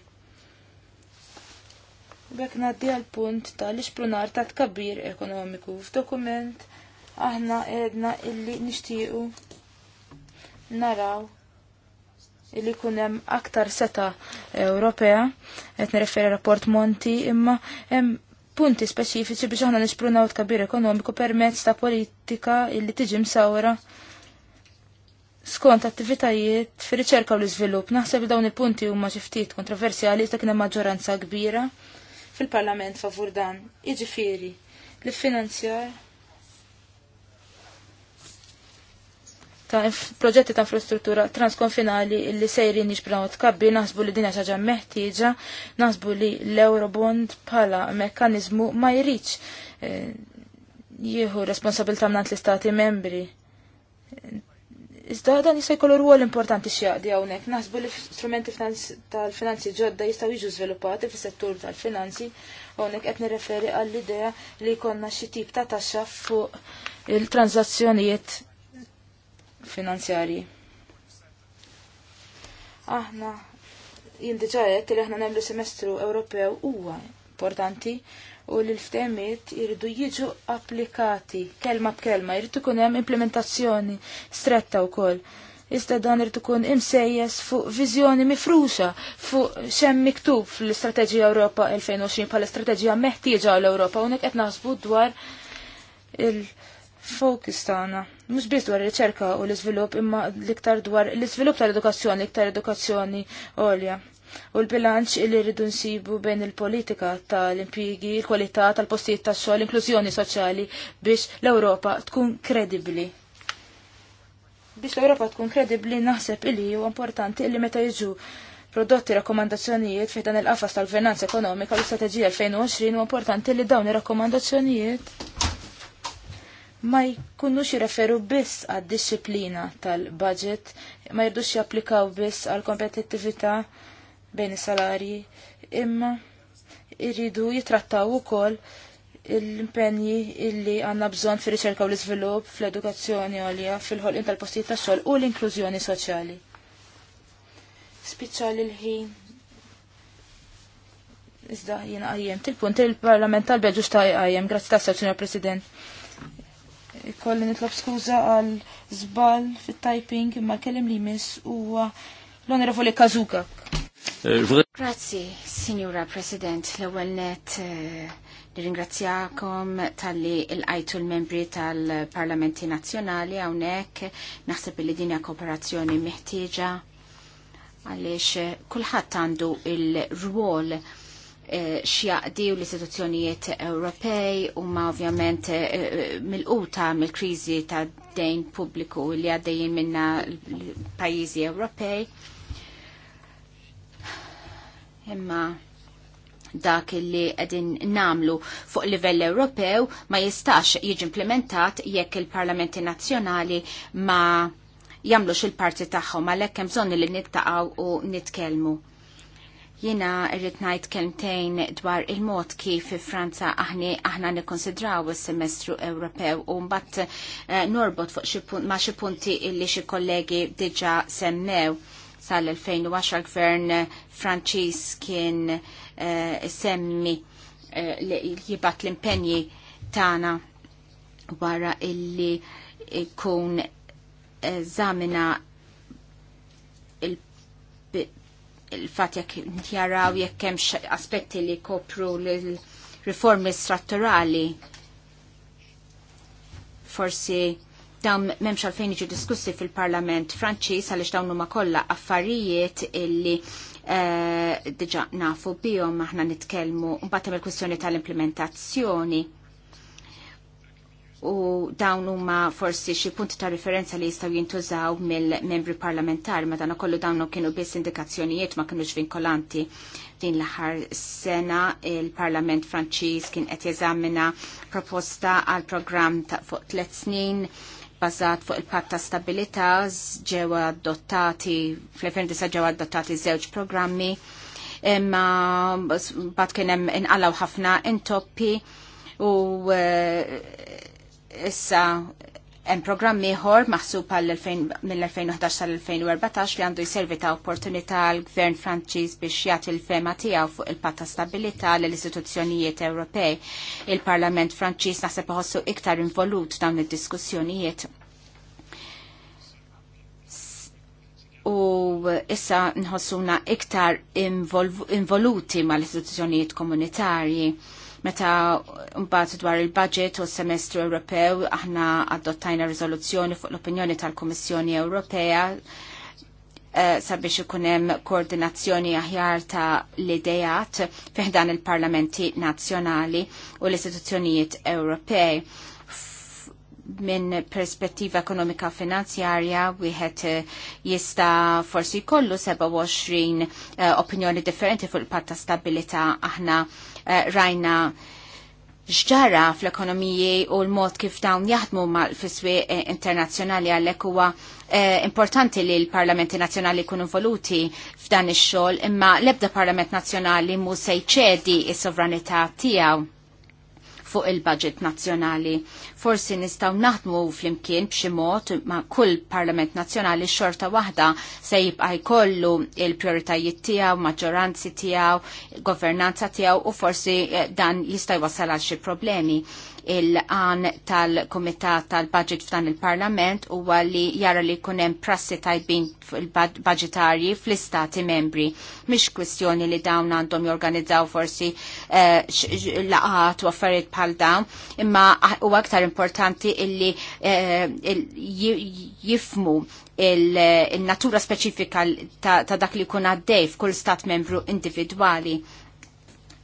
Bek ngħaddi għal punt tal-ixprunar ta' tkabbir ekonomiku f'dokument aħna edna illi nixtiequ naraw illi hemm aktar seta Ewropea, qed nirreferi rapport Monti, imma hemm punti speċifiċi biex aħna nisprunaw tkabbir ekonomiku permezz ta' politika illi tiġi msawra skont attivitajiet fi riċerka u l-iżvilupp. Naħseb li dawn il-punti huma xi ftit kontroversjali ta' kien hemm maġġoranza kbira fil-Parlament favur dan. Jiġifieri, li finanzjar ta' proġetti ta' infrastruttura transkonfinali li sejrin jixbraw tkabbi, naħsbu li dinja xaġa meħtieġa, naħsbu li l-Eurobond bħala mekkanizmu ma jriċ eh, jieħu responsabilta' mnant l-istati membri. Iżda dan jista' jkollu rwol importanti x'jaqdi hawnhekk. Naħsbu li strumenti tal-finanzi ġodda jistgħu jiġu żviluppati fis-settur tal-finanzi hawnhekk qed nirreferi għall-idea li jkollna xi tip ta' taxxa fuq il-transazzjonijiet finanzjari. Aħna jindiġajet li aħna nemlu semestru Ewropew huwa importanti u li l-ftemiet jiridu jiġu applikati kelma b'kelma, jiridu kun hemm implementazzjoni stretta wkoll. Iżda dan irid ikun imsejjes fuq viżjoni mifruxa fuq xem miktub fl-Istrateġija Ewropa 2020 bħala strateġija meħtieġa l-Ewropa u qed naħsbu dwar il fokus tagħna mhux biss dwar il riċerka u l-iżvilupp imma l-iktar dwar l izvilup tal-edukazzjoni, l-iktar edukazzjoni għolja. U l-bilanċ li rridu nsibu bejn il-politika tal impigi il-kwalità tal-postijiet tax-xogħol, l-inklużjoni soċjali biex l-Ewropa tkun kredibbli. Biex l-Ewropa tkun kredibbli naħseb illi huwa importanti illi meta jiġu prodotti rakkomandazzjonijiet fejn dan il-qafas tal-gvernanza ekonomika u l-istrateġija 2020 u importanti li dawn ir-rakkomandazzjonijiet ma jkunux jirreferu biss għad disciplina tal-budget, ma jirdux japplikaw biss għal kompetittività bejn is-salarji, imma irridu jitrattaw ukoll l-impenji illi għanna bżon fi riċerka u l-izvilup, fl-edukazzjoni għolja, fil-ħolqin tal-postijiet ta' xogħol u l-inklużjoni soċjali. Spiċċa l-ħin. Iżda jiena għajjem, til-punt il-parlament tal-Belġu xta' għajjem, grazzi ta' Signor President. Ikolli nitlob skuża għal żball fit-typing imma kellim li miss huwa l-Onorevoli Kazuka. Grazzi, Signora President, l-ewwel net eh, nirringrazzjakom tal-li il-qajtu l-membri tal-Parlamenti Nazzjonali hawnhekk naħseb li dinja kooperazzjoni meħtieġa għaliex eh, kulħadd għandu il-rwol il rwol Eh, xjaqdi u l-istituzzjonijiet Ewropej u ma ovvjament eh, eh, mil-quta mill-krizi ta' dejn pubbliku li għaddejjin minna l-pajizi Ewropej. Imma dak li għedin namlu fuq livell Ewropew ma jistax jiġi implementat jekk il-parlamenti nazzjonali ma jamlux il-parti tagħhom għalhekk hemm bżonn li nittaqgħu u nitkellmu. Jina irrit najt kelmtejn dwar il-mod kif Franza aħni aħna nikkonsidraw is-semestru Ewropew u mbagħad eh, norbot fuq ma' xi punti illi xi kollegi diġa semmew sal-2010 gvern Franċis kien eh, semmi eh, li jibat l-impenji tagħna wara illi jkun zamina il-fat jekk jaraw jekk hemm aspetti li kopru l-riformi strutturali forsi dawn memx għalfejn iġu diskussi fil-Parlament Franċiż għaliex dawn huma kollha affarijiet illi eh, diġa nafu bihom aħna nitkellmu mbagħad hemm il-kwistjoni tal-implementazzjoni u dawn huma forsi xi punti ta' referenza li jistgħu jintużaw mill-membri parlamentari ma dana kollu dawn kienu biss indikazzjonijiet ma kinux vinkolanti din l-aħħar sena il-Parlament Franċiż kien qed jeżamina proposta għal programm ta' fuq tliet snin bażat fuq il-patt ta' stabilità ġewwa adottati fl-2009 ġew adottati żewġ programmi imma bad kien hemm inqalgħu ħafna intoppi u eh, issa hemm programm ieħor maħsub mill-2011 sal-2014 li għandu jservi ta' opportunità għall gvern Franċiż biex jagħti l-fema tiegħu fuq il-patt ta' stabilità lill istituzzjonijiet Ewropej. Il-Parlament Franċiż naħseb iħossu iktar involut dawn id-diskussjonijiet. u issa nħossuna iktar involuti mal istituzzjonijiet komunitarji Meta mbagħad dwar il-budget u s-semestru Ewropew aħna adottajna riżoluzzjoni fuq l-opinjoni tal-Kummissjoni Ewropea eh, sabiex ikun hemm koordinazzjoni aħjar ta' l-idejat fiħdan il-parlamenti nazzjonali u l-istituzzjonijiet Ewropej minn perspettiva ekonomika finanzjarja wieħed eh, jista' forsi jkollu 27 eh, opinjoni differenti fuq il-patt ta' stabilità aħna Eh, rajna xġara fl-ekonomiji u l-mod kif dawn jaħdmu mal fiswi eh, internazzjonali għalhekk huwa eh, importanti li l-parlamenti nazzjonali jkunu voluti f'dan ix-xogħol imma l-ebda parlament nazzjonali mu se jċedi s-sovranità tiegħu fuq il-budget nazzjonali. Forsi nistaw naħdmu fl-imkien b'xi mod ma' kull Parlament Nazzjonali xorta waħda se jibqa' jkollu il-prioritajiet tiegħu, maġġoranzi tiegħu, governanza tiegħu u forsi eh, dan jista' jwassal għal xi problemi il-għan tal-Komitat tal-Budget f'dan il-Parlament u li jara li kunem prassi tajbin budgetarji fl-istati membri. Mish kwestjoni li dawn għandhom jorganizzaw forsi eh, laqat u affarijiet bħal dawn, imma u aktar importanti illi eh, jifmu il-natura speċifika ta' dak li kun għaddej f'kull stat membru individwali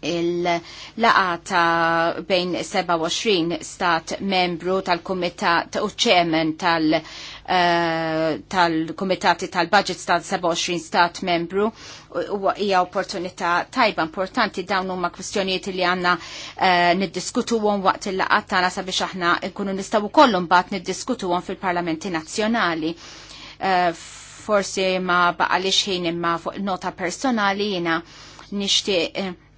il-laqata bejn 27 stat membru tal-Kumitat u ċemen tal- eh, tal-Kumitati tal-Budget stat 27 stat membru u hija opportunità tajba importanti dawn huma kwistjonijiet li għandna eh, niddiskutuhom waqt il-laqgħat tagħna sabiex aħna nkunu nistgħu wkoll mbagħad niddiskutuhom fil-Parlamenti Nazzjonali eh, forsi ma baqalix ħin imma fuq nota personali nixtieq nishtiq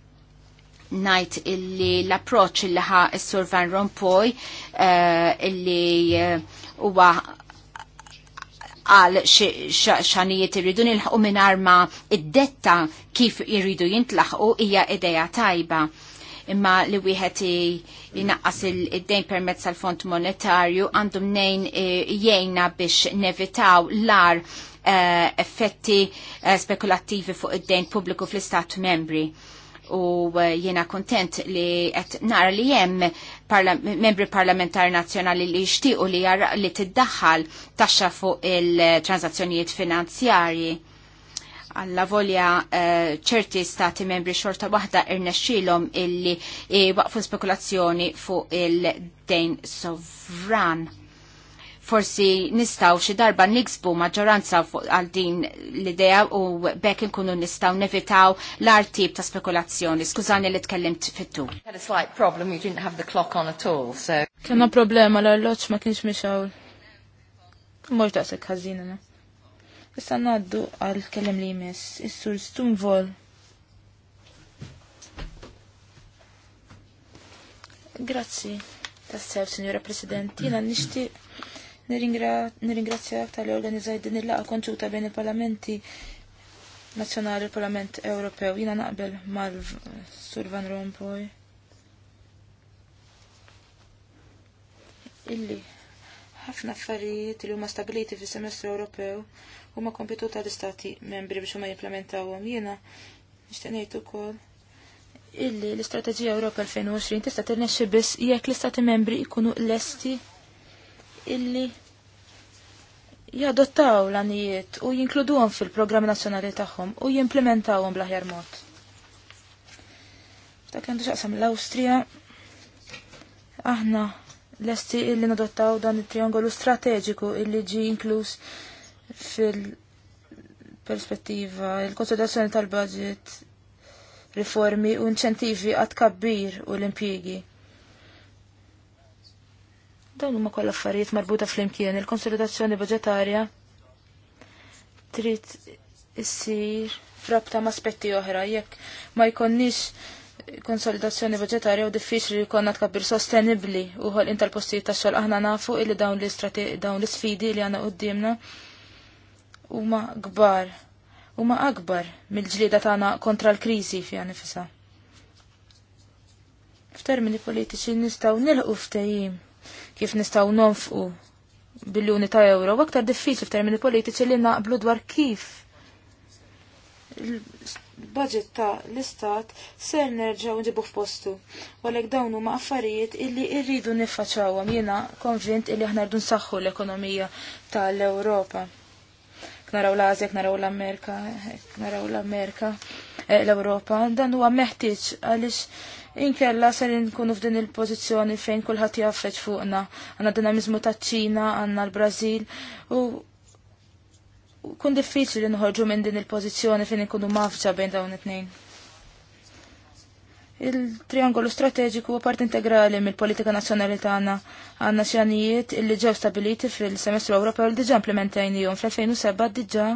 najt illi l-approċ illi ħa s-sur Van Rompuy eh, illi eh, huwa għal xanijiet irridu nilħu minn arma id-detta kif irridu jintlaħqu hija ideja tajba. Imma li wieħed jinaqqas id-dejn permezz tal fond monetarju għandu mnejn eh, jgħinna biex nevitaw ar effetti spekulattivi fuq id-dejn pubbliku fl-istat membri u eh, jiena kontent li qed nara li hemm parla membri parlamentari nazzjonali li jixtiequ li jara li tiddaħħal taxxa fuq il-transazzjonijiet finanzjarji. Alla volja eh, ċerti uh, stati membri xorta waħda irnexxilhom illi eh, waqfu spekulazzjoni fuq il-dejn sovran forsi nistaw xi darba niksbu maġġoranza għal din l-idea u bekk inkunu nistaw nevitaw l art tip ta' spekulazzjoni. Skużani li tkellimt fit-tu. Kena problema l-arloċ ma kienx mixawl. Mux da' sekk ħażina Issa naddu għal kellem li jmiss, is-sur stumvol. Grazzi, tassew, Signora President, jina nishtiq Nirringrazzjak tal-organizzaj din il-laqa konċuta bejn il-Parlamenti Nazzjonali il-Parlament Ewropew. Jina naqbel mal-Sur Van Rompuy. Illi, ħafna affarijiet li huma stabiliti fis semestru Ewropew huma kompetu tal-istati membri biex huma jimplementawhom. Jiena nixtieq ngħid ukoll illi l-Istrateġija Ewropa 2020 tista' tirnexxi biss jekk l-Istati membri jkunu lesti illi jadottaw l-anijiet u jinkluduhom fil-programm nazzjonali tagħhom u jimplementawhom bl-aħjar mod. Dak għandu xaqsam l-Awstrija, aħna lesti illi nadottaw dan il-triangolu strateġiku illi ġi inkluż fil-perspettiva, il-konsolidazzjoni tal-budget, riformi u inċentivi għat kabbir u l-impjegi. Dan huma kollha affarijiet marbuta flimkien il-konsolidazzjoni budġetarja trid issir frabta ma' aspetti oħra jekk ma jkonniex konsolidazzjoni budġetarja u diffiċli li jkollna tkabbir sostenibbli uħol inta l-postijiet tax-xogħol aħna nafu illi dawn l-isfidi li għandna quddiemna huma kbar huma akbar mill-ġlieda tagħna kontra l-kriżi fiha nifisha. F'termini politiċi nistgħu nilħu ftehim kif nistaw nonfqu biljuni ta' euro, aktar diffiċli f'termini politiċi li naqblu dwar kif il-budget ta' l-istat ser nerġaw nġibu f'postu. Walek dawn huma affarijiet illi irridu niffaċawhom jiena konvint illi aħna rridu nsaħħu l-ekonomija tal-Ewropa naraw l-Azja, naraw l-Amerika, naraw l-Amerika, eh, l-Europa, dan huwa meħtieġ għaliex inkella ser nkunu f'din il-pożizzjoni fejn kulħadd jaffeċ fuqna. Għandna dinamizmu taċ-Ċina, għandna l-Brażil u kun diffiċli nħorġu minn din il-pożizzjoni fejn nkunu mafċa bejn dawn it-tnejn. Il-triangolu strateġiku huwa part integrali mill-politika nazzjonali tagħna għandna xjanijiet illi ġew stabiliti fil-semestru Ewropew li diġà implementajnijhom fl-2007 diġà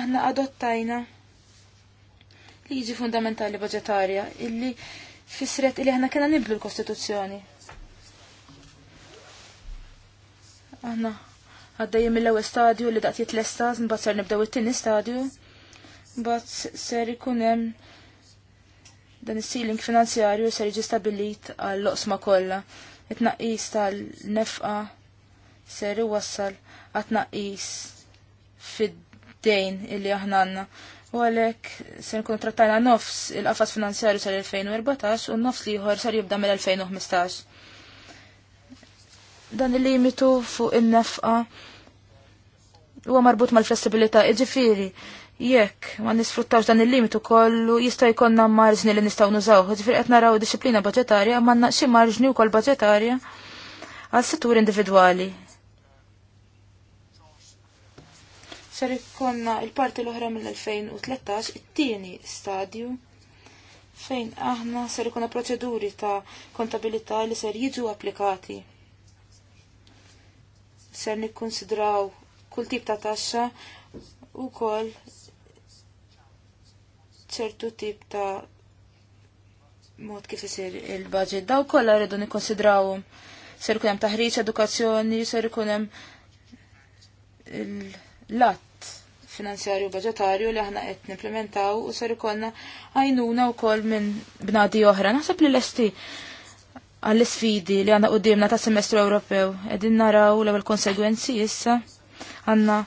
aħna adottajna liġi fundamentali budgetarja illi fisret illi aħna kena niblu l-Kostituzzjoni. Aħna għaddejjem mill-ewwel stadju li daqt jitlesta, mbagħad ser nibdew it-tieni stadju, mbagħad ser ikun hemm Dan is-ceiling finanzjarju se jiġi stabilit għall-loqsma kollha. It-tnaqqis tal-nefqa ser iwassal għat-tnaqqis fid-dejn illi aħna għandna. U għalek se nkunu trattajna nofs il-qafas finanzjarju sal-2014 u nofs liħor sar jibda mill-2015. Dan il-limitu fuq il-nefqa huwa marbut mal-flessibilità, iġifiri, jekk ma nisfruttawx dan il-limitu kollu jista' jkollna marġni li nistgħu nużaw. ġifir qed naraw disciplina budgetarja, ma xi marġni wkoll budgetarja għal settur individwali. Sar konna il-parti l-oħra mill-2013 it-tieni stadju fejn aħna ser ikuna proċeduri ta' kontabilità li ser jiġu applikati. Ser nikkonsidraw kull tip ta' taxxa u kol ċertu tip ta' mod kif isir il-budget. Daw kollha rridu nikkonsidrawhom. Ser ikun hemm taħriġ, edukazzjoni, ser ikun hemm l-att finanzjarju budgetarju li aħna qed nimplementaw u ser ikollna għajnuna wkoll minn bnadi oħra. Naħseb li lesti għall-sfidi li għandna qudiemna ta' semestru Ewropew qegħdin naraw l-ewwel konsegwenzi issa għandna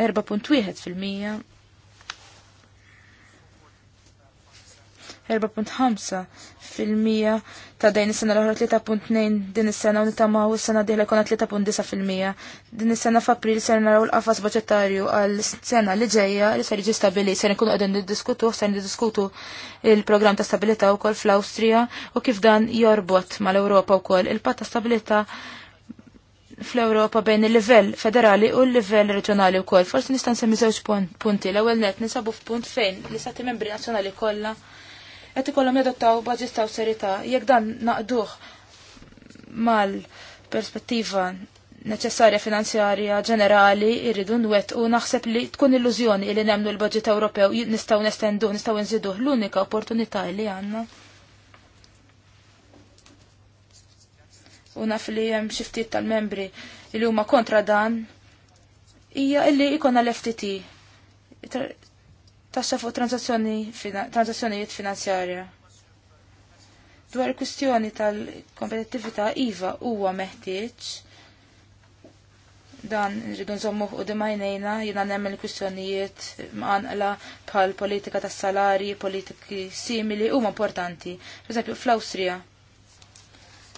4.1 fil-mija 4.5 fil-mija ta' dejn is-sena l-oħra 3.2 din is-sena u u s sena diħla jkun 3.9 fil-mija. Din is-sena f'April se naraw l-qafas budġetarju għal sena li ġejja li se jiġi stabili ser nkunu qegħdin niddiskutu ser niddiskutu il-programm ta' stabilità wkoll fl-Awstrija u kif dan jorbot mal-Ewropa wkoll. Il-patt ta' stabilità fl-Europa bejn il-livell federali u l-livell reġjonali wkoll. Forsi nista' nsemmi żewġ punti. L-ewwel net nisabu f'punt fejn li sati membri nazzjonali kollha qed ikollhom jadottaw budget ta' serjetà jekk dan naqduh mal-perspettiva neċessarja finanzjarja ġenerali irridu nwet u naħseb li tkun illużjoni li nemnu l-budget Ewropew nistgħu nestenduh, nistgħu nżiduh l-unika opportunità li għandna. U naf li hemm xi ftit tal-membri li huma kontra dan hija illi jkollna l-FTT tassa fuq transazzjonijiet finanzjarja. Dwar kwistjoni tal-kompetittività IVA huwa meħtieġ dan rridu nżommu u dimajnejna jina nemmel kwistjonijiet mqanqla bħal politika tas salari, politiki simili huma importanti. Per eżempju fl-Awstrija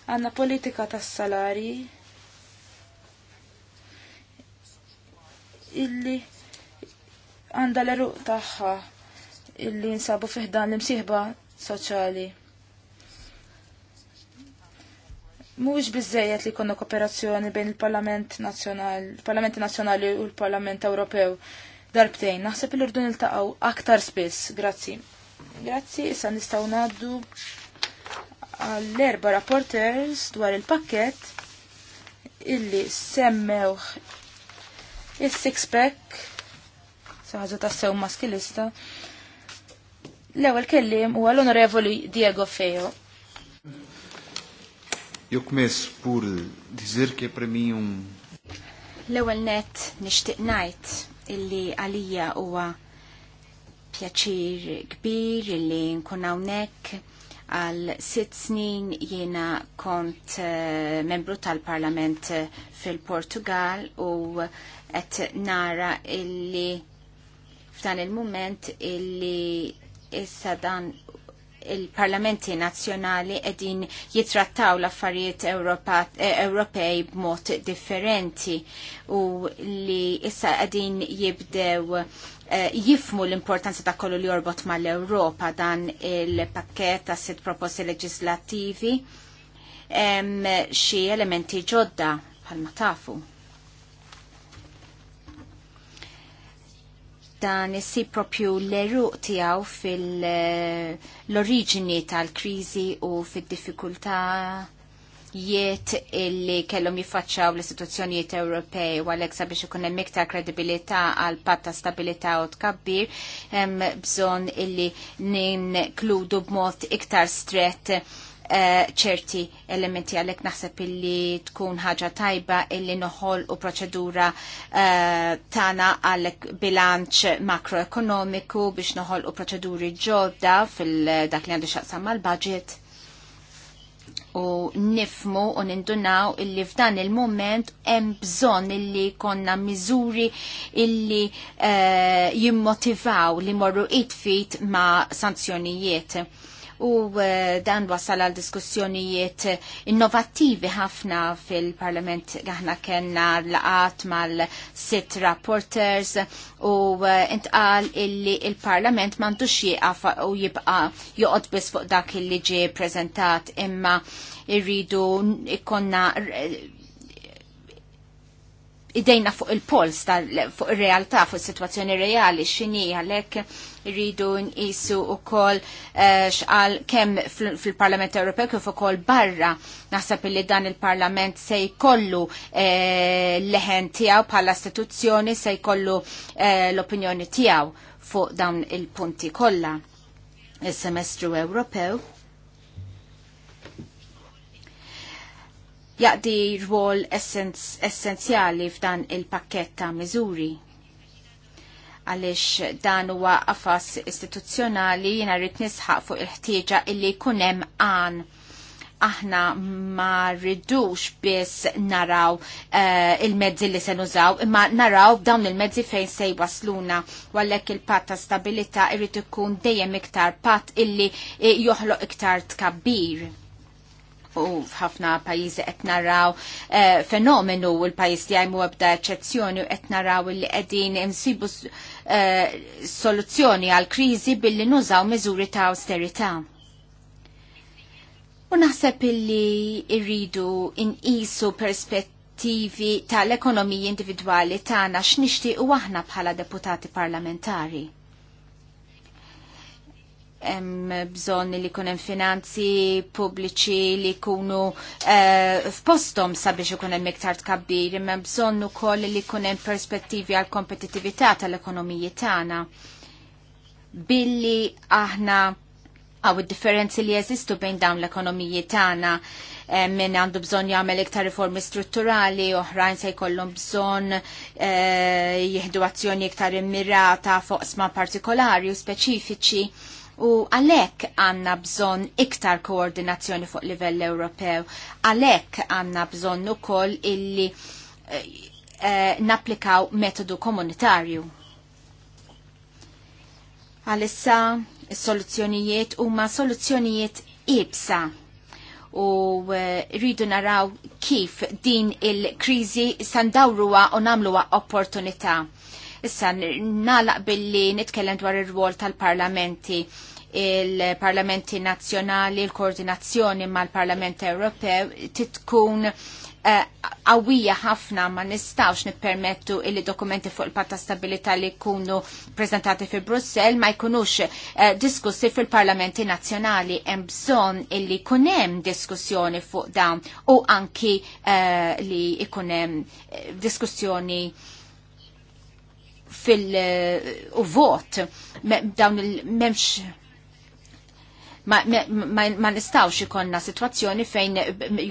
għandna politika tas salari illi għandha l-eruq tagħha illi nsabu fiħdan l-imsieħba soċali. Mux bizzejet li jkollna kooperazzjoni bejn il-Parlament Nazzjonali, il parlament Nazjonali u l-Parlament Ewropew darbtejn. Naħseb l-Urdun rdu niltaqgħu aktar spiss. Grazzi. Grazzi, issa nistgħu ngħaddu għall-erba rapporters dwar il-pakkett illi semmewh is-six pack saħġa ta' sew maskilista. L-ewwel kellim huwa l-Onorevoli Diego Feo. Eu começo por dizer premium. L-ewwel net nixtieq ngħid illi għalija huwa pjaċir kbir illi nkun hawnhekk għal sitt snin jiena kont eh, membru tal-Parlament eh, fil-Portugal u qed nara illi f'dan il-moment illi issa dan il-parlamenti nazjonali edin jitrattaw l-affarijiet eh, Ewropej b'mod differenti u li issa edin jibdew eh, jifmu l-importanza ta' kollu li jorbot mal-Europa dan il-pakket ta' sit proposti legislativi xie elementi ġodda bħalma tafu. dan issi propju l-eruq tijaw fil origini tal-krizi u fil-difikultajiet illi kellhom jiffaċċaw l-istituzzjonijiet Ewropej u għalek sabiex ikun hemm iktar kredibilità għal patt ta' stabilità u tkabbir hemm bżonn illi ninkludu b'mod iktar strett Eh, ċerti elementi għalek naħseb illi tkun ħaġa tajba illi noħol u proċedura eh, tana għalek bilanċ makroekonomiku biex noħol u proċeduri ġodda fil-dak li għandu xaqsam mal-budget u nifmu u nindunaw illi f'dan il-moment hemm bżonn illi konna miżuri illi uh, jimmotivaw li morru it-fit ma' sanzjonijiet u eh, dan wasal għal diskussjonijiet innovattivi ħafna fil-parlament aħna kena laqat mal-sit rapporters u eh, intqal illi il-parlament mandu jieqaf u jibqa joqod bis fuq dak illi ġie prezentat imma irridu ikonna idejna fuq il-pols, fuq il-realtà, fuq il-situazzjoni reali, xini, għalek rridu nqisu u kol eh, xqal kem fil-Parlament Ewropew kif ukoll barra naħseb li dan il-Parlament se jkollu eh, leħen tiegħu bħala istituzzjoni se jkollu eh, l-opinjoni tiegħu fuq dawn il-punti kollha. Is-semestru Ewropew jaqdi rwol essenzjali f'dan il-pakket ta' miżuri għalix dan huwa qafas istituzzjonali jina rrit nisħaq fuq il-ħtieġa illi jkun hemm għan aħna ma rridux biss naraw uh, il-mezzi li se nużaw, imma naraw dawn il-mezzi fejn se jwasluna għallek il-pat ta' stabilita irrid ikun dejjem iktar pat illi eh, joħloq iktar tkabbir u f'ħafna pajjiżi qed naraw eh, fenomenu u l-pajjiż tiegħi mu ebda eċċezzjoni u qed naraw li qegħdin insibu eh, soluzzjoni għal kriżi billi nużaw miżuri ta' austerità. U naħseb illi irridu inqisu perspettiva tal-ekonomiji individwali tagħna x'nixtiequ aħna bħala deputati parlamentari hemm bżonn li jkun hemm finanzi pubbliċi li jkunu uh, eh, f'postom sabiex ikun hemm iktar tkabbir, imma bżonn ukoll li jkun hemm perspettivi għal kompetitività tal-ekonomiji tagħna. Billi aħna għaw id-differenzi li jeżistu bejn dawn l-ekonomiji tagħna eh, minn għandu bżon jagħmel iktar riformi strutturali, oħrajn se jkollhom bżon eh, jieħdu azzjoni iktar immirata fuq sma partikolari u speċifiċi U għalek għanna bżon iktar koordinazzjoni fuq livell Ewropew, għalek għanna bżon u koll illi eh, eh naplikaw metodu komunitarju. Għalissa, soluzzjonijiet huma soluzzjonijiet ibsa u eh, rridu naraw kif din il-krizi sandawruwa u namluwa opportunità Issa nalaq billi nitkellem dwar ir-rwol tal-parlamenti il-parlamenti nazzjonali, il-koordinazzjoni mal-parlament Ewropew titkun għawija eh, ħafna ma nistawx nippermettu li dokumenti fuq il-patta stabilita li kunu prezentati fi Brussel ma jkunux eh, diskussi fil-parlamenti nazjonali hemm bżonn illi kunem diskussjoni fuq dawn u anki eh, li li ikunem diskussjoni fil-vot eh, dawn il-memx ma, ma, ma nistawx ikonna situazzjoni fejn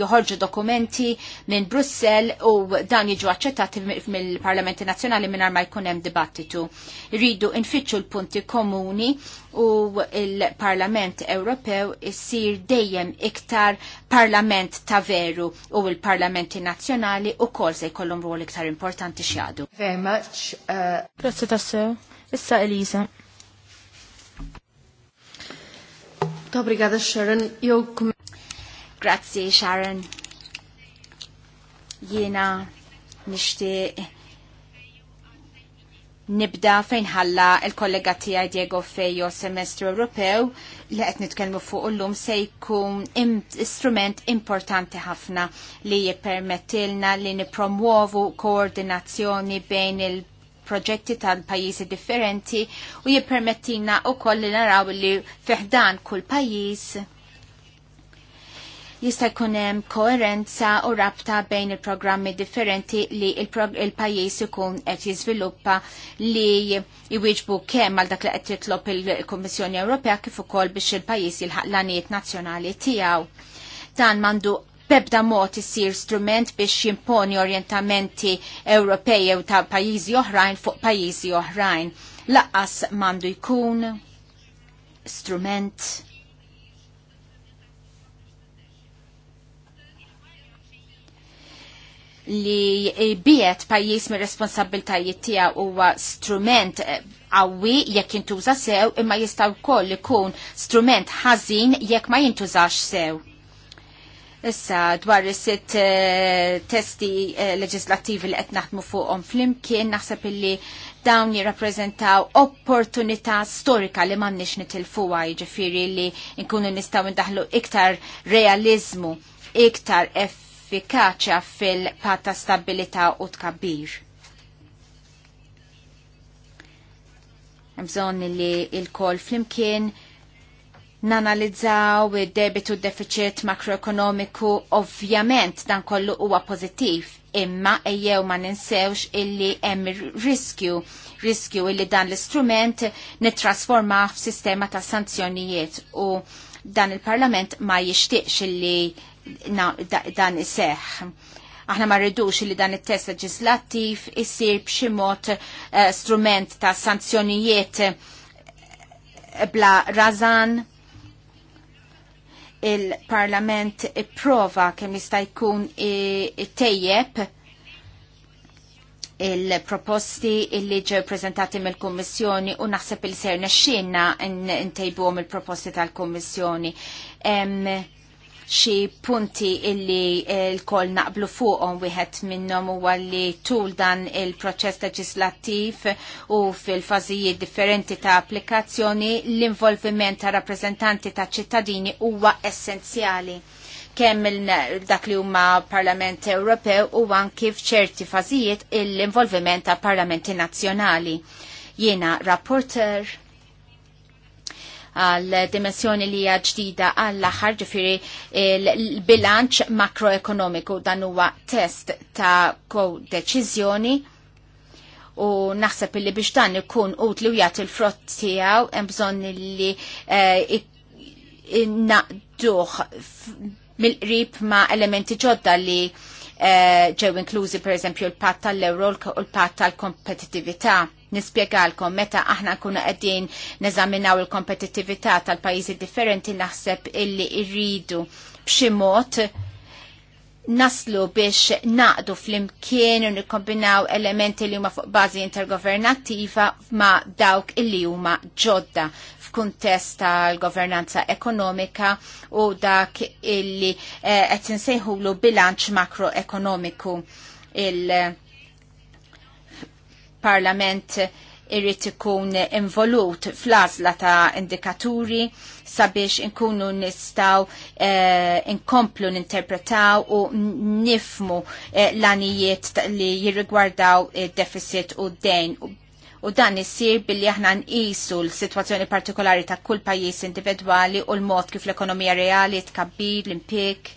joħorġu dokumenti minn Brussel u dan jiġu aċċettati mill-Parlamenti Nazzjonali mingħajr ma jkun hemm dibattitu. Rridu nfittxu l-punti komuni u il-Parlament Ewropew issir dejjem iktar parlament ta' veru u l-parlamenti nazzjonali u kol se jkollhom rol iktar importanti x'jgħadu. Very much. Uh... tassew. Issa Elisa. Obrigada, Sharon. Jew Grazzi, Sharon. Jiena nixtieq nibda fejn ħalla il-kollega tiegħi Diego Fejo semestru Ewropew li qed nitkellmu fuq illum se jkun strument importanti ħafna li jippermettilna li nipromuovu koordinazzjoni bejn il- proġetti tal-pajjiżi differenti u jippermettina wkoll li naraw li fiħdan kull pajjiż jista' jkun hemm koerenza u rabta bejn il-programmi differenti li il-pajjiż ikun qed jiżviluppa li jwieġbu kemm għal dak li qed titlob il-Kummissjoni Ewropea kif ukoll biex il-pajjiż jilħaq l-għanijiet nazzjonali tiegħu dan mandu bebda mod isir strument biex jimponi orientamenti Ewropej u ta' pajjiżi oħrajn fuq pajjiżi oħrajn. Laqqas mandu jkun strument li bijet pajjiż mir responsabiltajiet tiegħu huwa strument eh, qawwi jekk jintuża sew imma jista' wkoll ikun strument ħażin jekk ma jintużax sew. Issa dwar is-sitt eh, testi eh, leġislattivi li qed naħdmu fuqhom flimkien naħseb illi dawn jirrappreżentaw opportunità storika li m'għandniex nitilfuha jiġifieri li nkunu nistgħu ndaħlu iktar realizmu, iktar effikaċja fil ta' stabilità u tkabbir. Bżonn li l-kol flimkien nanalizzaw id-debitu deficit makroekonomiku ovvjament dan kollu huwa pożittiv imma ejjew ma ninsewx illi hemm riskju riskju illi dan l-istrument nittrasforma f'sistema ta' sanzjonijiet u dan il-parlament ma jixtieqx illi na, da, dan iseħ. Aħna ma rridux illi dan it-test leġislattiv isir b'xi mod uh, strument ta' sanzjonijiet eh, bla razan il-Parlament ipprova kemm jista' jkun tejjeb il-proposti illi ġew prezentati mill-Kummissjoni u naħseb il ser nexxinna ntejbuhom il-proposti tal-Kummissjoni xi punti illi l-kol naqblu fuqhom wieħed minnhom huwa li tul dan il-proċess leġislattiv u fil-fażijiet differenti ta' applikazzjoni l-involviment ta' rappreżentanti ta' ċittadini huwa essenzjali kemm dak li huma Parlament Ewropew u anki f'ċerti fażijiet l-involviment ta' parlamenti nazzjonali. Jiena rapporter għal dimensjoni li hija ġdida għall aħħar ġifieri il-bilanċ makroekonomiku dan huwa test ta' kodeċiżjoni u naħseb li biex dan ikun utli u jagħti il frott tiegħu hemm bżonn li eh, naqduh mill-qrib ma' elementi ġodda li Eh, ġew inklużi per eżempju l-pat tal-euro u l-pat tal-kompetitività. Nispiegalkom, meta aħna kuna qegħdin neżaminaw il kompetitività tal-pajjiżi differenti naħseb illi irridu b'xi mod naslu biex naqdu fl-imkien u nikkombinaw elementi li huma fuq bażi intergovernattiva ma' dawk illi huma ġodda f'kuntest tal-governanza ekonomika u dak illi eh, qed insejħulu bilanċ makroekonomiku il-Parlament irrit ikun involut fl-azla ta' indikaturi sabiex inkunu nistaw eh, inkomplu ninterpretaw u nifmu eh, l-anijiet li jirrigwardaw eh, deficit u d-dejn u dan issir billi aħna nqisu l-sitwazzjoni partikolari ta' kull pajjiż individwali u l-mod kif l-ekonomija reali tkabbir l-impik.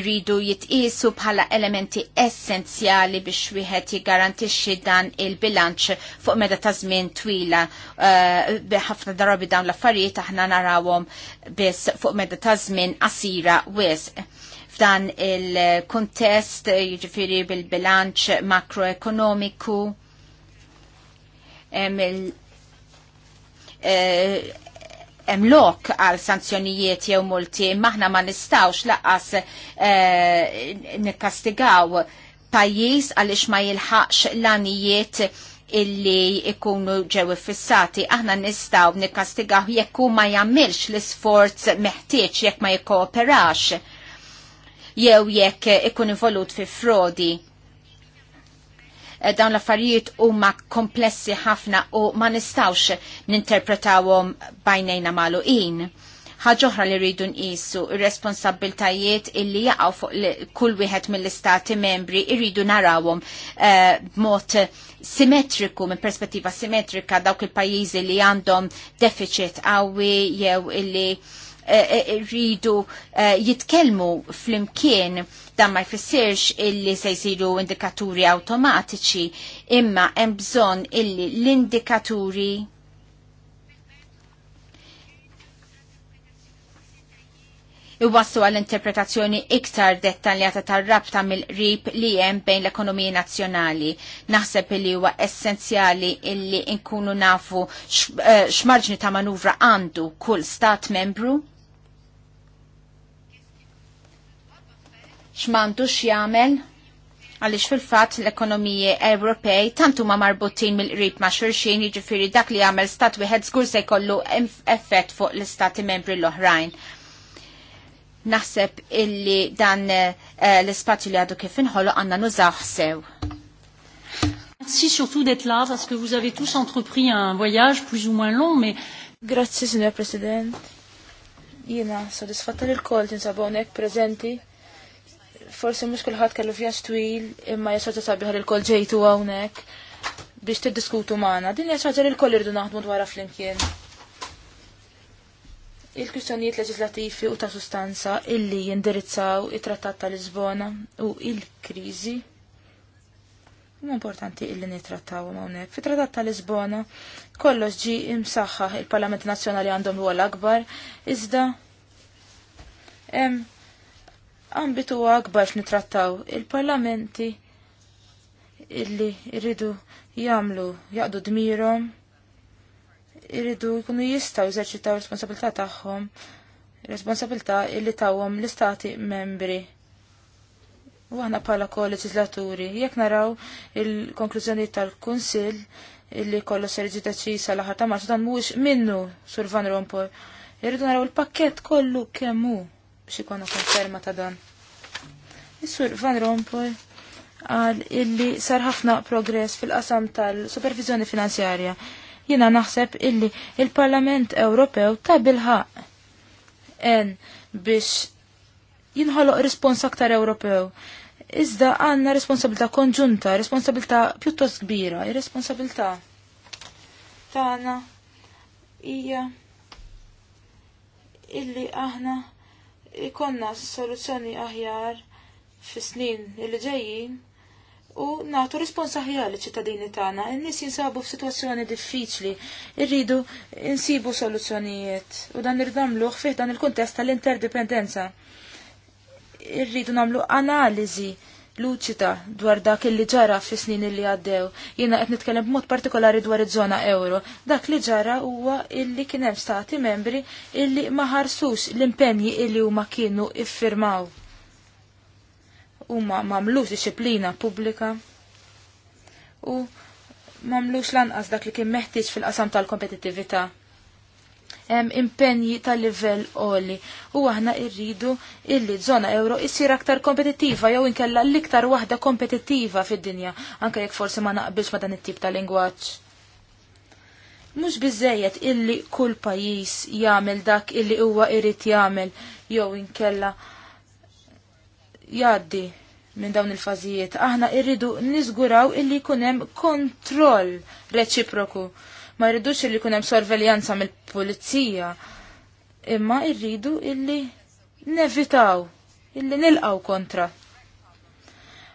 irridu jitqisu bħala elementi essenzjali biex wieħed jiggarantixxi dan il-bilanċ fuq meta ta' żmien twila. Uh, ħafna darabi dawn l-affarijiet aħna narawhom biss fuq meta ta' żmien qasira wisq f'dan il-kontest jiġifieri bil-bilanċ makroekonomiku hemm eh, lok għal sanzjonijiet jew multi maħna ma nistawx laqas eh, nikkastigaw pajjiż għaliex ma jilħaqx l-anijiet illi ikunu ġew fissati aħna nistaw nikkastigaw jekk ma jagħmilx l-isforz meħtieġ jekk ma jikkooperax jew jekk ikun involut fi frodi. Eh, dawn l-affarijiet huma komplessi ħafna u ma nistawx ninterpretawhom bajnejna Ħaġa Ħaġoħra li rridu nqisu ir-responsabiltajiet illi jaqgħu fuq kull wieħed mill-istati membri jridu narawhom eh, b'mod simetriku simmetriku, minn perspettiva simmetrika dawk il-pajjiżi li għandhom deficit qawwi jew illi Eh, eh, rridu eh, jitkellmu fl-imkien dan ma jfissirx illi se jsiru indikaturi awtomatiċi imma hemm bżonn illi l-indikaturi iwassu għall-interpretazzjoni iktar dettaljata tar-rabta mill-qrib li hemm bejn l-ekonomiji nazzjonali. Naħseb li huwa essenzjali illi nkunu nafu x'marġni ta' manuvra għandu kull stat membru x'mandu x'jagħmel għalix fil-fat l-ekonomiji Ewropej tantu ma marbutin mill-qrib ma xurxin jiġifieri dak li għamel stat wieħed żgur se jkollu effett fuq l-istati membri l-oħrajn. Naħseb illi dan eh, l-ispazju li għadu kif inħolu għandna nużaw sew. Merci surtout d'être là parce que vous avez tous entrepris un voyage plus ou moins long mais Grazie signor President. Jiena sodisfatta l-kol tinsabawnek prezenti forsi mux kulħadd kellu vjaġġ twil imma hija xaġa sabiħa li l-kol ġejtu hawnhekk biex tiddiskutu magħna. Din hija xaġa l-kol irdu naħdmu dwarha flimkien. Il-kwistjonijiet leġislattivi u ta' sustanza illi jindirizzaw it-Trattat ta' Lisbona u il-kriżi huma importanti illi nitrattaw mawnek. Fit-Trattat ta' Lisbona kollox ġi imsaħħaħ il-Parlament Nazzjonali għandhom rwol akbar, iżda ambitu akbar nitrattaw il-parlamenti illi irridu jagħmlu jaqdu dmirom, irridu jkunu jistgħu jeżerċitaw responsabilità tagħhom responsabilità illi tawhom l-istati membri. U aħna bħala koleġislaturi, jekk naraw il-konklużjoni tal-Kunsill illi kollu ser jiġi deċiż l aħħar ta' Marzu dan mhuwiex minnu Sur Van Rompuy. Irridu naraw il-pakkett kollu kemm hu biex ikonu konferma ta' dan. Is-sur Van Rompuy għal illi sar ħafna progress fil-qasam tal-supervizjoni finanzjarja. Jina naħseb illi il-Parlament Ewropew ta' bilħaq en biex jinħoloq respons aktar Ewropew. Iżda għanna responsabilità konġunta, responsabilità pjuttost kbira, responsabilità tagħna hija illi aħna ikonna soluzzjoni aħjar fis snin illi ġejjin u nagħtu risponsa aħjar li ċittadini tagħna. In-nies jinsabu f'sitwazzjoni diffiċli, irridu insibu soluzzjonijiet u dan irnamluh fih dan il-kuntest tal interdipendenza Irridu nagħmlu analiżi luċita dwar dak li ġara fis snin li għaddew. Jiena qed nitkellem b'mod partikolari dwar iż-żona euro. Dak li ġara huwa illi kien hemm stati membri illi ma ħarsux l-impenji illi huma kienu iffirmaw. Huma m'għamlux disciplina pubblika u ma'mlux lanqas dak li kien meħtieġ fil-qasam tal-kompetittività hemm impenji tal livell oli u aħna irridu illi żona euro issir aktar kompetittiva jew inkella l-iktar waħda kompetittiva fid-dinja anke jekk forsi ma naqbilx ma dan it-tip ta' lingwaġġ. Mhux biżejjed illi kull pajjiż jagħmel dak illi huwa irid jagħmel jew inkella jgħaddi minn dawn il-fażijiet. Aħna irridu niżguraw illi jkun hemm kontroll reċiproku ma jridux illi kunem sorveljanza mill-pulizija, imma irridu illi nevitaw, illi nilqaw kontra.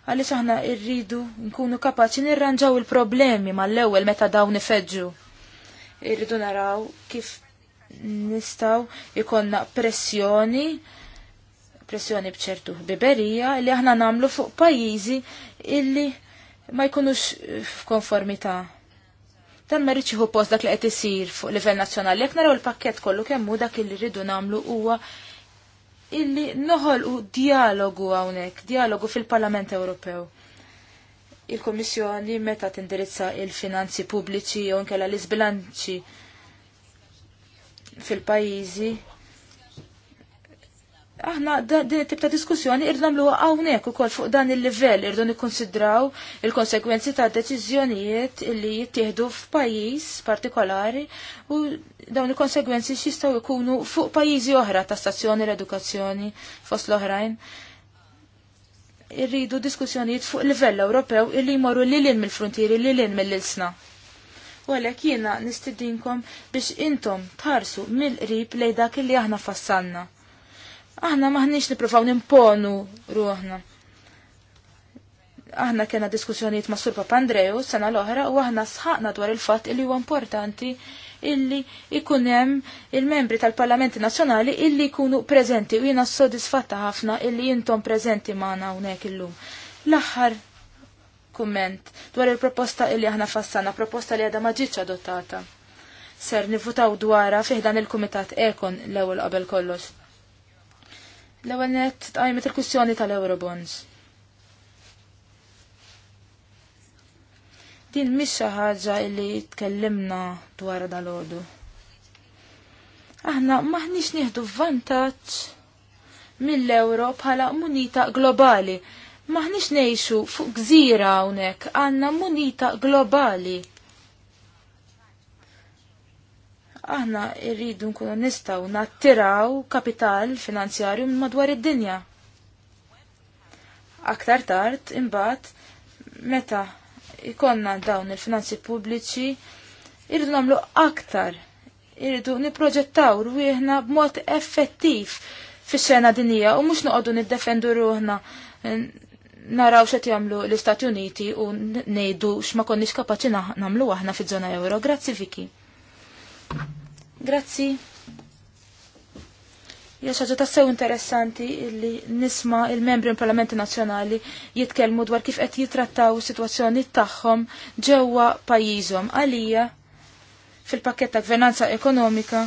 Għalix aħna irridu nkunu kapaċi nirranġaw il-problemi mal-ewel meta dawn ifeġġu. Irridu naraw kif nistaw ikonna pressjoni pressjoni bċertu biberija li aħna namlu fuq pajjiżi illi ma jkunux f'konformità Dan ma rridx post dak li qed isir fuq livell nazzjonali. Jekk naraw il-pakkett kollu kemm hu dak li rridu nagħmlu huwa illi noħolqu dialogu hawnhekk, dialogu fil-Parlament Ewropew. il komissjoni meta tindirizza il-finanzi pubbliċi jew inkella l-isbilanċi fil-pajjiżi aħna din it-tip ta' diskussjoni irdu għawnek hawnhekk ukoll fuq dan il-livell irdu nikkonsidraw il-konsekwenzi ta' deċiżjonijiet li jittieħdu f'pajjiż partikolari u dawn il-konsegwenzi x'jistgħu jkunu fuq pajjiżi oħra ta' stazzjoni l-edukazzjoni fost l-oħrajn. Irridu diskussjonijiet fuq livell Ewropew illi jmorru lil mill-frontieri lil mill lisna u għalek jiena nistidinkom biex intom tħarsu mill-qrib lejda dak li aħna fassanna. Aħna maħniex niprofaw nimponu ruħna. Aħna kena diskussjoniet ma' Sur Papandreju sena l-oħra u aħna sħaqna dwar il-fatt illi huwa importanti illi ikunem il-membri tal-Parlamenti Nazzjonali illi jkunu preżenti u jiena sodisfatta ħafna illi jintom preżenti magħna hawnhekk illum. L-aħħar kumment dwar il-proposta illi aħna fassana, proposta li għadha ma ġietx adottata. Ser nivutaw dwara fiħdan il-Kumitat Ekon l-ewwel qabel kollox. L-ewwel nett tqajmet il-kwistjoni tal-Eurobonds. Din mhix xi ħaġa li tkellimna dwar dal-għodu. Aħna maħniex nieħdu vantaġġ mill-euro bħala munita globali. Maħniex nejxu fuq gżira hawnhekk, għandna munita globali. aħna irridu nkunu nistaw nattiraw kapital finanzjarju minn madwar id-dinja. Aktar tard, imbagħad meta ikonna dawn il-finanzi pubbliċi, irridu nagħmlu aktar, irridu nipproġettaw rwieħna b'mod effettiv fix-xena dinija u mhux noqogħdu niddefendu ruħna naraw x'għed jagħmlu l-Istati Uniti u ngħidu x'ma konniex kapaċi nagħmlu aħna fiż-żona euro. Grazzi Viki. Grazzi. Ja xaġa ta' sew interessanti li nisma il-membri parlamenti nazzjonali jitkellmu dwar kif qed jitrattaw situazzjoni tagħhom ġewwa pajjiżhom għalija fil-pakket ta' gvernanza ekonomika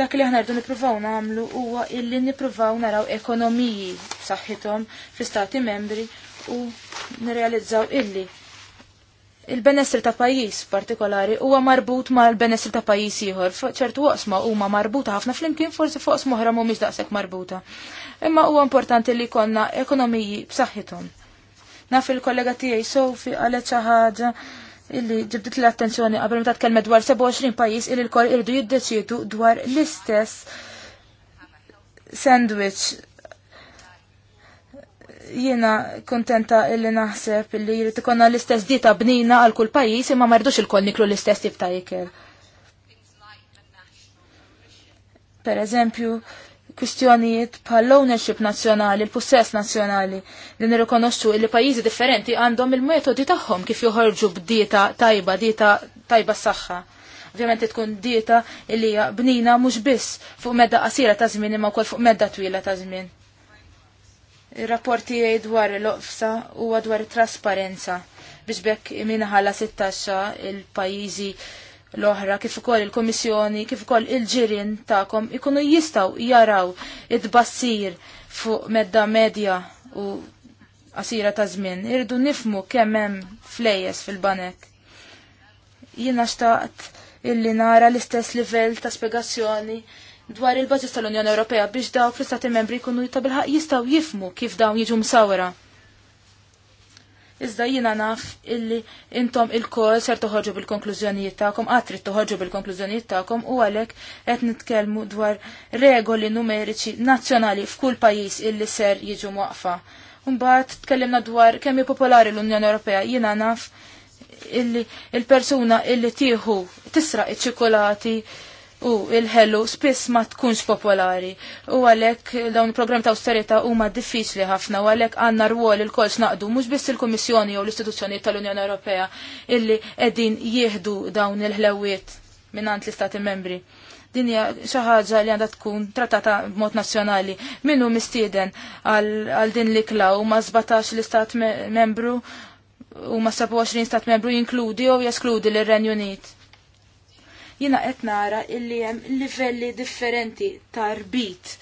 dak li aħna rridu nippruvaw nagħmlu huwa illi nippruvaw naraw ekonomiji b'saħħithom fl-istati membri u nirrealizzaw illi il-benessri ta' pajis partikolari huwa marbut ma' l-benessri ta' pajis ieħor. ċertu waqsma huma marbuta ħafna flimkien forsi fuq oħra mhumiex daqshekk marbuta. Imma huwa importanti li konna ekonomiji b'saħħithom. Naf il-kollega tiegħi Sofi qalet xi ħaġa illi ġibdit l-attenzjoni qabel meta tkellmet dwar 27 pajjiż illi l-kol irdu jiddeċiedu dwar l-istess sandwich jiena kontenta illi naħseb illi jrid ikonna l-istess dita bnina għal kull pajjiż imma ma il-koll niklu l-istess tip ta' Per eżempju, kwistjonijiet bħal ownership nazzjonali, l-possess nazzjonali, li nirrikonoxxu li pajjiżi differenti għandhom il-metodi tagħhom kif joħorġu b'dieta tajba, dieta tajba s-saħħa. Ovvjament tkun dieta li hija bnina mhux biss fuq medda qasira ta' żmien imma wkoll fuq medda twila ta' żmien. Il-rapporti dwar l ofsa u dwar trasparenza biex bekk minħala 16 il-pajizi l-oħra kif ukoll il-Komissjoni, kif ukoll il-ġirien tagħkom ikunu jistgħu jaraw id-bassir fuq medda medja u qasira ta' żmien. Irridu nifmu kemm hemm flejes fil-banek. Jiena xtaqt illi nara l-istess livell ta' spjegazzjoni dwar il-bażis tal-Unjoni Ewropea biex dawk fl-istati membri jkunu ta' jistaw jistgħu jifmu kif dawn jiġu msawra. Iżda jiena naf illi intom il-kol ser toħorġu bil-konklużjonijiet tagħkom, qatt trid toħorġu bil-konklużjonijiet tagħkom u għalhekk qed nitkellmu dwar regoli numeriċi nazzjonali f'kull pajjiż illi ser jiġu mwaqfa. Mbagħad tkellimna dwar kemm popolari l-Unjoni Ewropea jina naf illi il-persuna illi tieħu tisraq iċ-ċikolati il u il-ħellu spiss ma tkunx popolari u għalek dawn il-programm ta' austerita huma diffiċli ħafna u għalek għanna rwol il-kol naqdu mhux biss il-Kummissjoni u l-istituzzjoni tal-Unjoni Ewropea illi qegħdin jieħdu dawn il-ħlewiet mingħand l-Istati membri. Din hija xi ħaġa li għandha tkun trattata b'mod nazzjonali. Minnu mistieden għal din li klaw ma żbatax l-Istat membru u ma 20 stat membru jinkludi u jaskludi l-Renju Unit jina qed nara illi hemm livelli differenti tarbit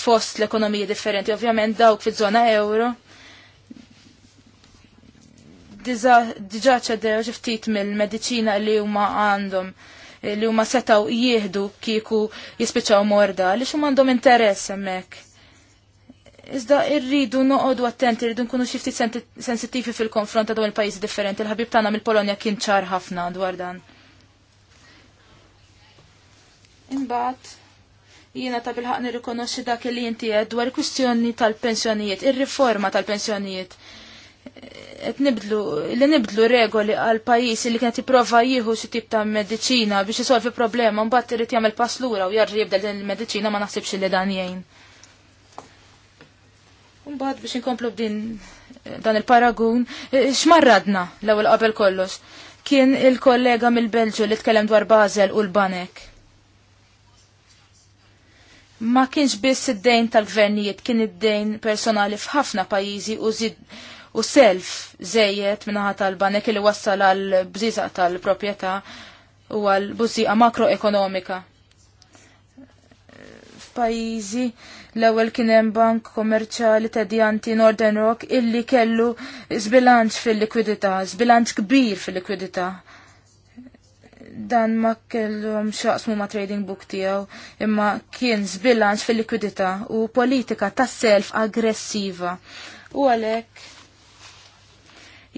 fost l-ekonomiji differenti, ovvjament dawk fiż-żona euro. Diġa ċedew ġiftit mill-medicina li huma għandhom li huma setaw jieħdu kieku jispiċaw morda, li xum għandhom interess hemmhekk. Iżda irridu noqogħdu attenti, irridu nkunu xi ftit sensittivi fil-konfront ta' dawn il-pajjiżi differenti. Il-ħabib tagħna mill-Polonja kien ċar ħafna dwar dan. Imbagħad jiena ta' bilħaq nirrikonoxxi dak li inti qed dwar kwistjoni tal-pensjonijiet, ir-riforma tal-pensjonijiet. Qed nibdlu li nibdlu regoli għal pajjiżi li kienet jipprova jieħu xi tip ta' mediċina biex isolvi problema mbagħad irid jagħmel pass lura u jarri jibdel din il-mediċina ma naħsibx li dan jgħin. Mbagħad biex inkomplu b'din dan il-paragun, x'marradna l-ewwel qabel kollox kien il-kollega mill-Belġu li tkellem dwar Basel u l-Banek ma kienx biss id-dejn tal-gvernijiet, kien id-dejn personali f'ħafna pajjiżi u zid u self zejjed minnaħat tal-banek li wassal għal bżiza tal-propieta u għal bużija makroekonomika. F'pajjiżi l-ewwel kien hemm bank kommerċjali tedjanti Northern Rock illi kellu żbilanċ fil-likwidità, żbilanċ kbir fil-likwidità dan ma kellhom xaqsmu ma trading book tiegħu imma kien zbilanċ fil-likwidità u politika tas self aggressiva. U għalhekk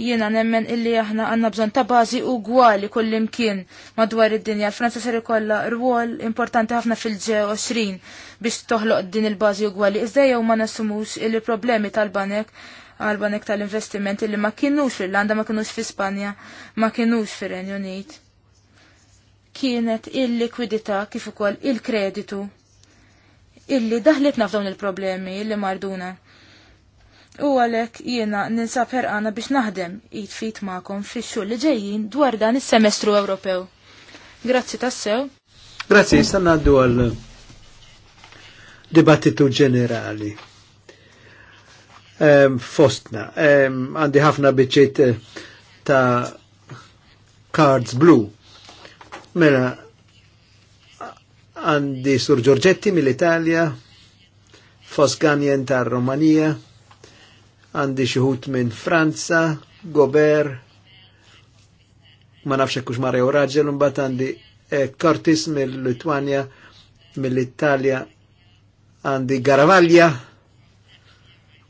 jiena nemmen illi aħna għandna bżonn ta' bażi ugwali kullimkien madwar id-dinja. Franza ser ikollha rwol importanti ħafna fil-G20 biex toħloq din il-bażi ugwali. Iżda jew ma nassumux il-problemi tal-banek għal-banek tal investimenti li ma kienux fil landa ma kienux fi Spanja, ma kienux fir-Renju Unit kienet il-likwidità kif ukoll il-kreditu illi daħlitna f'dawn il-problemi illi marduna. U għalek jiena ninsab ħerqana biex naħdem id fit ma'kom fix xogħol li ġejjin dwar dan is-semestru Ewropew. Grazzi tassew. Grazzi, jista' ngħaddu għal dibattitu ġenerali. Um, fostna, ehm, għandi um, ħafna biċċiet eh, ta' cards blue Mela, għandi Sur Giorgetti mill-Italja, Fosganien tar Romania, għandi xieħut minn Franza, Gober, ma nafx kux u Raġel, mbagħad għandi eh, Cortis mill lituania mill-Italja, għandi Garavaglia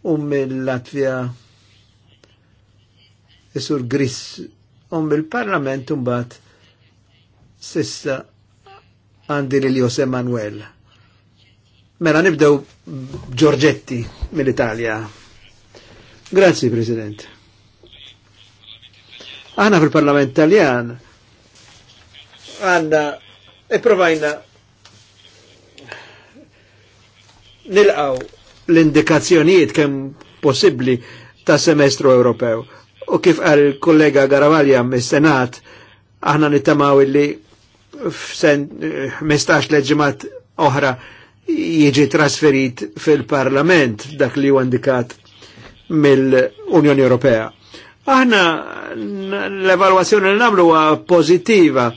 u um mill-Latvija Isur e Gris u mill-Parlament mbagħad Sissa għandi li Jose Manuel. Mela nibdew Giorgetti mill-Italja. Grazzi, President. Aħna fil-Parlament Taljan għanna e provajna nilqaw l-indikazzjonijiet kemm possibbli ta' semestru Ewropew. U kif għal kollega Garavaglia mis-Senat, aħna nittamaw illi f'sen 15 eh, leġimat oħra jiġi trasferit fil-Parlament dak li huwa indikat mill-Unjoni Ewropea. Aħna l-evalwazzjoni li nagħmlu huwa pożittiva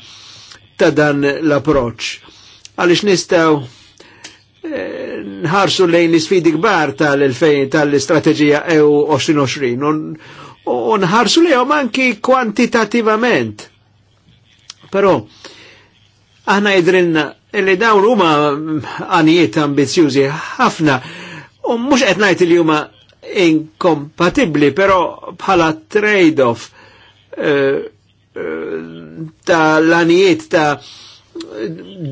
ta' dan l-approċċ għaliex nistgħu eh, nħarsu lejn l-sfidi kbar tal-istrateġija EU 2020 u nħarsu lejhom anki kwantitativament. Però Aħna jidrinna li dawn huma għanijiet ambizjużi ħafna u mhux qed ngħid li huma inkompatibbli, però bħala trade-off eh, eh ta' l-għanijiet ta'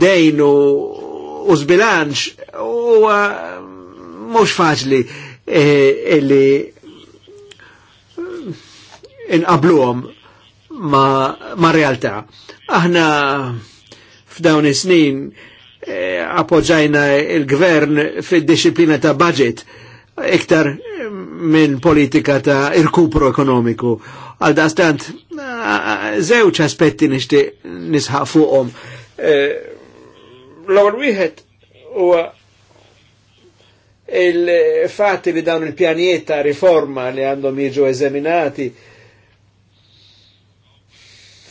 dejn u zbilanċ u mux faċli eh, illi inqabluhom ma, ma realtà. Aħna f'dawn is-snin eh, appoġġajna il-gvern fid-disciplina ta' budget iktar eh, minn politika ta' irkupru ekonomiku. Għal dastant, eh, zewċ aspetti nishti nisħaq fuqom. L-għol wieħed huwa il-fatti li dawn il-pjanijiet ta' riforma li għandhom jiġu eżaminati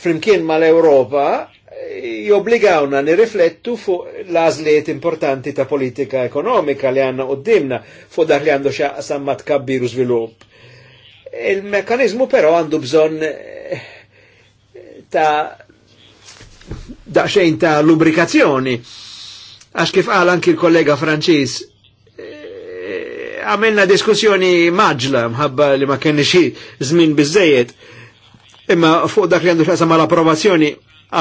flimkien mal-Europa jobbligawna nirriflettu fuq l-azliet importanti ta' politika ekonomika li għanna dimna fuq dak li għandu xaqsam sammat kabbiru żvilupp. Il-mekkanizmu però għandu bżon eh, ta' daqxejn ta' lubrikazzjoni. Għax kif qal anki l-kollega Franċis, eh, għamilna diskussjoni maġla mħabba li ma kenni xi żmien bizzejiet, Imma fuq dak li għandu sammat mal-approvazzjoni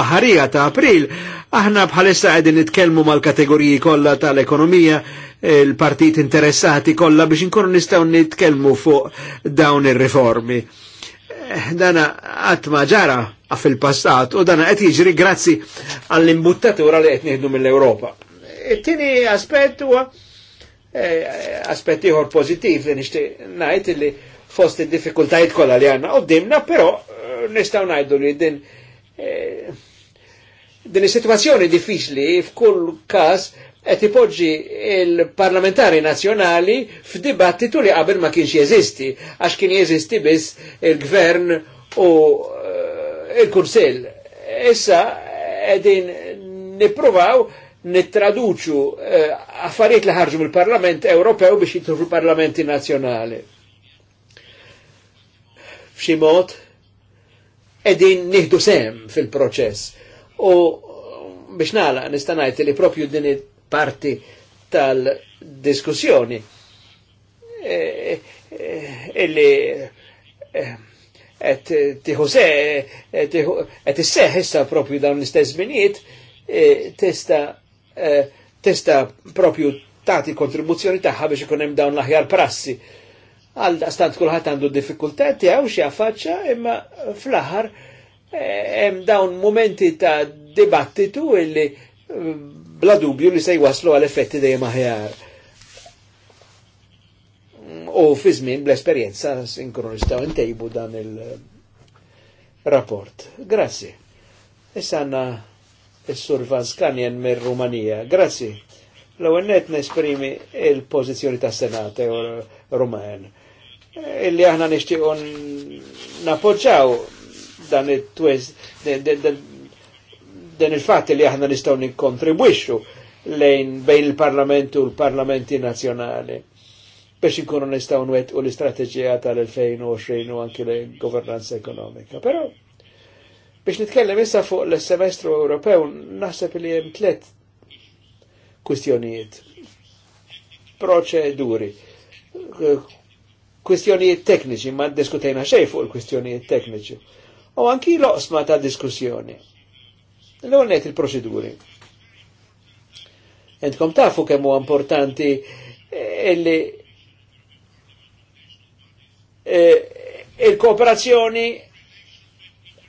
aħarija ta' april, aħna bħalissa għedin nitkelmu mal-kategoriji kollha tal-ekonomija, il-partit interessati kollha biex inkunu nistgħu nitkelmu fuq dawn ir-riformi. Dana għatma ġara fil-passat u dana qed jiġri grazzi għall-imbuttatura li qed nieħdu mill-Ewropa. It-tieni aspett huwa eh, aspett ieħor pożittiv li nixtieq ngħid li fost id-diffikultajiet kollha li għandna qudiemna, però eh, nistgħu ngħidu li din Eh, din is diffiċli f'kull każ qed ipoġġi il-parlamentari nazzjonali f'dibattitu li qabel ma kienx jeżisti, għax kien jeżisti biss il-gvern u eh, il kunsell Issa qegħdin nippruvaw nittraduċu eh, affarijiet li ħarġu mill-Parlament Ewropew biex jitru fil-Parlamenti Nazzjonali. F'xi mod edin nieħdu sem fil-proċess. U biex nala nistanajt li propju din parti tal-diskussjoni illi e, e, e, et tiħu se, e, et isseħ issa propju dawn l-istess biniet, e, testa, e, testa propju tati kontribuzzjoni taħħa biex ikun dawn l ħjar prassi għal stant kullħat għandu diffikultati għaw xi affaċċa imma fl-aħħar eh, hemm dawn momenti ta' dibattitu illi eh, bla dubju li se jwaslu għal effetti dejjem aħjar. U fi żmien bl-esperjenza sinkronistaw intejbu dan il-rapport. Grazzi. Issa għandna s-sur mir-Rumanija. Grazzi. l għennet nesprimi il ta' tas u Rumen illi aħna nishtiqu n'appoġġaw dan il-twist, dan il-fat li aħna nistaw nikkontribwixxu lejn bejn il-Parlament u l-Parlamenti Nazzjonali biex inkunu nistaw nwet u l-istrateġija tal-2020 u anki l-governanza ekonomika. Però biex nitkellem issa fuq l-semestru Ewropew naħseb li hemm tliet kwistjonijiet. Proċeduri kwistjonijiet tekniċi, ma diskutejna xej fuq il kwestjoni tekniċi. U anki l osma ta' diskussjoni. L-għonet il-proċeduri. Entkom tafu kemm huwa importanti eh, illi eh, il-kooperazzjoni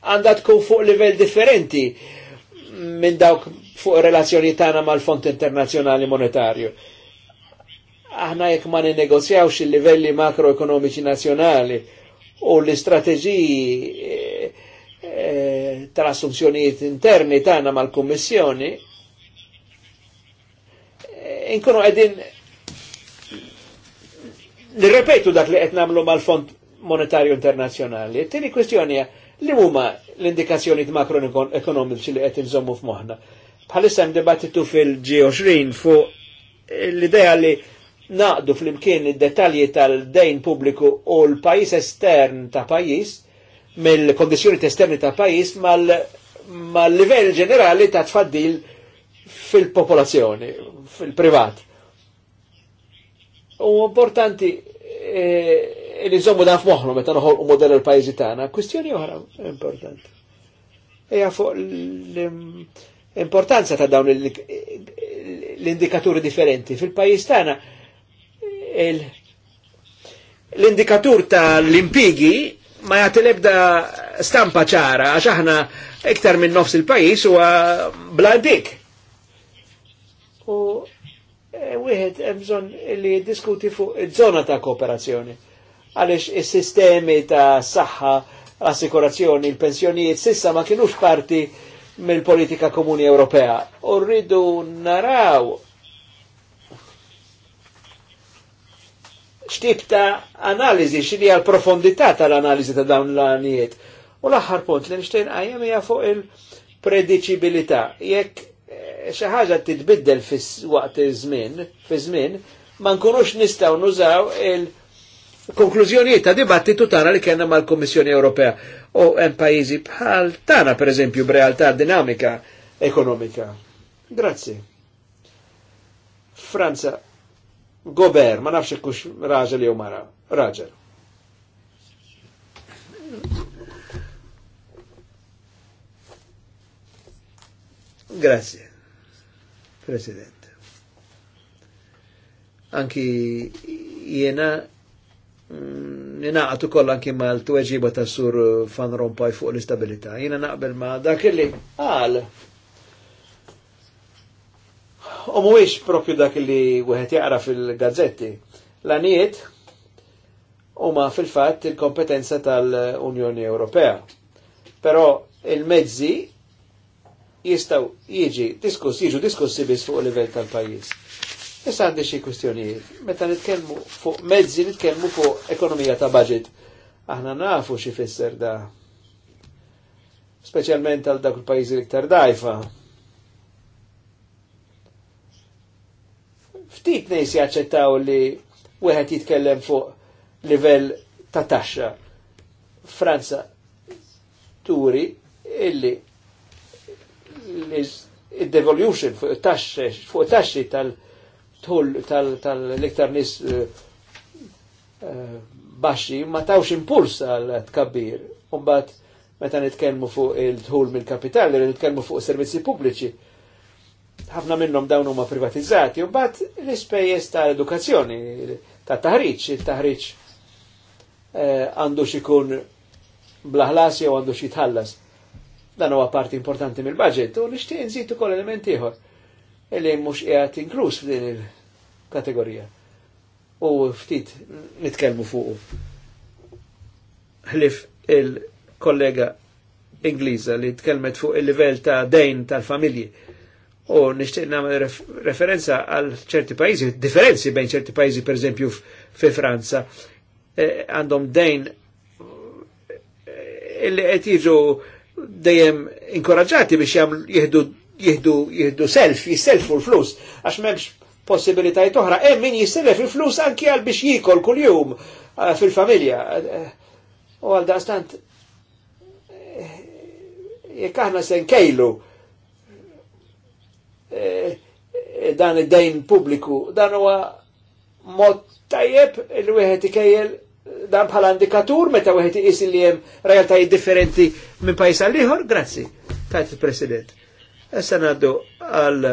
għandat tkun fuq livell differenti minn dawk fuq relazzjoni tagħna mal-Fond Internazzjonali Monetarju aħna jekk ma ninnegozjawx il-livelli makroekonomiċi nazzjonali u l-istrateġiji eh, eh, tal-assunzjonijiet interni tagħna mal-Kummissjoni, eh, inkunu qegħdin nirrepetu dak li qed nagħmlu mal-Fond Monetarju Internazzjonali. Tieni kwestjoni li huma l-indikazzjoni makroekonomiċi li qed inżommu f'moħħna. Bħalissa hemm dibattitu fil-G20 fuq l-idea li naqdu fl-imkien id-detalji tal-dejn pubbliku u l-pajis estern ta' pajis, mill-kondizjoni esterni ta' pajis, mal-livell mal ġenerali ta' tfaddil fil-popolazzjoni, fil-privat. U importanti l eh, li dan f'moħħnu meta noħol u modell il-pajjiżi tagħna, kwistjoni oħra importanti. E għafu l-importanza ta' dawn l-indikaturi differenti. Fil-pajjiż tagħna l-indikatur tal-impigi ma jagħti l-ebda stampa ċara għax aħna iktar minn nofs il-pajjiż huwa bla dik. U e, wieħed hemm bżonn li jiddiskuti fuq iż-żona ta' kooperazzjoni għaliex is-sistemi ta' saħħa, assikurazzjoni, il-pensjonijiet sissa ma kienux parti mill-politika komuni Ewropea. U rridu naraw xtib ta' analizi, xini għal profondità tal-analizi ta' dawn l-għanijiet. U l-axħar punt li nishtin għajem hija fuq il-prediċibilità. Jekk eh, xi ħaġa titbiddel fis-waqt iż-żmien, fi żmien ma nkunux nistgħu nużaw il-konklużjonijiet ta' dibattitu tara li kellna mal-Kummissjoni Ewropea u hemm pajjiżi bħal tagħna pereżempju b'realtà dinamika ekonomika. Grazzi. Franza, Gober, ma nafx kux raġel jew mara, raġel. Grazie, President. Anki jena mm, jena għatu koll anki ma l-tweġiba ta' sur Fan rompaj fuq l istabilita Jena naqbel ma dak li għal u mhuwiex propju dak li wieħed jaqra fil-gazzetti. L-għaniet huma fil-fatt il-kompetenza tal-Unjoni Ewropea. Però il-mezzi jistaw jiġi diskuss, jiġu diskussi biss fuq livell tal-pajjiż. Issa għandi xi kwistjonijiet. Meta nitkellmu fuq mezzi nitkellmu fuq ekonomija ta' budget. Aħna nafu xi fisser da. Speċjalment għal dak il-pajjiżi ktar dajfa ftit nejs jaċċettaw li wieħed jitkellem fuq livell ta' taxxa. Franza turi illi il-devolution fuq taxxi fuq taxxi tal-iktar nis eh, eh, baxxi ma tawx impuls għal tkabbir. Umbat meta nitkellmu fuq il-tħul mill-kapital, nitkellmu fuq servizzi pubbliċi ħafna minnhom dawn huma privatizzati u mbagħad l-ispejjeż tal-edukazzjoni, ta' taħriġ it-taħriġ eh, għandu eh, ikun blaħlas jew għandu tħallas. Dan huwa parti importanti mill-budget u nixtieq nżid ukoll element ieħor li mhux qiegħed inkluż f'din il-kategorija. U ftit nitkellmu fuq ħlif il-kollega Ingliża li tkellmet fuq il-livell ta' dejn tal-familji u nishtiq nagħmel referenza għal ċerti pajjiżi, differenzi bejn ċerti pajjiżi pereżempju fi Franza e, għandhom dejn illi e, qed jiġu dejjem inkoraġġati biex jagħmlu jieħdu jieħdu jieħdu self, jisselfu l-flus għax m'hemmx possibilitajiet oħra, hemm min jisselef il-flus anki għal biex jikol kuljum e, fil-familja. U għal daqstant jekk aħna se nkejlu Eh, eh, dan id-dejn publiku, dan huwa mod tajjeb il wieħed ikejjel dan bħala indikatur meta wieħed iqis li hemm realtajiet differenti minn pajjiż għal ieħor, grazzi, tajt il-President. Issa ngħaddu għal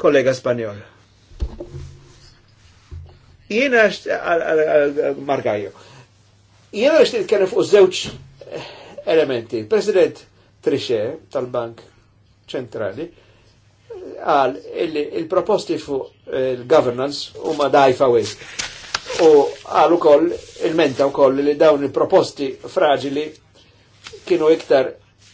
kollega Spanjol. Jiena Margajo. Jiena għax nitkellem fuq żewġ eh, elementi. President Trichet tal-Bank Ċentrali għal il-proposti fu il-governance u ma dajfa wis. U għal ukoll il-menta ukoll li dawn il-proposti fragili kienu iktar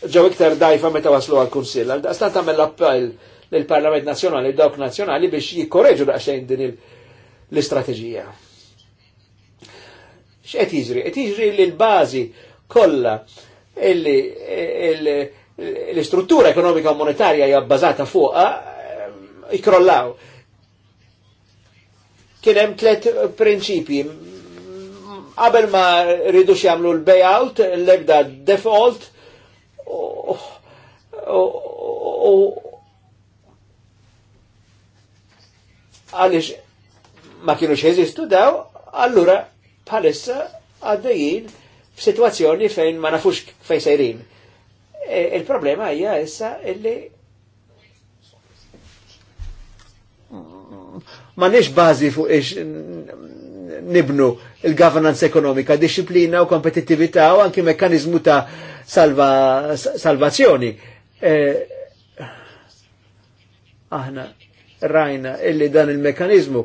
ġew iktar dajfa meta waslu għal kunsill Għal daqstan tagħmel appell lill-Parlament Nazzjonali dok nazzjonali biex jikkoreġu daqsxejn din l-istrateġija. X'qed jiġri? Qed jiġri li l-bażi kollha l-istruttura ekonomika monetarja hija bbażata fuqha ikrollaw. Kien hemm tliet Qabel ma rridux jagħmlu l-bayout, l-ebda default, għalix ma kienu xeżistu daw, allura palessa għaddejjien f'sitwazzjoni fejn ma nafux fejn sejrin. E, il-problema hija issa illi ma nix bazi fuq ix nibnu il-governance ekonomika, disciplina u kompetitività u anki mekkanizmu ta' salva, salvazzjoni. Eh, aħna rajna illi dan il-mekanizmu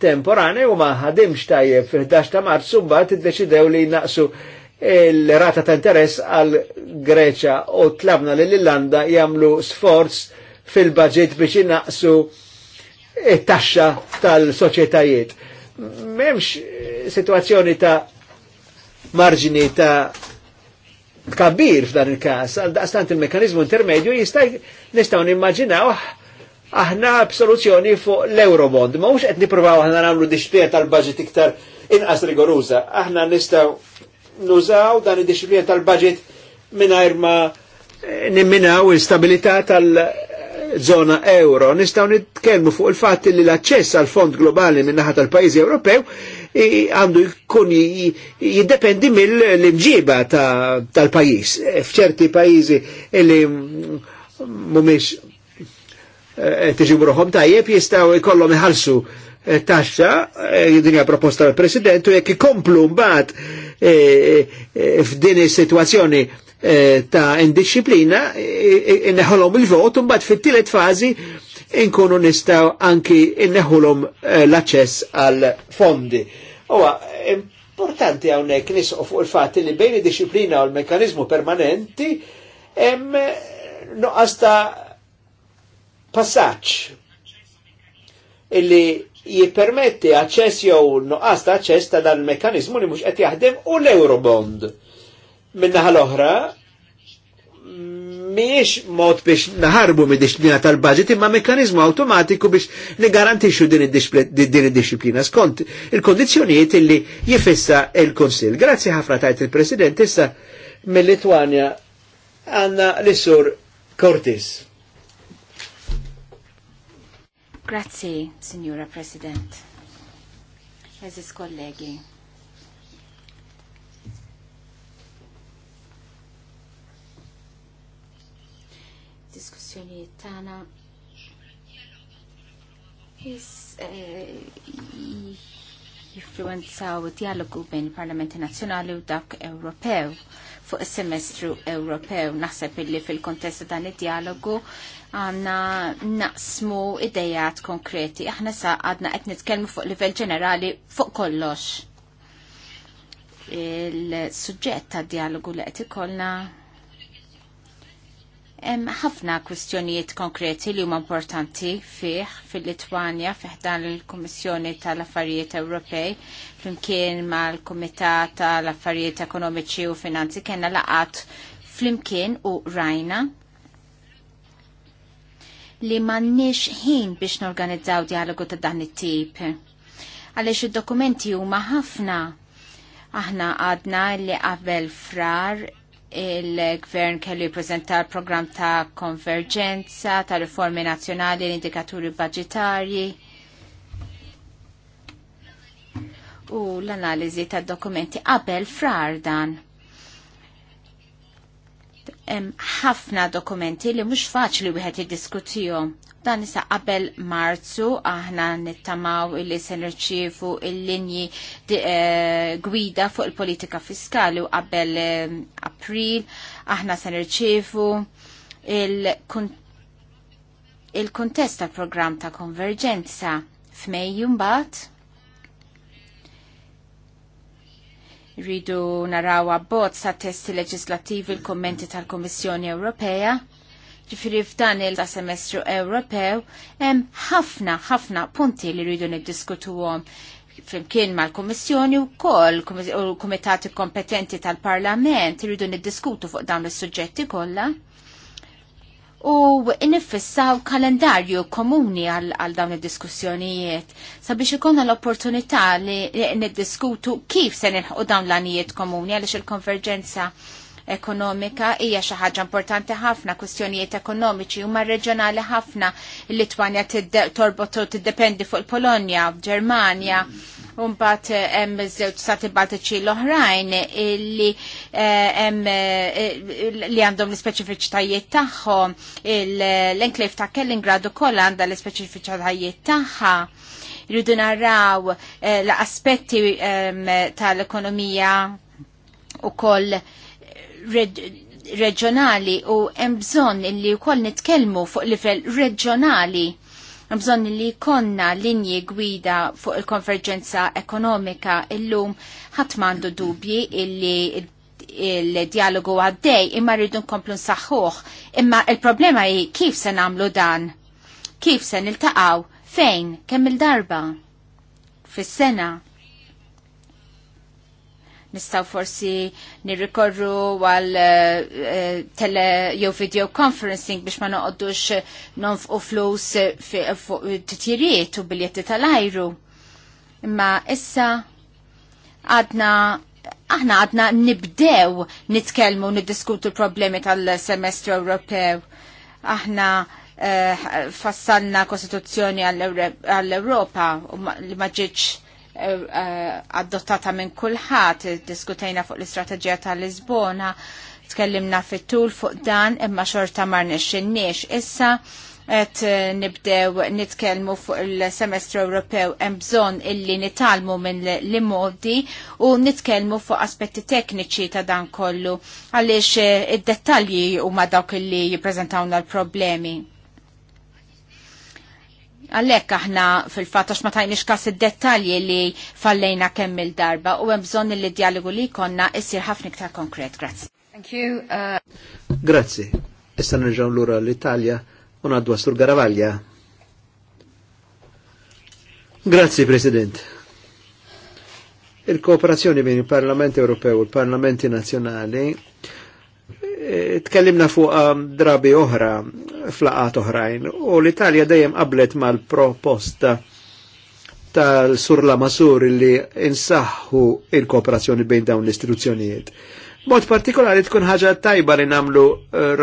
temporane u ma ħadimx tajjeb fil-11 ta' marzu mbagħad iddeċidew li naqsu il-rata ta' interess għal Greċa u tlabna li l-Irlanda jagħmlu sforz fil-budget biex naqsu taxxa tal-soċjetajiet. M'hemmx eh, situazzjoni ta' marġini ta' kabir f'dan il-każ, għal daqstant il-mekanizmu intermedju jista' nistgħu nimmaġinaw ah, aħna b'soluzzjoni fuq l-Eurobond. Ma mhux qed nippruvaw aħna nagħmlu disciplina tal-budget iktar inqas rigoruża. Aħna nistgħu nużaw dan id-disciplina tal-budget mingħajr ma eh, nimminaw il-stabilità tal- zona euro, nistaw nitkelmu fuq il fatt li l-access għal fond globali minn naħat tal-pajizi Ewropew għandu jkun jiddependi mill-imġiba tal-pajis. Fċerti pajizi li mumiex tiġi eh, tajjeb jistaw jkollhom iħalsu Eh, taxxa, eh, dinja proposta tal president u jekk ikomplu mbagħad eh, f'din is-sitwazzjoni ta' indisciplina inneħolhom il-vot u mbagħad fit-tielet fażi inkunu nistgħu anki inneħulhom l-aċċess għal fondi. Owa, importanti hawnhekk nisqu fuq il-fatt li bejn id-disciplina u l-mekkaniżmu permanenti hemm noqqas ta' passaġġ illi jippermetti aċċess jew nuqqas ta' aċċess ta' dan il-mekkanizmu li mhux qed jaħdem u l-Eurobond. Minna l-oħra, miex mod biex naħarbu mi disciplina tal-budget imma mekkanizmu automatiku biex nigarantixxu din id-disciplina skont il-kondizzjonijiet illi jifissa il-Konsil. Grazzi ħafna tajt il-President issa mill litwania għanna l-Sur Cortis. Grazie, Signora President. Eżis kollegi. Diskussjoni tana Is, jiffluenzaw eh, dialogu bejn il-Parlamenti Nazzjonali u dak Ewropew fuq is-semestru Ewropew. Naħseb illi fil-kontest dan id-dialogu għanna naqsmu idejat konkreti. Aħna sa għadna qed nitkellmu fuq livell ġenerali fuq kollox. Il-suġġett ta' dialogu li qed ikollna Hemm ħafna kwistjonijiet konkreti li huma importanti fih fil-Litwanja fih dan il-Kummissjoni tal-Affarijiet Ewropej flimkien mal-Kumitat tal-Affarijiet Ekonomiċi u Finanzi kellna laqat flimkien u rajna li m'għandniex ħin biex norganizzaw dialogu ta' dan it-tip. Għaliex id-dokumenti huma ħafna aħna għadna li qabel frar il-gvern kellu l program ta' konverġenza, ta' riformi nazzjonali, l-indikaturi budgetari. u l-analizi ta' dokumenti qabel frar dan. Hemm ħafna dokumenti li mhux faċli wieħed jiddiskutihom Dan issa qabel marzu aħna nittamaw illi se nirċievu il-linji eh, gwida fuq il-politika fiskali u qabel eh, april aħna se nirċievu il-kuntest il tal-programm ta' konverġenza f'Mejju mbagħad. Ridu naraw abbozz sa testi leġislattivi l-kommenti tal-Kommissjoni Ewropea ġifiri f'dan il ta' semestru Ewropew, hemm ħafna, ħafna punti li rridu niddiskutuhom flimkien mal komissjoni u koll u komitati kompetenti tal-Parlament rridu niddiskutu fuq dawn is-suġġetti kollha. U nifissaw kalendarju komuni għal dawn id-diskussjonijiet sabiex ikonna l-opportunità li niddiskutu kif se nilħu dawn l-anijiet komuni għaliex il-konverġenza il konverġenza ekonomika hija xi ħaġa importanti ħafna, kwistjonijiet ekonomiċi huma reġjonali ħafna. l litwanja torbot tiddependi fuq il-Polonja, Ġermanja, Umbat eh, hemm żewġ stati Baltiċi l-oħrajn li eh, hemm eh, li għandhom l-ispeċifiċitajiet tagħhom, l-enklejf ta' Kellingrad ukoll għandha l-ispeċifiċitajiet tagħha rridu narraw l-aspetti ehm, tal-ekonomija u koll reġjonali u hemm bżonn illi wkoll nitkellmu fuq livell reġjonali. Hemm bżonn li jkollna linji gwida fuq il-konverġenza ekonomika illum ħadd m'għandu dubji illi il-dialogu għaddej imma rridu nkomplu nsaħħuh. Imma il-problema hi kif se nagħmlu dan? Kif se niltaqgħu? Fejn? Kemm il-darba? Fis-sena? Nistaw forsi nirrikorru għal eh, tele jew video conferencing biex ma noqoddux u flus titjiriet u biljetti tal-ajru. Imma issa għadna aħna għadna nibdew nitkelmu niddiskutu problemi tal-semestru Ewropew. Aħna eh, fassalna Kostituzzjoni għall-Europa li ma ġietx Eh, adottata minn kulħadd, diskutejna fuq l-istrateġija tal-Lisbona, tkellimna fit-tul fuq dan imma xorta ma nexxinniex. Issa qed eh, nibdew nitkellmu fuq il-semestru Ewropew hemm bżonn illi nitalmu minn l-modi u nitkellmu fuq aspetti tekniċi ta' dan kollu għaliex eh, id-dettalji huma dawk illi jippreżentawna l-problemi Għallek aħna fil-fat għax ma tajniex kas id-dettalji li fallejna kemm il-darba u hemm bżonn li dialogu li konna issir ħafna iktar konkret. Grazzi. Thank you. Uh, Grazzi. Issa l lura l-Italja u ngħaddu Sur Garavaglia. Grazzi President. Il-kooperazzjoni bejn il-Parlament Ewropew u l-Parlamenti Nazzjonali tkellimna fuq um, drabi oħra flaqat oħrajn u l-Italja dejjem qablet mal-proposta tal-sur la masur li insaħħu il-kooperazzjoni bejn dawn l-istituzzjonijiet. Mod partikolari tkun ħaġa tajba li namlu uh,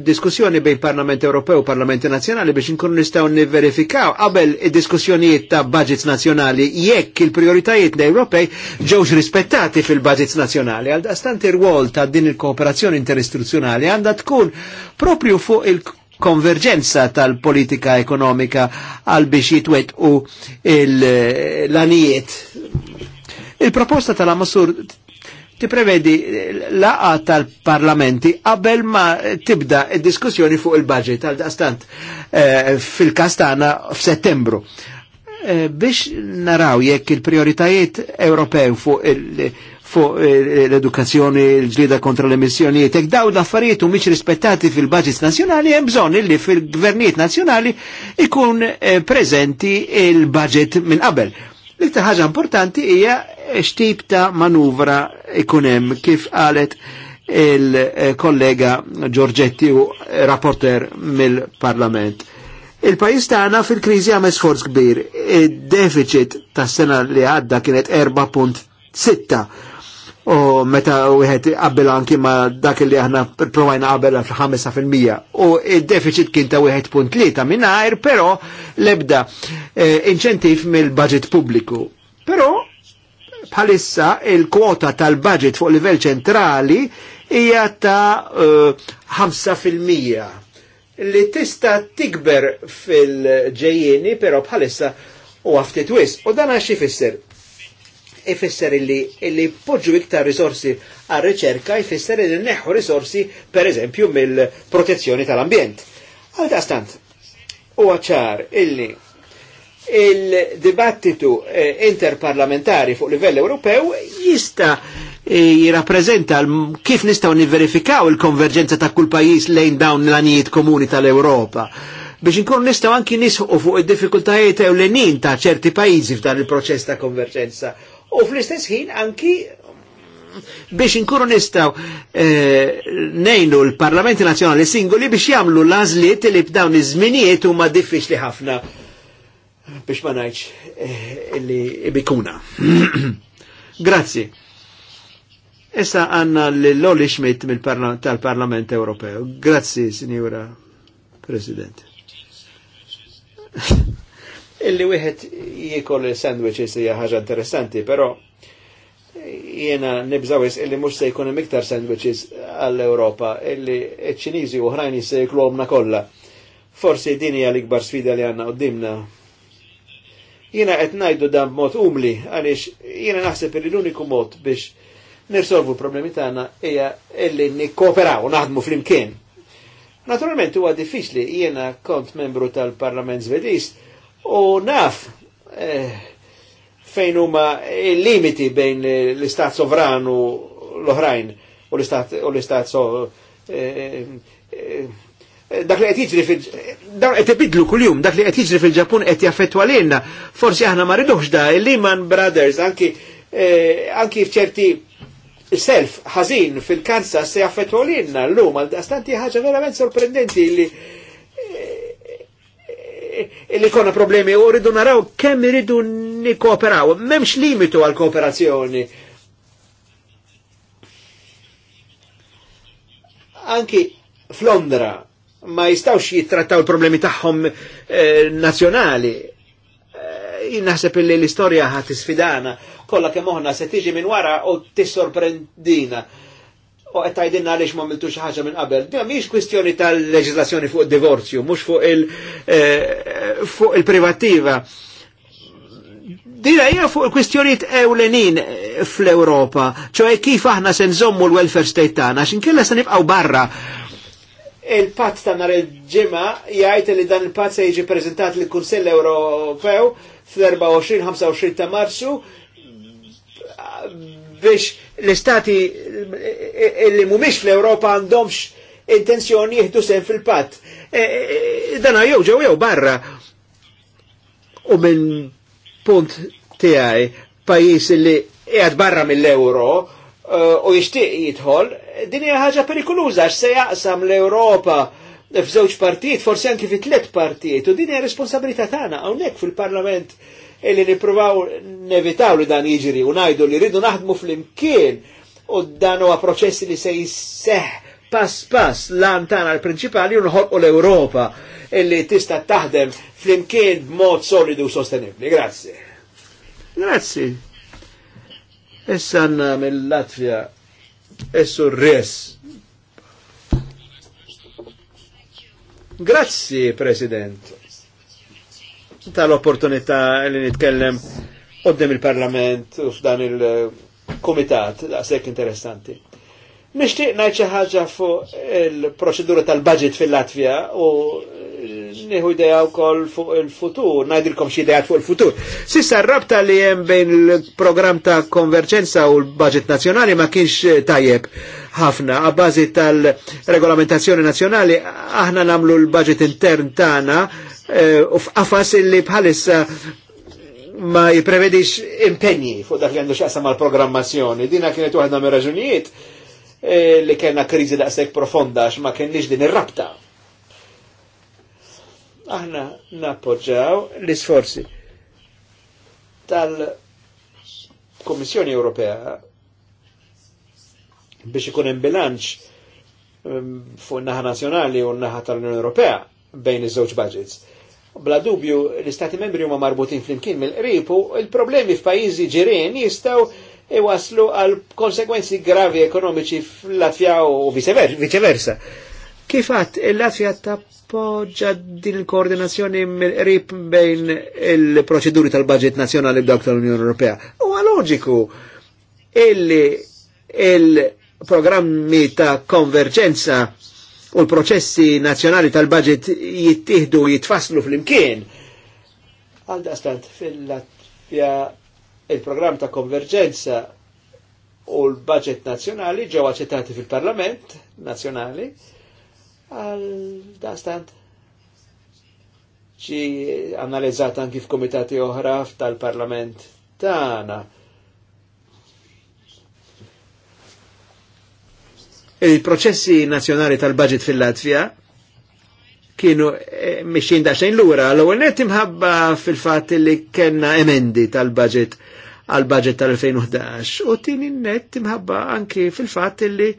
diskussjoni bejn Parlament Ewropew u Parlamenti Nazzjonali biex inkunu nistgħu nivverifikaw qabel id-diskussjonijiet ta' budgets nazzjonali jekk il-prijoritajiet Ewropej ġewx rispettati fil-budgets nazzjonali. Għal dastant ir-wol ta' din il-kooperazzjoni interistituzzjonali għandha tkun propju fuq il- konverġenza tal-politika ekonomika għal biex jitwet u l-anijiet. Il-proposta tal-Amassur tipprevedi laqa tal-parlamenti qabel ma tibda id-diskussjoni fuq il-budget għal-dastant eh, fil-kastana f'settembru. settembru eh, biex naraw jekk il-prioritajiet Ewropew fuq l-edukazzjoni, l-ġlida kontra l-emissjonijiet, jekk daw l-affarijiet u miex rispettati fil-budgets nazjonali, hemm bżonn illi fil-gvernijiet nazjonali ikun eh, prezenti il-budget minn qabel. L-iktar ħaġa importanti hija x'tip ta' manuvra ikun hemm kif qalet il-kollega Giorgetti u rapporter mill-Parlament. Il-pajis tagħna fil-kriżi għamel sforz kbir. Id-deficit tas-sena li għadda kienet 4.6 u meta wieħed qabel anki ma dak li aħna provajna għabbel fil-5% u id-deficit kien ta' 1.3 mingħajr pero lebda inċentif eh, inċentiv mill-budget pubbliku. Però bħalissa il-kwota tal-budget fuq livell ċentrali hija ta' 5% eh, li tista tikber fil-ġejjeni, pero bħalissa u għaftit wis. U dan għax jifisser ifisser illi illi poġġu iktar risorsi għal riċerka ifisser illi neħu risorsi per eżempju mill-protezzjoni tal-ambjent. Għal stant, u għacċar illi il-dibattitu eh, interparlamentari fuq livell Ewropew jista eh, jirrapprezenta kif nistaw niverifikaw il-konverġenza ta' kull pajis lejn dawn l-anijiet komuni tal-Europa biex nkun nistaw anki nisħu fuq id-diffikultajiet ewlenin ta' ċerti pajizi f'dan il-proċess ta' konverġenza u fl-istess ħin anki biex inkunu nistaw eh, nejnu l-Parlamenti Nazjonali singoli biex jamlu lażliet li b'dawn iż-żminijiet huma diffiċli ħafna biex ma ngħidx eh, li bikuna. Grazzi. Issa għanna l-Loli Schmidt tal-Parlament Ewropew. Grazzi, Signora President. illi wieħed jikol il-sandwiches hija ħaġa interessanti, però jiena nibżawis illi mhux se jkun hemm iktar sandwiches għall-Ewropa illi ċ-Ċiniżi oħrajn se jklomna kollha. Forsi din hija l-ikbar sfida li għandna qudiemna. Jiena qed ngħidu dan b'mod umli għaliex jiena naħseb li l-uniku mod biex nirsolvu problemi tagħna hija illi nikkooperaw, naħdmu flimkien. Naturalment huwa diffiċli jiena kont membru tal-Parlament Svediż U naf eh, fejn huma il-limiti bejn l-istat sovran u l-oħrajn u l-istat u l-istat so eh, eh, dak li qed jiġri fil dawn qed ibidlu kuljum dak li qed jiġri fil-Ġappun qed jaffettu lilna. Forsi aħna ma ridux da il-Lehman Brothers anki eh, anki f'ċerti self ħażin fil-Kansas se jaffettwa lilna llum għal stanti ħaġa verament sorprendenti li li konna problemi u rridu naraw kemm rridu nikkooperaw. M'hemmx limitu għal kooperazzjoni. Anki f'Londra ma jistawx jittrattaw il-problemi tagħhom eh, nazzjonali. Eh, Naħseb li l-istorja ħat isfidana kollha kemm oħna se tiġi minn wara u tissorprendina. sorprendina u qed tgħidilna għaliex ma miltu xi ħaġa minn qabel. Dejja mhijiex kwistjoni tal-leġislazzjoni fuq divorzju, mhux fuq il eh, fuq il-privattiva. Dira hija fuq kwistjonijiet ewlenin fl-Ewropa, ċoħe kif aħna se nżommu l-welfare state tagħna, x'inkella se nibqgħu barra il-pat ta' nhar il-ġimgħa jgħid li dan il-pat se jiġi preżentat lill kunsell Ewropew fl-24-25 ta' Marzu biex l-istati li mumiex fl-Europa għandhomx intenzjoni jihdu sen fil-pat. E, e, Dana jew ġew jew barra. U minn punt tiegħi pajjiż li qiegħed barra mill-euro e, u jixtieq jidħol, din hija ħaġa perikoluża se jaqsam l-Ewropa f'żewġ partijiet, forsi anki fi tliet partijiet, u din hija responsabilità tagħna hawnhekk fil-Parlament illi nipruvaw nevitaw li dan jiġri u najdu li rridu naħdmu fl-imkien u dan huwa proċessi li se jisseħ pass pass lan tana l-prinċipali u nħolqu l-Europa illi tista taħdem fl-imkien b'mod solidu u sostenibli. Grazie. Grazie. Essanna mill-Latvija, essu res. Grazie, President tal-opportunità li nitkellem qoddim il-Parlament u f'dan il-Komitat daqshekk interessanti. Nishtiq ngħid xi ħaġa fuq il-proċedura tal-budget fil-Latvja u nieħu idea wkoll fuq il-futur, ngħidilkom xi idejat fuq il-futur. Sissa r-rabta li hemm bejn il-programm ta' konverġenza u l-budget nazzjonali ma kienx tajjeb ħafna. A bażi tal-regolamentazzjoni nazzjonali aħna namlu l-budget intern tagħna eh, u f'qafas illi bħalissa ma jiprevedix impenji fuq dak li għandu xaqsam mal programmazzjoni Dina kienet waħda me raġunijiet eh, li kena krizi daqsek profonda għax ma kienx din il rabta Aħna nappoġġaw l-isforzi tal-Kommissjoni Ewropea biex ikun hemm bilanċ um, fuq naħa nazzjonali u n naħa tal-Unjoni Ewropea bejn iż-żewġ budgets. Bla dubju, l-Istati membri huma marbutin flimkien mill-qrib u l-problemi f'pajjiżi ġirien jistgħu iwaslu għal konsekwenzi gravi ekonomiċi fl-Latvja u viceversa. Kif għat, il latvija tappoġġa din il-koordinazzjoni mill-qrib bejn il-proċeduri tal-budget nazzjonali b'dawk tal-Unjoni Ewropea. Huwa loġiku illi il- programmi ta' konverġenza u l-proċessi nazjonali tal-budget jittihdu jitfaslu fl-imkien. Għaldastant fil-Latvija il-programm ta' konverġenza u l-budget nazjonali ġew aċċettati fil-Parlament nazjonali stant ġi analizzata anki f'komitati oħra tal-Parlament tagħna. Ta Il-proċessi nazjonali tal-budget fil-Latvija kienu e, mixin l-ura, l imħabba fil-fat li kena emendi tal-budget għal-budget tal-2011 u tini net imħabba anki fil-fat li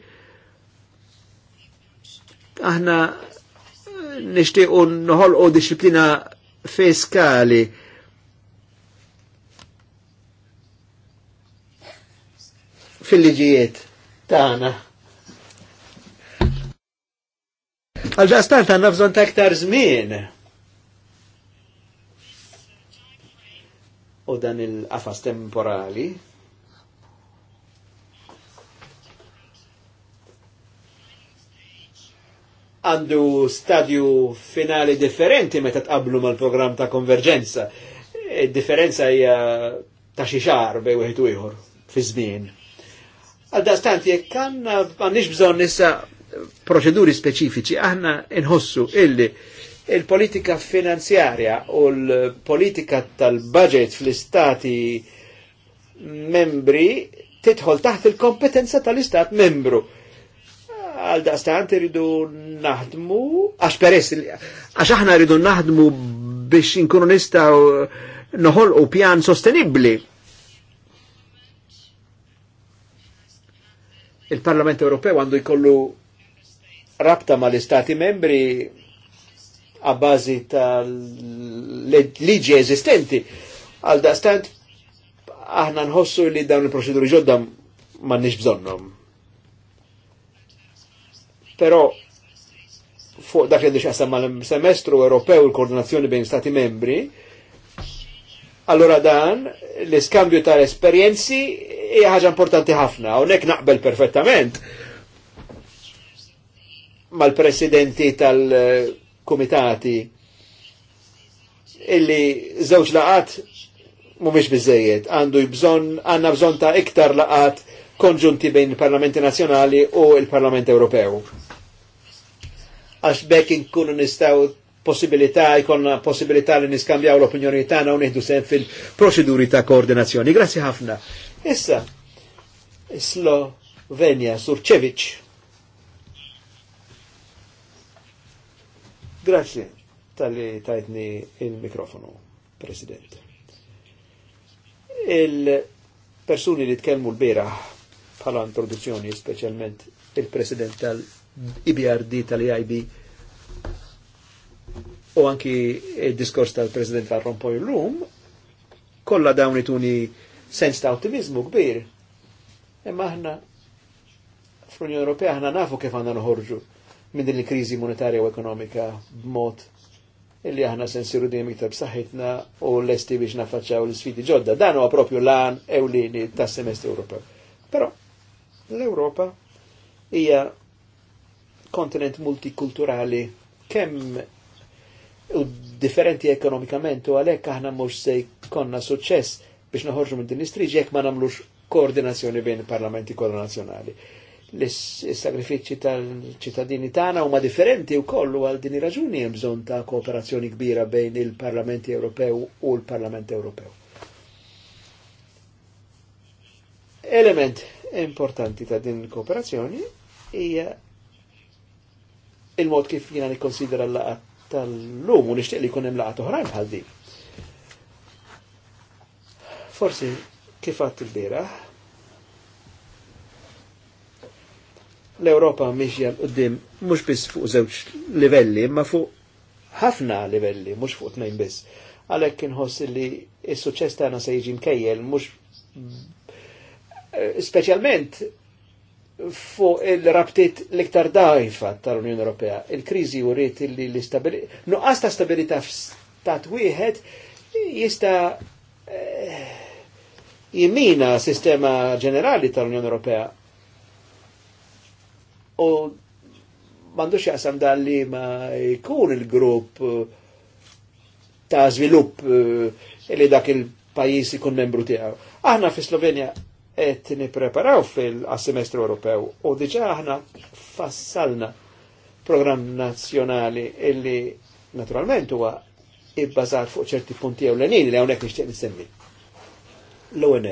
aħna eh, nishtiqu nħol u disciplina fiskali fil-liġijiet taħna. Ta Għal-dastant għanna bżon taktar zmin. U dan il-qafas temporali. għandu stadju finali differenti meta tqablu mal-programm ta' konverġenza. E, differenza hija ta' xi xar bej wieħed ieħor fi żmien. Għal dastant jekk għandna għandix bżonn issa proċeduri speċifiċi, aħna nħossu illi il-politika finanzjarja u l-politika tal-budget fl-istati membri titħol taħt il-kompetenza tal-istat membru. Għal daqstant rridu naħdmu, għax peress, għax aħna rridu naħdmu biex inkunu nistaw noħol u pjan sostenibli. Il-Parlament Ewropew għandu jkollu rabta ma l-istati membri għabbażi tal-liġi eżistenti. Għal dastant, aħna nħossu li dawn il-proċeduri ġodda ma nix bżonnom. Pero, fuq dak li xasam mal-semestru Ewropew il-koordinazzjoni bejn stati membri, allora dan l-iskambju tal-esperienzi hija ħaġa importanti ħafna, u nek naqbel perfettament mal-presidenti tal-komitati illi żewġ laqat mhumiex bizzejiet, għandu jibżon, għandna bżon ta' iktar laqat konġunti bejn il-Parlamenti Nazzjonali u il-Parlament Ewropew. Għax bekk inkunu nistaw possibilità, jkonna possibilità li niskambjaw l-opinjoni tagħna u nieħdu sen fil-proċeduri ta' koordinazzjoni. Grazzi ħafna. Issa, Slovenja, Surcevic. Grazie tal-li tajtni il-mikrofonu, President. Il-persuni li tkellmu l-bira bħala introduzzjoni, specialment il-President tal-IBRD tal ib u anki il-diskors tal-President tal rompoj l-lum, kolla dawni tuni sens ta' ottimizmu kbir. Imma aħna fl-Unjoni Ewropea aħna nafu kif għandna noħorġu minn din il-kriżi monetarja u ekonomika b'mod illi aħna sensiru dejjem iktar b'saħħitna u lesti biex nafaċċaw l-sfidi ġodda. Dan huwa propju lan ewlieni tas-semestru Ewropew. Però l-Ewropa hija kontinent multikulturali kemm u differenti ekonomikament u għalhekk aħna mhux se jkollna suċċess biex naħorġu minn din istriġi jekk ma nagħmlux koordinazzjoni bejn il-parlamenti kollha nazzjonali l-sagrifiċi tal-ċittadini tagħna huma differenti wkoll għal din ir-raġuni hemm bżonn ta' kooperazzjoni kbira bejn il-Parlamenti Ewropew u l-Parlament Ewropew. Element importanti ta' din il-kooperazzjoni hija il-mod kif jiena nikkonsidera l-laqgħa tal-lum u nixtieq li jkun hemm laqat oħrajn bħal din. Forsi kif għadt il-bieraħ, l-Europa miexja l-qoddim mux bis fuq zewċ livelli, ma fuq ħafna livelli, mux fuq tnejn bis. Għalek nħoss li il-suċess tagħna se jiġi mkejjel mhux eh, speċjalment fuq il-rabtiet l-iktar dajfa tal-Unjoni Ewropea. Il-kriżi wrid li l-istabilità, nuqqas ta' stabilità f'stat wieħed jista' eh, jimina sistema ġenerali tal-Unjoni Ewropea U mandux jaqsam dan li ma jkun il-grupp eh, ta' svilupp eh, li dak il-pajis ikun membru tiegħu. Aħna fi Slovenja qed nippreparaw fil-semestru Ewropew u diġà aħna fassalna program nazjonali illi naturalment huwa ibbażat fuq ċerti punti ewlenin li hawnhekk nixtieq nisemmi. L-ewwel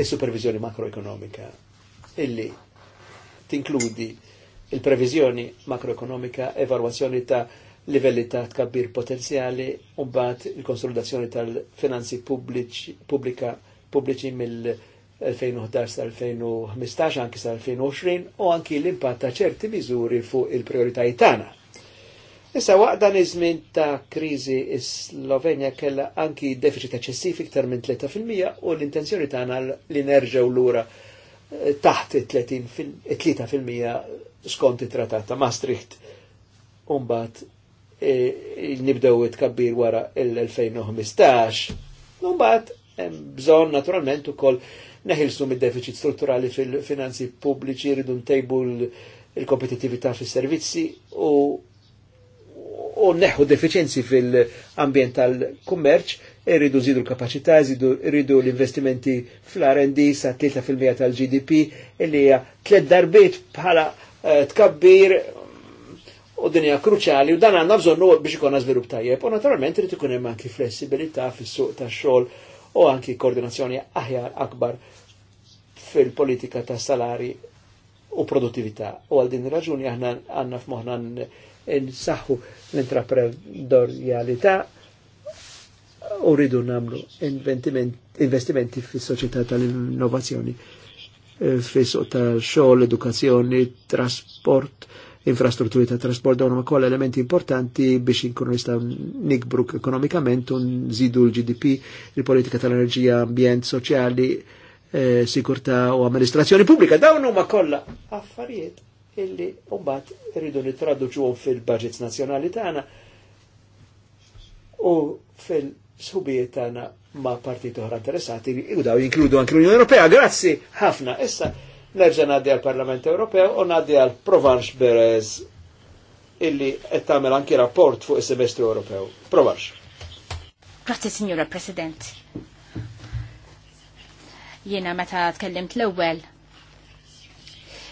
is-supervizjoni makroekonomika illi tinkludi il-previżjoni makroekonomika, evalwazzjoni ta' livelli ta' tkabbir potenzjali, u mbagħad il-konsolidazzjoni tal-finanzi pubblika pubbliċi mill-2011 sal-2015 anki sal-2020 u anki l-impatt ta' ċerti miżuri fuq il-prioritajiet tagħna. Issa waqt dan iż-żmien ta' kriżi Slovenja kellha anki deficit eċċessiv iktar minn 3% u l-intenzjoni tagħna li nerġgħu lura taħt 33% skont it-tratat ta' Maastricht umbat e, nibdew it-kabbir wara l-2015. Umbat bżon naturalment ukoll neħilsu mid-deficit strutturali fil-finanzi pubbliċi rridu ntejbu l-kompetitività fis-servizzi u u neħu deficienzi fil-ambjent tal-kummerċ irridu zidu l-kapacità, irridu l-investimenti fl-R&D sa 3% tal-GDP, illi hija tliet darbiet bħala eh, tkabbir u dinja kruċali u dan għanna bżonnu biex ikonna żvilupp tajjeb. U naturalment irid ikun hemm anki flessibilità fis-suq tax-xogħol u anki koordinazzjoni aħjar akbar fil-politika ta' salari u produttività. U għal din raġuni aħna għandna f'moħħna nsaħħu l intraprendorjalità u rridu namlu investimenti fis soċjetà tal-innovazzjoni eh, fis tal xol edukazzjoni, trasport, infrastrutturi ta' trasport dawn ma' koll elementi importanti biex inkunu nistaw nikbru ekonomikament un zidu l-GDP, il-politika tal-enerġija, ambjent, soċjali, eh, sikurta u amministrazzjoni pubblika. Dawn huma kollha affarijiet illi umbat rridu nittraduċuhom fil-budgets nazjonali tagħna u fil subiet għana ma' partit oħra interessati u daw jinkludu anki l-Unjoni Ewropea. Grazzi ħafna. Issa nerġa' ngħaddi għall-Parlament Ewropew u ngħaddi għal Provanx Berez illi qed tagħmel rapport fuq is-semestru Ewropew. Provanx. Grazzi Signora President. Jiena meta tkellimt l-ewwel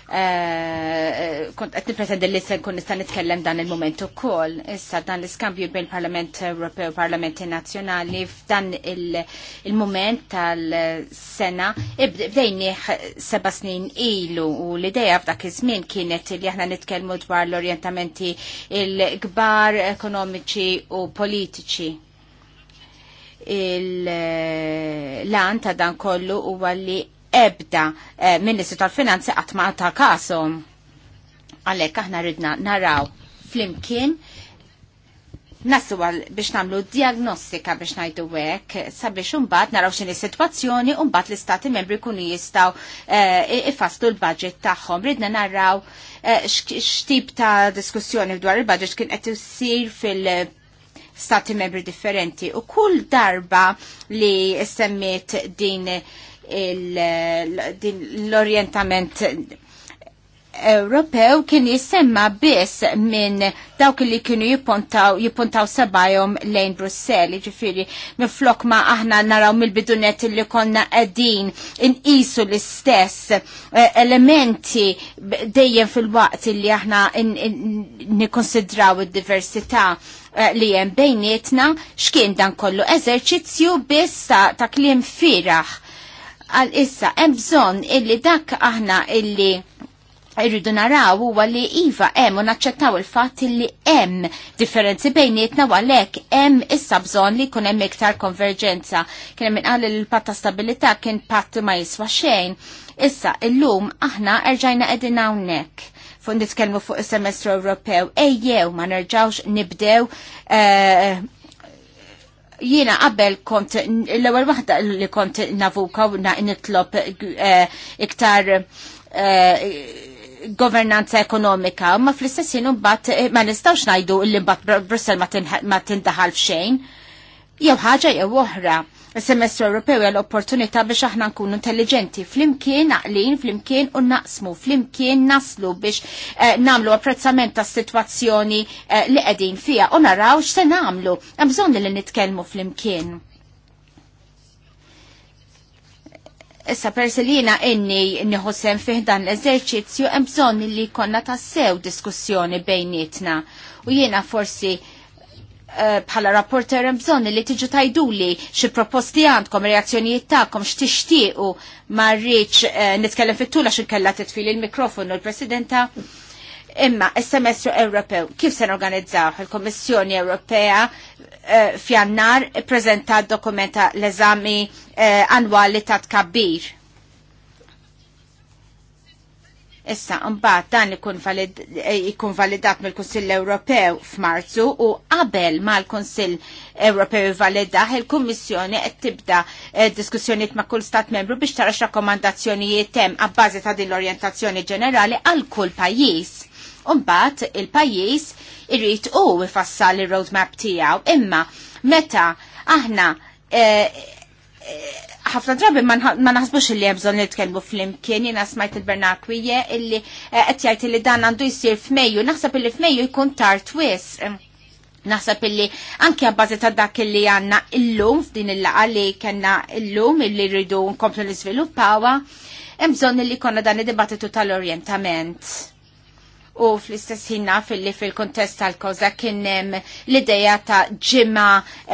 Eh, kont qed nippretendi li se nkun nista' nitkellem dan il-moment ukoll. Issa dan l-iskambju bejn Parlament Ewropew u Parlamenti Nazzjonali f'dan il-moment tal-sena bdejnieh seba' snin ilu u l-idea f'dak iż-żmien kienet li aħna nitkellmu dwar l-orjentamenti il-kbar ekonomiċi u politiċi il-lan eh, ta' dan kollu u għalli ebda eh, Ministru tal-Finanzi qatt ma ta' kasu. Għalhekk aħna ridna naraw flimkien Nassu għal biex namlu diagnostika biex najdu għek, sabiex unbat naraw xini situazzjoni, unbat l-istati membri kun jistaw eh, ifastu l-budget taħħom. Ridna naraw eh, xtib ta' diskussjoni dwar il-budget kien qed sir fil- stati membri differenti u kull darba li semmiet din l-orientament Ewropew kien jisemma biss minn dawk li kienu jippuntaw, jipuntaw sabajom lejn Brussel, ġifiri, flok ma aħna naraw mill-bidunet li konna għedin isu l-istess eh, elementi dejjem fil-waqt li aħna nikonsidraw id-diversità eh, li jem bejnietna, xkien dan kollu eżerċizzju biss ta' klim firaħ għal issa hemm bżonn illi dak aħna illi irridu naraw huwa li iva hemm u naċċettaw il-fatt li hemm differenzi bejnietna u għalhekk hemm issa bżonn li jkun hemm iktar konverġenza. Kien hemm inqal il-patt ta' stabilità kien patt ma jiswa xejn. Issa illum aħna erġajna qegħdin hawnhekk fuq nitkellmu fuq is-semestru Ewropew ejjew ma nerġawx nibdew uh, Jiena qabel kont l-ewwel waħda li kont navuka u nitlob eh, iktar eh, governanza ekonomika, ma fl-istess jien mbagħad eh, ma nistgħux ngħidu l imbagħad Brussel ma tindaħal f'xejn. Jew ħaġa jew oħra semestru Ewropew hija l-opportunità biex aħna nkunu intelligenti flimkien naqlin, flimkien u naqsmu, flimkien naslu biex eh, namlu apprezzament ta' situazzjoni eh, li qegħdin fija u naraw x'se nagħmlu. Hemm bżonn li nitkellmu flimkien. Issa persilina inni nħossem fih dan l-eżerċizzju hemm bżonn li konna tassew diskussjoni bejnietna u jiena forsi Eh, bħala rapporter bżonni li tiġu tajduli xi proposti għandkom, reazzjonijiet tagħkom x'tixtiequ ma rridx eh, nitkellem fit-tula xie kella titfil il-mikrofonu l-Presidenta. Imma is-semestru Ewropew kif se organizzaw il komissjoni Ewropea eh, f'jannar ppreżentat dokumenta l-eżami annwali ta' tkabbir Issa, mbaħt dan ikun valid, eh, validat mill-Kunsill Ewropew f'Marzu u qabel mal-Kunsill Ewropew validah il-Kummissjoni qed tibda eh, diskussjonijiet ma' kull stat membru biex tara rakkomandazzjonijiet hemm abbażi ta' din l-orjentazzjoni ġenerali għal kull pajjiż. Mbagħad il-pajjiż irid u ifassal ir-roadmap tiegħu imma meta aħna eh, eh, ħafna drabi ma naħsbux li jabżon li tkellmu fl-imkien, jina smajt il-Bernakwije illi eh, qed jgħid li dan għandu jsir f'Mejju, naħseb illi f'Mejju jkun tard wis. Naħseb illi anke għabbażi ta' dak illi għanna illum f'din il-laqa li kena illum illi rridu nkomplu niżviluppawa, hemm bżonn illi konna dan id-dibattitu tal-orjentament u fl-istess ħinna fil-li fil-kontest tal-koza kienem l-ideja ta' ġimma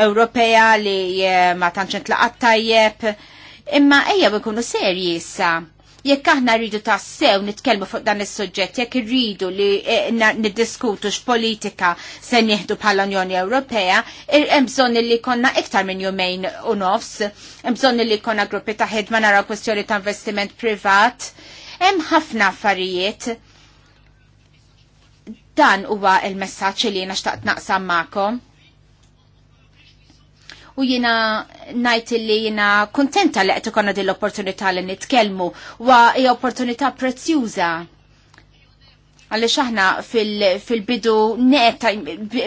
Ewropea li eh, ma tanċent laqat tajjeb. Imma u ikunu serji issa. Jekk aħna rridu ta' sew nitkellmu fuq dan is-suġġett, jekk irridu li eh, niddiskutu x'politika se nieħdu bħala Unjoni Ewropea, hemm bżonn li konna iktar minn jumejn u nofs, hemm bżonn li konna gruppi ta' ħidma naraw kwestjoni ta' investiment privat, hemm ħafna affarijiet Dan huwa il-messaġġ li jiena xtaqt naqsam ma'kom. U jiena najt li jiena kuntenta li qed ikonna din l-opportunità li nitkellmu u hija opportunità prezzjuża għalli xaħna fil-bidu fil neta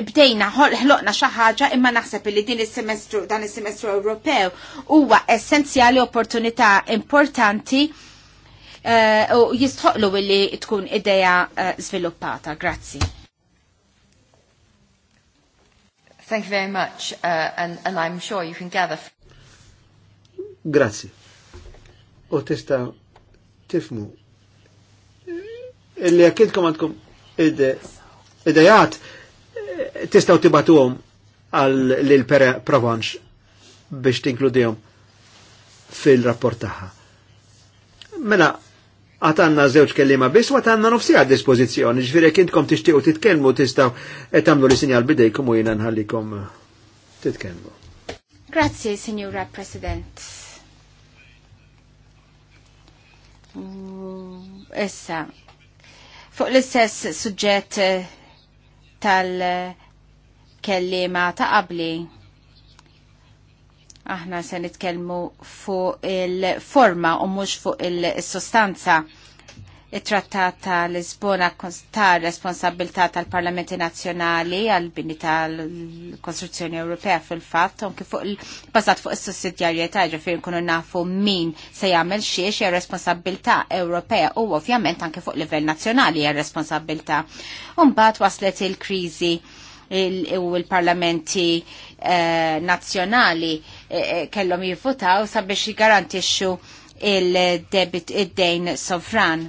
bdejna ħloqna xaħġa imma naħseb li din il-semestru dan il-semestru Ewropew huwa essenzjali opportunità importanti Eh, u jistħoqlu li tkun ideja eh, sviluppata. Grazzi. Thank you very much, uh, and, and I'm sure you can gather. Grazzi. U tista tifmu. Illi id-dajat, għandkom u tibatu għom għal l provanx biex tinkludijom fil-rapport tagħha. Mela, għatanna zewċ kellima bis, għatanna nufsi għad dispozizjoni, ġviri kintkom tishtiqu t-istaw, etamlu li sinjal bidej u jina nħallikom e, titkelmu. Grazie, Signora President. Issa, mm, fuq l-istess suġġett e, tal-kellima ta' qabli Aħna se nitkellmu fuq il-forma u mhux fuq il-sostanza. It-trattat ta' Lisbona ta' responsabilità tal-Parlamenti Nazzjonali għal bini tal-Kostruzzjoni Ewropea fil-fatt, unki fuq il-bazzat fuq is-sussidjarjetà ġifieri nkunu nafu min se jagħmel xiex hija responsabilità Ewropea u ovvjament anke fuq livell nazzjonali hija responsabilità. Umbat waslet il-kriżi u l-parlamenti eh, nazzjonali Eh, eh, kellhom jivvutaw sabiex jgarantixxu il-debit id-dejn sovran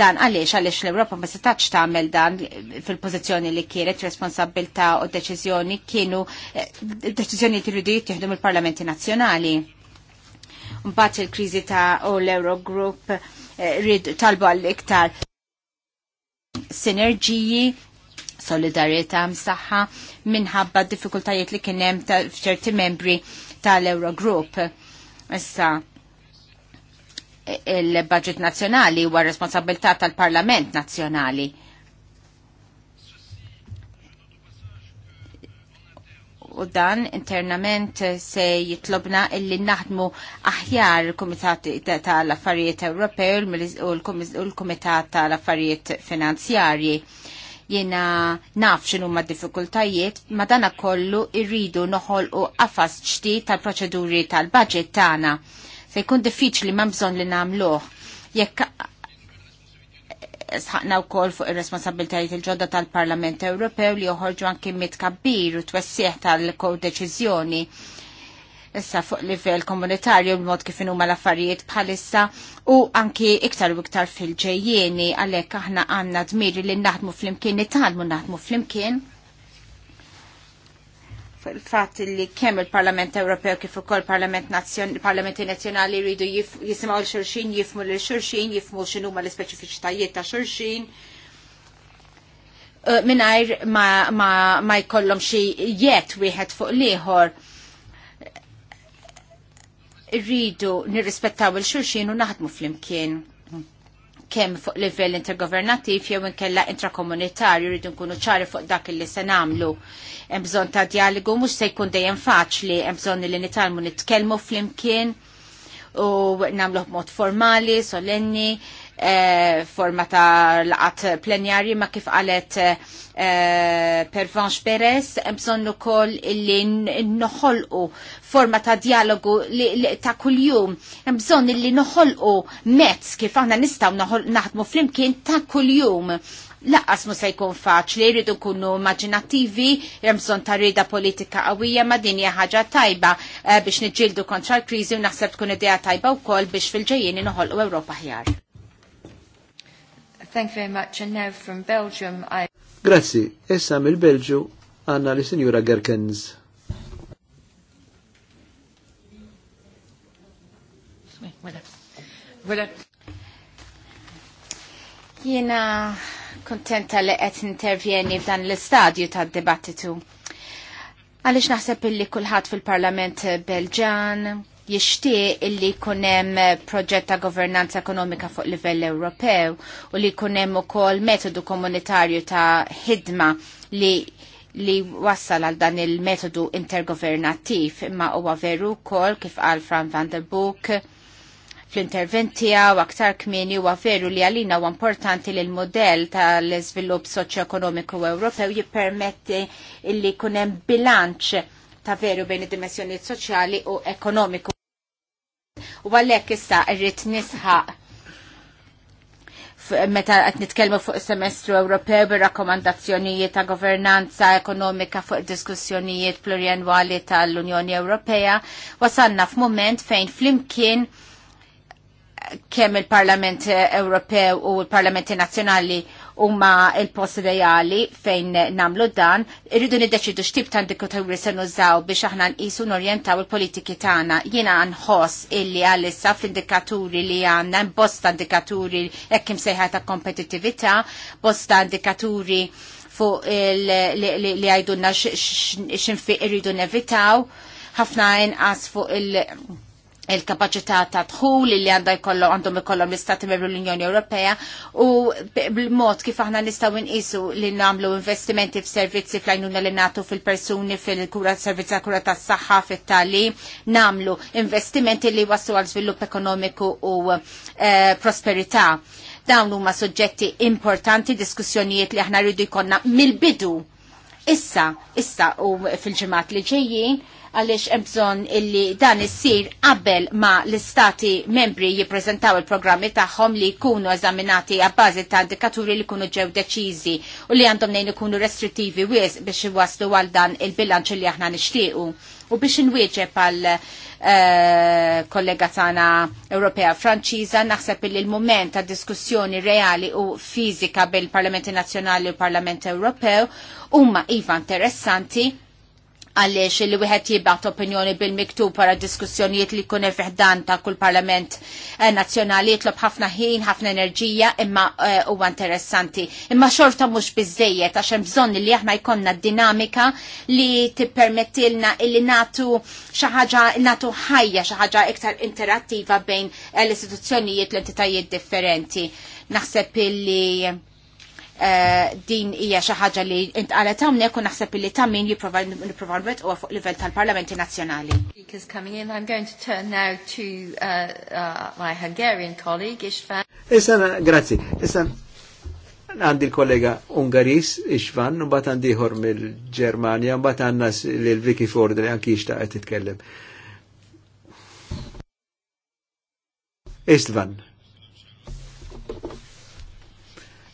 dan għaliex għaliex l-Europa ma setax tagħmel dan fil-pożizzjoni li kienet responsabilità u deċiżjoni kienu eh, deċiżjoni li jridu jittieħdu mill-Parlamenti Nazzjonali. Mbagħad il-kriżi ta' u l-Eurogroup rid talbu għal iktar sinerġiji solidarieta msaħħa minħabba diffikultajiet li kien hemm f'ċerti membri tal-Eurogroup. Issa, il-budget nazjonali huwa responsabilità tal-Parlament nazjonali. U dan internament se jitlobna illi naħdmu aħjar il komitat tal-Affarijiet Ewropew u l-Kumitat tal-Affarijiet Finanzjarji Jena naf xinu ma diffikultajiet, ma dana kollu irridu noħol u għafas ċti tal-proċeduri tal-budget tana. Se jkun diffiċli ma bżon li namluħ. Jekk sħaqna u kol fuq il-responsabiltajiet il-ġodda tal-Parlament Ewropew li joħorġu anki kabbir u t tal kodeċizjoni issa fuq livell komunitarju b'mod kif huma l-affarijiet bħalissa u anki iktar u iktar fil-ġejjieni għalhekk aħna għandna dmiri li naħdmu flimkien nitalmu naħdmu flimkien. Fil-fatt li kemm il-Parlament Ewropew kif ukoll Parlament Parlamenti Nazzjonali jridu jisimgħu l xurxin jifmu l-xulxin, jifmu x'inhuma l-ispeċifiċitajiet ta' xulxin uh, minajr ma, ma, ma jkollom xi jiet wieħed fuq liħor rridu nirrispettaw il-xulxin u naħdmu fl-imkien kemm fuq livell intergovernativ jew inkella intrakomunitarju rridu nkunu ċari fuq dak li se nagħmlu. Hemm bżonn ta' dialogu mhux se jkun dejjem faċli, hemm bżonn li nitalmu nitkellmu flimkien u nagħmluh b'mod formali, solenni, eh, forma ta' laqat plenjarji ma' kif qalet eh, Pervanx peres, hemm bżonn ukoll illi noħolqu forma ta' dialogu li, li ta' kuljum. Hemm bżonn li noħolqu mezz kif aħna nistgħu naħdmu flimkien ta' kuljum laqqas mu se jkun faċli, jridu kunu immaġinattivi, jemżon ta' rida politika qawwija ma' din hija ħaġa tajba eh, biex niġġieldu kontra l-kriżi u naħseb tkun idea tajba wkoll biex fil-ġejjin u Ewropa ħjar. Thank you very much. And now from Belgium I... Grazzi, issa mill-Belġu għanna li Sinjura Gerkens. Vela. Jena kontenta li qed intervjeni f'dan l-istadju tad-dibattitu. Għaliex naħseb illi kulħadd fil-Parlament Belġan jixtieq illi jkun hemm proġett ta' governanza ekonomika fuq livell Ewropew u li jkun hemm ukoll metodu komunitarju ta' ħidma li li wassal għal dan il-metodu intergovernattiv imma huwa veru wkoll kif qal Fran van der Boek fl-interventi għaw aktar kmini u veru li għalina u importanti li l-modell tal-izvilup soċjoekonomiku Ewropew jippermetti illi kunem bilanċ ta' veru bejn id dimensjoni soċjali u ekonomiku. U għallek issa rrit nisħaq meta qed nitkellmu fuq semestru Ewropew bir-rakkomandazzjonijiet ta' governanza ekonomika fuq diskussjonijiet plurianwali tal-Unjoni Ewropea, wasanna f'mument fejn flimkien kemm il-Parlament Ewropew u l-Parlamenti Nazzjonali huma il-post ideali fejn namlu dan, irridu niddeċidu x'tip ta' indikaturi se nużaw biex aħna nqisu norjentaw il-politiki tagħna. Jiena nħoss illi għalissa fl-indikaturi li għandna bosta indikaturi hekk sejħa ta' kompetittività, bosta indikaturi fuq li għajdunna x'infiq irridu nevitaw, ħafna inqas fuq il- il-kapacità ta' dħul li għandha jkollu għandhom ikollhom l-Istati Membru l-Unjoni Ewropea u b'mod kif aħna nistgħu nqisu li nagħmlu investimenti f'servizzi fl-għajnuna li nagħtu fil-persuni fil-kura servizza kura tas-saħħa fit-tali nagħmlu investimenti li waslu għal żvilupp ekonomiku u eh, prosperità. Dawn huma suġġetti importanti, diskussjonijiet li aħna rridu jkollna mill-bidu. Issa, issa u fil-ġimgħat li ġejjin, għaliex hemm bżonn illi dan issir qabel ma l-istati membri jippreżentaw il-programmi tagħhom li jkunu eżaminati għabbażi ta' indikaturi li jkunu ġew deċiżi u li għandhom nejn ikunu restrittivi wies biex iwaslu għal dan il-bilanċ li aħna nixtiequ. U biex inwieġeb għal eh, kollega tana Ewropea Franċiża, naħseb li l-moment ta' diskussjoni reali u fizika bil-Parlamenti Nazzjonali u Parlament Ewropew huma iva interessanti għaliex li wieħed jibgħat opinjoni bil-miktub wara diskussjonijiet li jkun fiħdan ta' kull parlament eh, nazzjonali jitlob ħafna ħin, ħafna enerġija imma eh, huwa interessanti. Imma xorta mhux biżejjed għax hemm bżonn li aħna jkollna dinamika li tippermettilna illi natu xi ħaġa natu ħajja xi ħaġa iktar interattiva bejn eh, l-istituzzjonijiet l-entitajiet differenti. Naħseb illi Eh, din hija xi ħaġa li intqalet hawnhekk u naħseb li tammin min jipprova u nwettqu fuq livell tal-Parlamenti Nazzjonali. Speakers coming in, I'm going to turn now to uh, uh, my Hungarian colleague Ishvan. Issa grazzi. Issa għandi l-kollega Ungaris, Ixvan, u bat għandi mill ġermania u bat għanna l-Viki Ford li għanki ixta ixtaq titkellem. Istvan.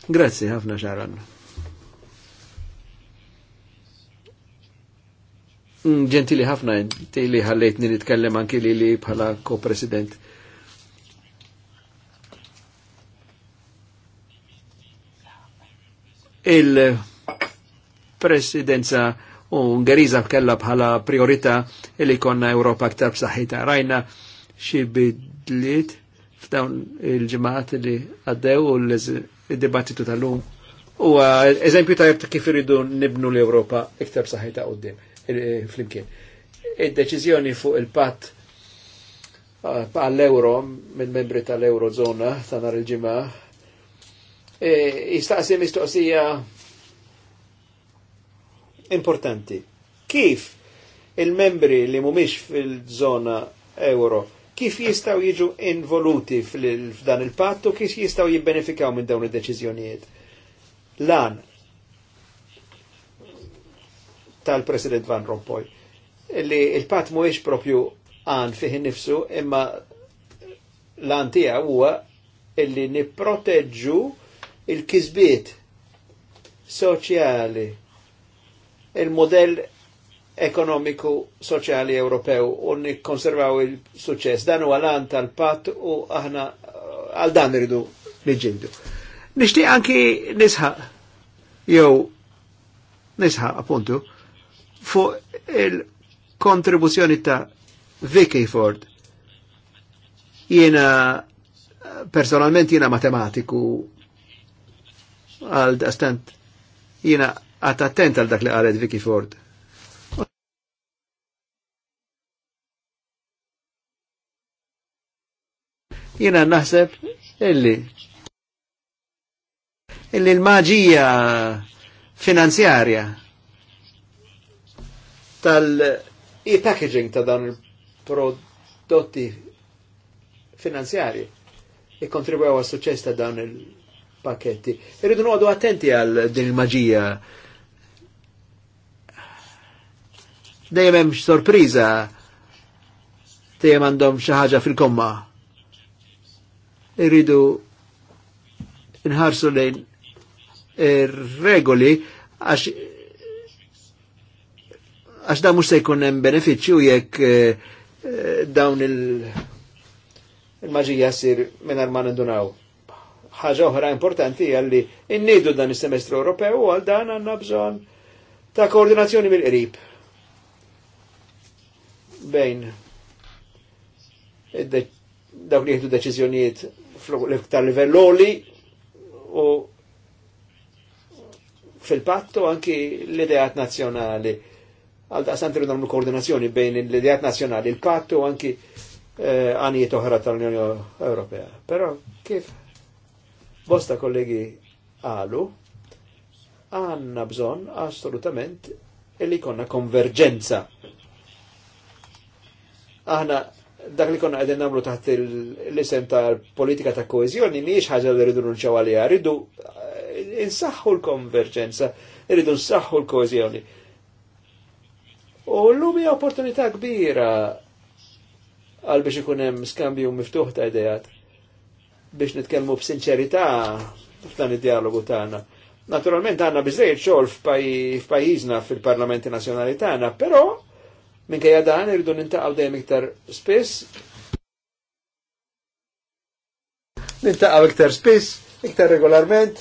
Grazzi ħafna xaran. Mm, ġentili ħafna inti li ħallejtni nitkellem anki li li bħala ko-president. Il-presidenza Ungeriza kella bħala priorita li konna Europa aktar b'saħħita. Rajna xi bidliet f'dawn il-ġimgħat li għaddew u l il-debattitu tal-lum u eżempju ta' jibta kif irridu nibnu l-Europa iktar saħħita għoddim eh, fl-imkien. Id-deċizjoni fuq il-pat eh, għall-euro minn membri tal-eurozona ta' nar il-ġimgħa eh, jistaqsi mistoqsija importanti. Kif il-membri li mumiex fil-zona euro kif jistaw jiġu involuti f'dan il-pattu, kif jistaw jibbenefikaw minn dawn id-deċizjonijiet. Lan tal-President Van Rompuy li il-patt mhuwiex propju għan fih nifsu imma lan tiegħu huwa illi nipproteġġu il-kisbiet soċjali il-modell ekonomiku soċjali Ewropew u nikkonservaw il-suċċess. Dan huwa lan tal-patt u aħna eh, għal dan iridu niġġieldu. Nixtieq anki nisħaq jew nisħaq appuntu fuq il-kontribuzzjoni ta' Vicky Ford. Jiena eh, personalment jiena matematiku għal dastant jiena għat attent għal dak li għalet Vicky Ford Jina naħseb illi illi l-maġija finanzjarja tal-packaging ta' dan il-prodotti I kontribuja għal suċċess ta' dan il-paketti. Irridu noqgħdu attenti għal din il-maġija. Dejjem hemm sorpriża dejjem għandhom xi ħaġa fil-komma. Iridu nħarsu lejn regoli għax għax da mux se jkun hemm benefiċċju jekk eh, eh, dawn il-maġija sir mingħajr ma nindunaw. Ħaġa oħra importanti hija li innidu dan is-semestru Ewropew u għal dan għandna bżonn ta' koordinazzjoni mill-qrib. Bejn dawk li jieħdu deċiżjonijiet tal-livell oli u fil patto anki l ideat nazjonali. Għalda daqsan dan l koordinazzjoni bejn l ideat nazjonali, il-pattu anki eh, għanijiet eh, oħra tal-Unjoni Ewropea. Pero kif bosta kollegi għalu, għanna bżon assolutament illi konna konverġenza. Aħna dak li konna għedin namlu taħt l-isem ta' politika ta' koezjoni miex ħaġa li rridu nunċaw għalija, rridu eh, insaħħu l-konverġenza, rridu nsaħħu l-koezjoni. U l-lum hija opportunità kbira għal biex ikun hemm skambju miftuħ ta' idejat biex nitkellmu b'sinċerità f'dan id-dialogu tagħna. Naturalment għandna biżejjed xogħol f'pajjiżna fil-Parlamenti Nazzjonali tagħna, però Minkejja dan irridu nintaqgħu dejjem iktar spiss. Nintaqgħu iktar spiss, iktar regolarment,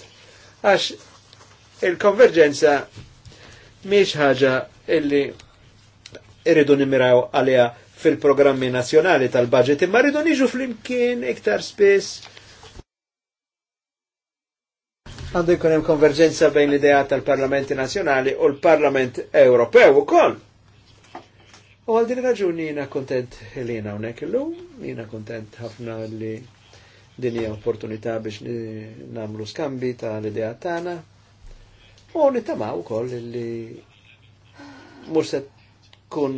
għax il-konverġenza miex ħaġa illi irridu nimiraw għalija fil-programmi nazjonali tal-budget, imma rridu niġu fl-imkien iktar spess. Għandu jkun hemm konverġenza bejn l-idea tal-Parlamenti Nazzjonali u l-Parlament Ewropew ukoll. U għal din raġuni jina kontent li jina unek l-lum, jina kontent ħafna li din hija opportunità biex namlu skambi ta' l-idea tagħna. U nittamaw ukoll li mhux se tkun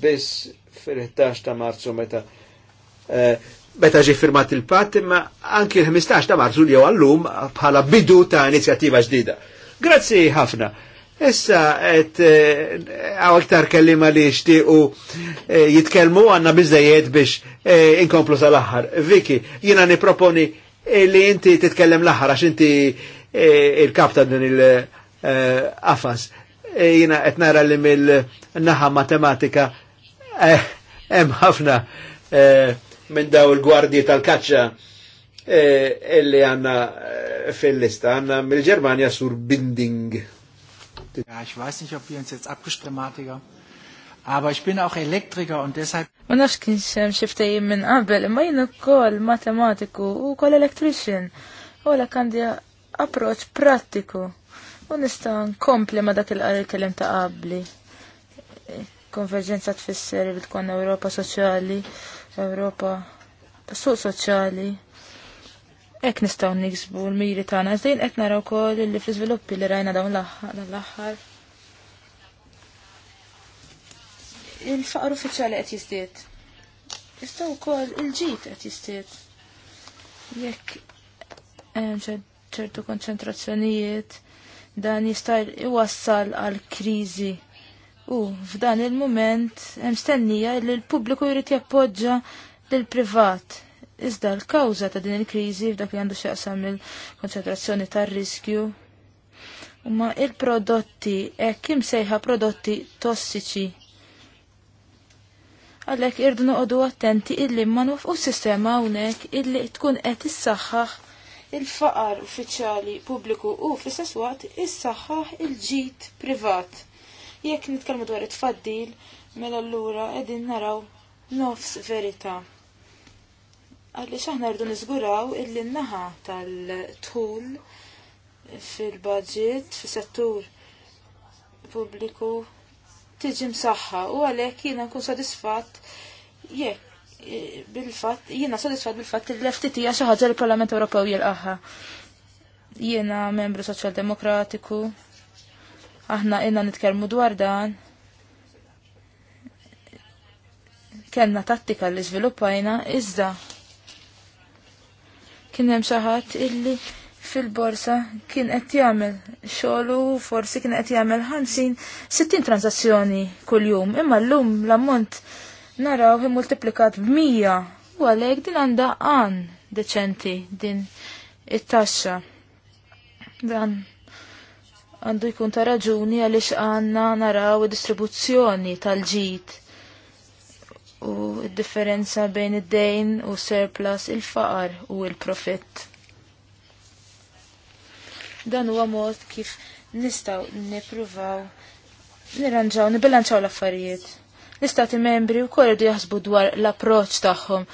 biss fil-11 ta' Marzu meta eh, meta ġi firmat il-patt imma anki l-15 ta' Marzu li jew għallum bħala bidu ta' inizjattiva ġdida. Grazzi ħafna. Issa, et eh, għaw iktar kellima li xtiqu eh, jitkelmu għanna bizzajiet biex eh, inkomplu sal-axar. Viki, jina niproponi li inti titkellem l-axar għax inti il-kap ta' din il-qafas. Jina qed nara li mill-naħa matematika hemm ħafna minn daw il-gwardji tal-kaċċa illi għanna fil-lista għanna mill-Ġermanja sur binding Aber ich bin auch Elektriker und deshalb. Ma nafx kien xem xiftajim minn qabel, imma jien ukoll matematiku u wkoll electrician. U l għandi approċ prattiku. U nista' nkompli ma dak il-kelem ta' qabli. Konverġenza tfisser li tkun Ewropa soċjali, Ewropa tas-suq soċjali, Ek nistaw nixbu l-miri tagħna, iżdejn qed naraw ukoll li fl-iżviluppi li rajna dawn l-aħħar. il faqru uffiċjali qed jistiet. Istaw kol il-ġid qed jistiet. Jekk ċertu konċentrazzjonijiet dan jista' iwassal għal kriżi. U f'dan il-moment hemm stennija li l-pubbliku jrid jappoġġa lill privat Iżda l-kawza ta' din il-kriżi f'dak li għandu xaqsam il-konċentrazzjoni tar-riskju huma il-prodotti hekk kim sejħa prodotti tossiċi. Għalhekk irdu noqogħdu attenti illi ma u s-sistema hawnhekk illi tkun qed issaħħaħ il-faqar uffiċjali pubbliku u fl-istess waqt issaħħaħ il-ġid privat. Jekk nitkellmu dwar it-tfaddil, mela allura qegħdin naraw nofs verità għalli xaħna rridu nizguraw illi naħa tal-tul fil-budget, fil-settur pubbliku tiġi msaħħa u għalek jina nkun sodisfat jek bil-fat, jina sodisfat bil-fat il leftiti għaxa ħagġa l-Parlament Ewropew jilqaħħa. Jina membru soċjal-demokratiku, aħna jina nitkermu dwar dan. Kenna tattika li sviluppajna, iżda kien hemm xi ħadd illi fil-borsa kien qed jagħmel xogħlu forsi kien qed jagħmel 50 60 transazzjoni kuljum, imma llum l-ammont naraw multiplikat b'100 u għalhekk din għandha għan deċenti din it-taxxa. Dan għandu jkun ta' raġuni għaliex għanna naraw id distribuzzjoni tal-ġid u d-differenza bejn id-dejn u surplus il-faqar u il-profitt. Dan huwa mod kif nistaw nipruvaw nirranġaw, nibilanċaw l-affarijiet. L-istati membri u korridu jaħsbu dwar l-approċ tagħhom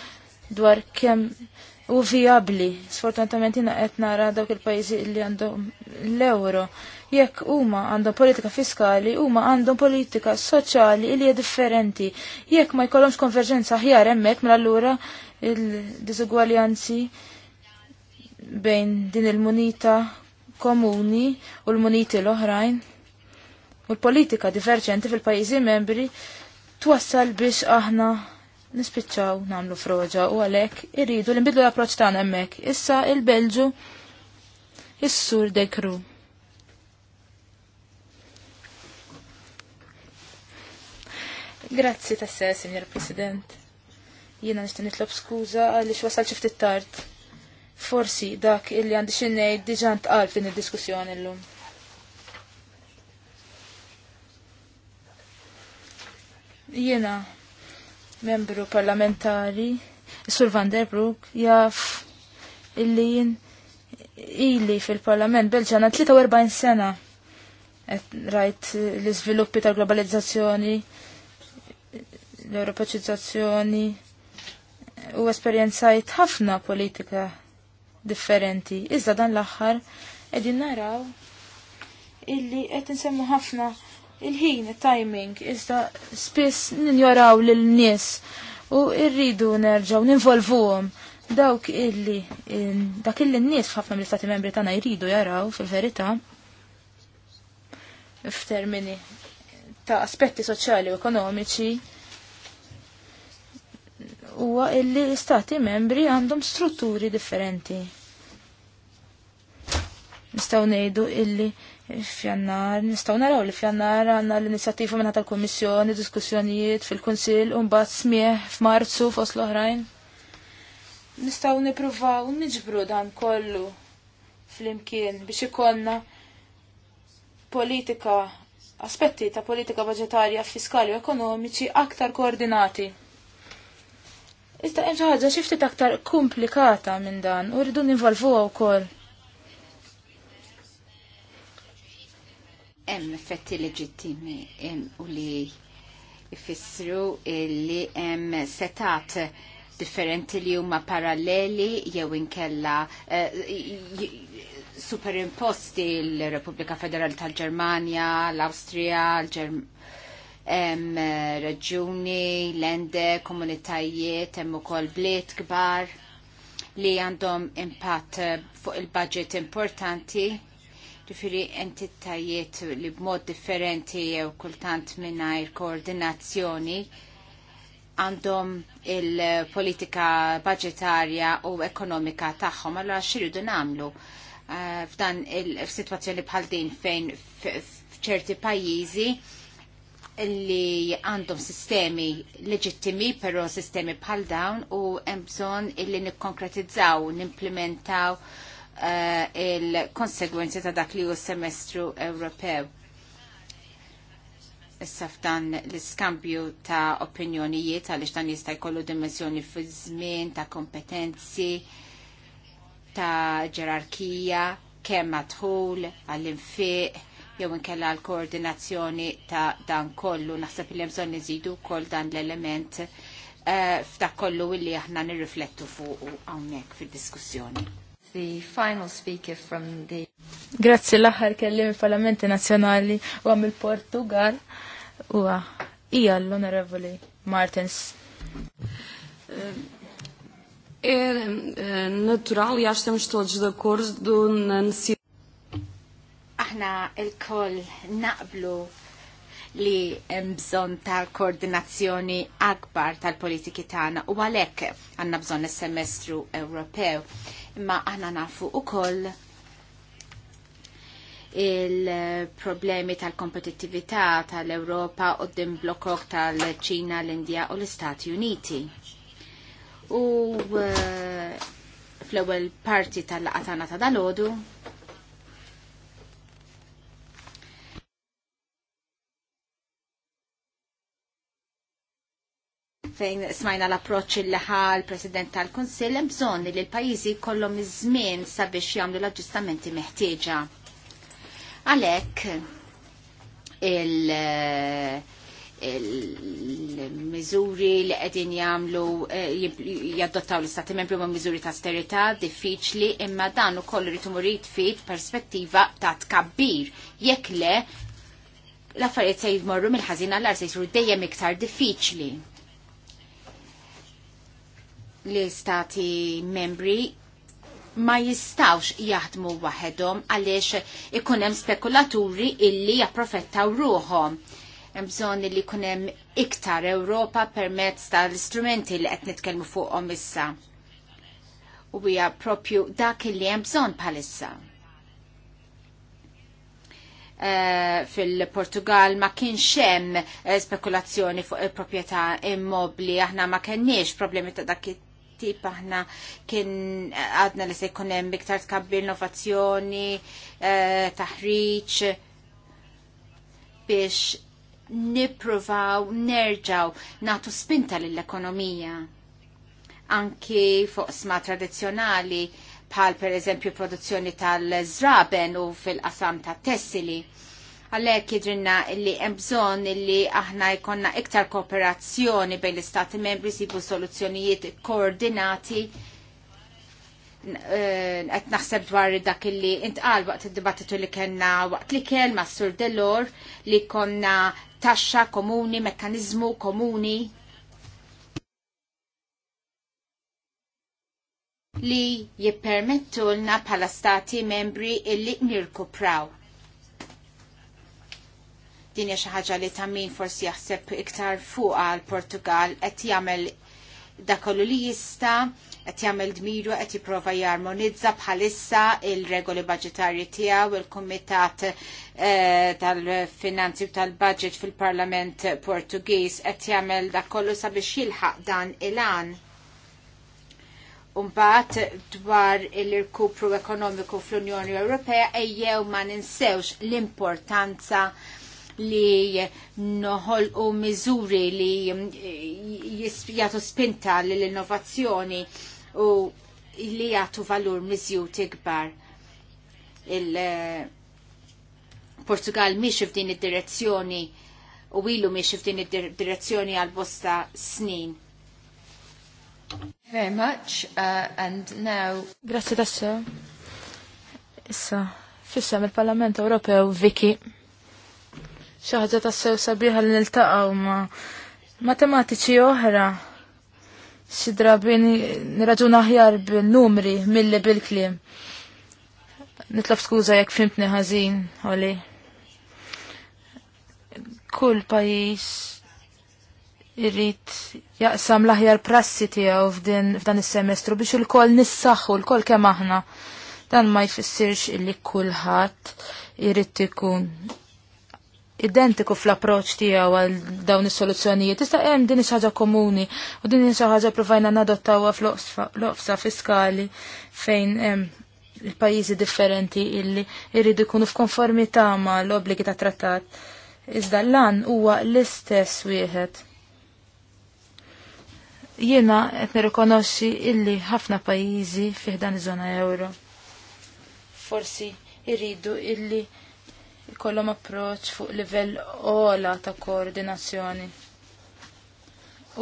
dwar kemm u viabli. Sfortunatament jina qed nara dawk il-pajjiżi li għandhom l-euro jekk huma għandhom politika fiskali, huma għandhom politika soċjali li hija differenti. Jekk ma jkollhomx konverġenza aħjar hemmhekk mela allura il-diżugwaljanzi bejn din il-munita komuni u l-muniti l-oħrajn u l-politika diverġenti fil-pajjiżi membri twassal biex aħna nispiċċaw namlu froġa u għalek irridu li nbidlu l-approċ tagħna hemmhekk. Issa il-Belġu is-sur dekru. Grazzi tasse, Signor President. Jiena nishtu nitlob skuża għaliex wasal xi ftit tard. Forsi dak illi għandi xi ngħid diġà ntqal din id-diskussjoni l-lum. Jiena membru parlamentari, Sur Van der Broek, jaf illi jien illi fil-Parlament Belġana 43 sena rajt l-izviluppi tal globalizzazzjoni l-Europaċizzazzjoni u esperjenzajt ħafna politika differenti. Iżda dan l-aħħar qegħdin naraw illi qed insemmu ħafna il-ħin, il-timing, iżda spiss ninjoraw lil-nies u irridu nerġaw ninvolvuhom dawk illi dak illi n-nies ħafna mill-istati membri tagħna jridu jaraw fil-verità f'termini ta' aspetti soċjali u ekonomiċi huwa illi stati membri għandhom strutturi differenti. Nistaw nejdu illi fjannar, nistaw naraw li fjannar għanna l-inizjattiva minna tal-Komissjoni, diskussjonijiet fil konsil un-bat smieħ f'Marzu fost l-oħrajn. Nistaw nipruvaw niġbru dan kollu fl-imkien biex ikonna politika, aspetti ta' politika budgetarja, fiskali u ekonomiċi aktar koordinati. Iżda xi ħaġa xi ftit aktar komplikata minn dan u rridu ninvolvuha wkoll. Hemm effetti leġittimi u li jfissru li hemm setat differenti li huma paralleli jew inkella eh, superimposti l-Repubblika Federali tal-Ġermanja, l-Awstrija, l-Ġermanja hemm eh, raġuni, lende, komunitajiet, hemm ukoll bliet kbar li għandhom impatt eh, fuq il-budget importanti. Ġifiri entitajiet li b'mod differenti jew kultant mingħajr koordinazzjoni għandhom il-politika budgetarja u ekonomika tagħhom, allura xiridu nagħmlu eh, f'dan il situazzjoni bħal din fejn f'ċerti pajjiżi li għandhom sistemi leġittimi, pero sistemi bħal dawn u jemżon illi nikkonkretizzaw, nimplementaw uh, il-konsegwenzi ta' dak li hu semestru Ewropew. Issa dan l-iskambju ta' opinjonijiet għaliex dan jista' jkollu dimensjoni fi żmien ta' kompetenzi, ta' ġerarkija, kemm madħul, għall-infiq, jew inkella l-koordinazzjoni ta' dan kollu. Naħseb li bżonn iżidu wkoll dan l-element eh, f'dak kollu illi aħna nirriflettu fuq hawnhekk fid-diskussjoni. The final speaker from the Grazzi l-aħħar kellim il-Parlamenti Nazzjonali u għam il-Portugal u hija l-Onorevoli Martens É eh, eh, natural e acho que estamos todos de acordo na necessidade aħna il-koll naqblu li mbżon ta' koordinazzjoni akbar tal-politiki tagħna u għalhekk għandna bżonn is-semestru Ewropew. Imma aħna nafu ukoll il-problemi tal-kompetittività tal-Ewropa u din blokok tal-Ċina, l-Indja u l-Istati Uniti. U eh, fl-ewwel parti tal-laqatana ta' dalodu fejn smajna l-approċ il ħa l-President tal konsil hemm bżonn li l-pajjiżi jkollhom iż-żmien sabiex jagħmlu l-aġġustamenti meħtieġa. Għalhekk il- il-mizuri li qegħdin jagħmlu eh, jaddottaw l-istati membri ma' miżuri ta' sterità diffiċli imma dan ukoll irid imur jitfid perspettiva ta' tkabbir jekk le l-affarijiet se jmorru mill-ħażin għall se jsiru dejjem iktar diffiċli l-istati membri ma jistawx jaħdmu waħedhom għaliex ikun hemm spekulaturi illi japprofettaw ruħhom. Hemm bżonn li jkun hemm iktar Ewropa permezz tal-istrumenti li qed nitkellmu fuqhom issa. U hija propju dak li hemm bżonn bħalissa. Uh, fil-Portugal ma kienx hemm eh, spekulazzjoni fuq il-proprjetà immobli, aħna ma kenniex problemi ta' dak tip aħna kien għadna li se jkunem hemm iktar innovazzjoni, eh, taħriċ biex nippruvaw nerġaw nagħtu spinta lill-ekonomija anki fuq sma tradizzjonali bħal per eżempju produzzjoni tal zraben u fil-qasam ta' tessili Għalhekk jidrinna li hemm bżonn li aħna jkollna iktar kooperazzjoni bejn l-istati membri sibu soluzzjonijiet koordinati eh, qed naħseb dwar dak illi intqal waqt id-dibattitu li kellna waqt li kell ma' Sur Delor li konna taxxa komuni, mekkaniżmu komuni li jippermettu l-na bħala stati membri illi nirkupraw Din hija xi ħaġa li ta' min forsi jaħseb iktar fuq għal Portugal qed jagħmel dakollu li jista, qed jagħmel dmiru qed jipprova jarmonizza bħalissa il-regoli budgetarji tiegħu il-Kumitat eh, tal-Finanzi u tal-Budget fil-Parlament Portugiż qed jagħmel dakollu sabiex jilħaq dan il-an. Umbat dwar il-rkupru ekonomiku fl-Unjoni Ewropea ejjew ma ninsewx l-importanza li noħolqu miżuri li mm, jagħtu spinta l-innovazzjoni u li jagħtu valur miżjut ikbar. Il-Portugal eh, miex f'din id-direzzjoni u ilu miex f'din id-direzzjoni għal bosta snin. Very much, uh, and now... Grazie tassew. Issa, fissa il parlamento Ewropew, Vicky xaħġa ta' sew sabiħa li niltaqgħu ma' matematiċi oħra xi drabi nirraġuna aħjar bil numri milli bil-kliem. Nitlob skuża jekk fimtni ħażin, Oli. Kull pajjiż irrit jaqsam l-aħjar prassi tiegħu f'dan is-semestru biex il-kol nissaħħu il kol kemm aħna. Dan ma jfissirx illi kulħadd irid ikun identiku fl-approċ tiegħu għal dawn is-soluzzjonijiet. Tista' hemm din xaġa ħaġa komuni u din xi ħaġa provajna nadottawha fl-oqsa fiskali fejn hemm il-pajjiżi differenti illi jridu jkunu f'konformità ma l-obbligi ta' trattat. Iżda l-lan huwa l-istess wieħed. Jiena qed nirrikonoxxi illi ħafna pajjiżi fih dan iż-żona euro. Forsi jridu illi kollom approċ fuq livell ola ta' koordinazzjoni.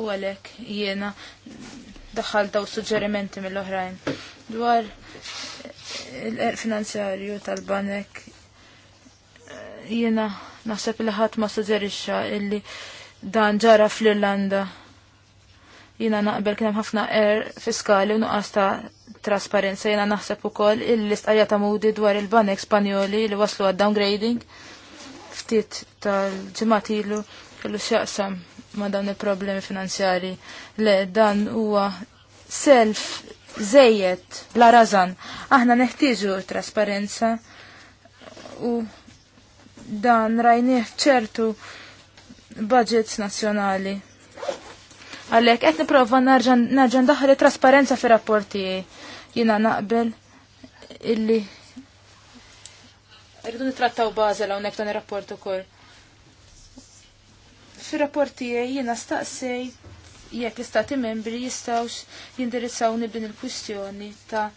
U għalek jiena daħal daw suġġerimenti mill-oħrajn dwar il finanzjarju tal-banek jiena naħseb li ħadd ma suġġerixxa illi dan ġara fl-Irlanda. Jiena naqbel kien hemm ħafna er fiskali u nuqqas ta' trasparenza jena naħseb ukoll il-listqarja ta' mudi dwar il-banek Spanjoli li waslu għad downgrading ftit tal-ġematilu kellu xaqsam ma dawn il-problemi finanzjari le dan huwa self zejet bla razan aħna neħtieġu trasparenza u dan rajnieh ċertu budgets nazzjonali. Għalek, qed prova narġan daħli trasparenza fir rapporti jina naqbel illi rridu nitrattaw Basel hawnhekk dan ir-rapport ukoll. Fir-rapport tiegħi jiena staqsej jekk l-istati membri jistgħux jindirizzaw nibdin il-kwistjoni ta'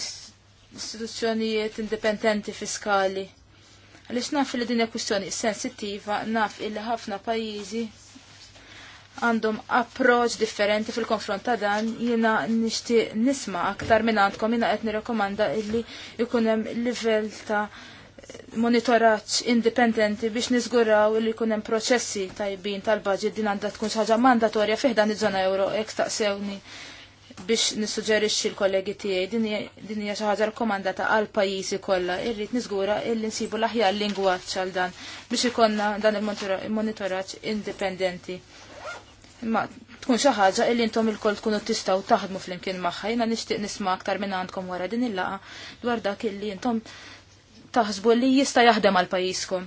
istituzzjonijiet indipendenti fiskali. Għaliex naf li din hija kwistjoni sensittiva, naf illi ħafna pajjiżi għandhom approċ differenti fil-konfront ta' dan jiena nixtieq nisma' aktar minn għandkom jina qed rekomanda illi jkun hemm livell ta' monitoraċ indipendenti biex nizguraw li hemm proċessi tajbin tal-budget din għandha tkun ħaġa mandatorja dan iż-żona euro jekk taqsewni biex nissuġġerixxi l-kollegi tiegħi din hija xi ħaġa rkomandata għal pajjiżi kollha irrid niżgura illi nsibu l-aħjar lingwaġġ għal dan biex ikonna dan il-monitoraġġ indipendenti imma tkun xi ħaġa illi intom il-kol tkunu tistgħu taħdmu flimkien magħha. Jiena nixtieq nisma' aktar minn għandkom wara din il-laqa dwar dak illi intom taħsbu li jista' jaħdem għal pajjiżkom.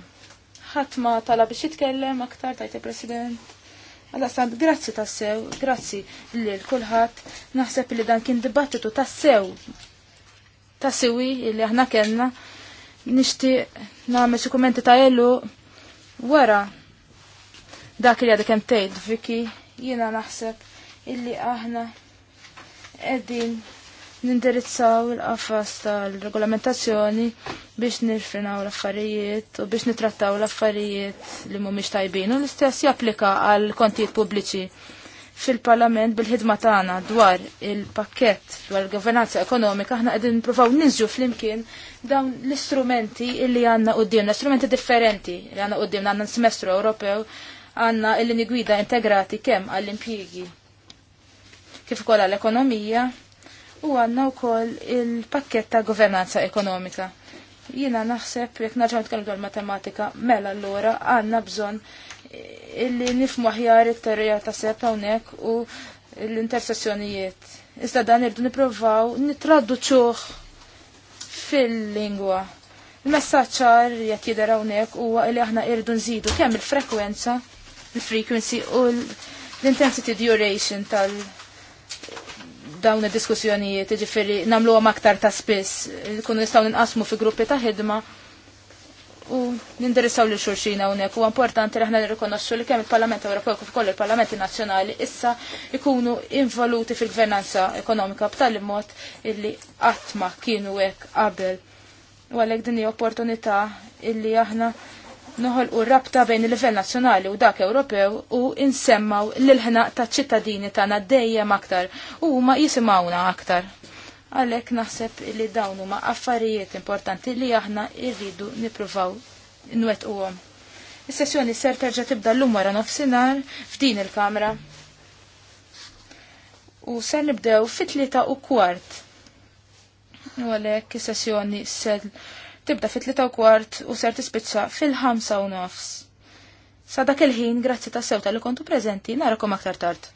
Ħadd ma tala biex jitkellem aktar tajt il-President. Alla stand, grazzi tassew, grazzi li l-kulħat, naħseb li dan kien dibattitu tassew, tassewi li aħna kellna nishti nagħmel xie kommenti ta' jellu, wara, dak li għadek jem tejt, Viki, Jiena naħseb illi aħna qegħdin nindirizzaw il-qafas tal-regolamentazzjoni biex nirfinaw l-affarijiet u biex nitrattaw l-affarijiet li mhumiex tajbin u l-istess japplika għal kontijiet pubbliċi fil-parlament bil-ħidma tagħna dwar il-pakkett dwar il-governanza ekonomika aħna qegħdin nippruvaw ninżu flimkien dawn l-istrumenti illi għandna qudiemna, strumenti differenti li għandna quddiem għandna semestru Ewropew, għanna il-lini gwida integrati kemm għall impiegi kif ukoll għall-ekonomija u għanna wkoll il pakketta ta' governanza ekonomika. Jiena naħseb jekk narġgħu nitkellmu għal matematika mela allura għandna bżonn illi nifmu aħjar it-teorija ta' seb hawnhekk u l-intersezzjonijiet. Iżda dan irdu nippruvaw nitradduċuh fil-lingwa. Il-messaċċar jekk jidher hawnhekk huwa li aħna irdu nżidu kemm il-frekwenza il-frequency u l-intensity duration tal- dawn id-diskussjonijiet, ġifiri namlu għam aktar ta' spiss, kun nistaw ninqasmu fi gruppi ta' ħidma u nindirissaw li xurxina unek. U importanti li ħna nirrikonoxxu li kemm il-Parlament Ewropew kif ukoll il-Parlamenti Nazzjonali issa ikunu involuti fil-gvernanza ekonomika b'tali mod illi qatt ma kienu hekk qabel. U għalhekk din hija opportunità illi aħna noħolqu rabta bejn il-livell nazzjonali u dak Ewropew u insemmaw l ħna ta' ċittadini tagħna dejjem aktar u huma jisimgħuna aktar. Għalhekk naħseb li dawn huma affarijiet importanti li aħna rridu nippruvaw nwettquhom. Is-sessjoni ser terġa' tibda llum wara nofsinhar f'din il-kamra. U ser nibdew fit-tlieta u kwart. U għalhekk is-sessjoni ser tibda fit u kwart u ser tispiċċa fil ħamsa u nofs. Sa dak il-ħin, grazzi ta' sewta li kontu prezenti, narakom aktar tard.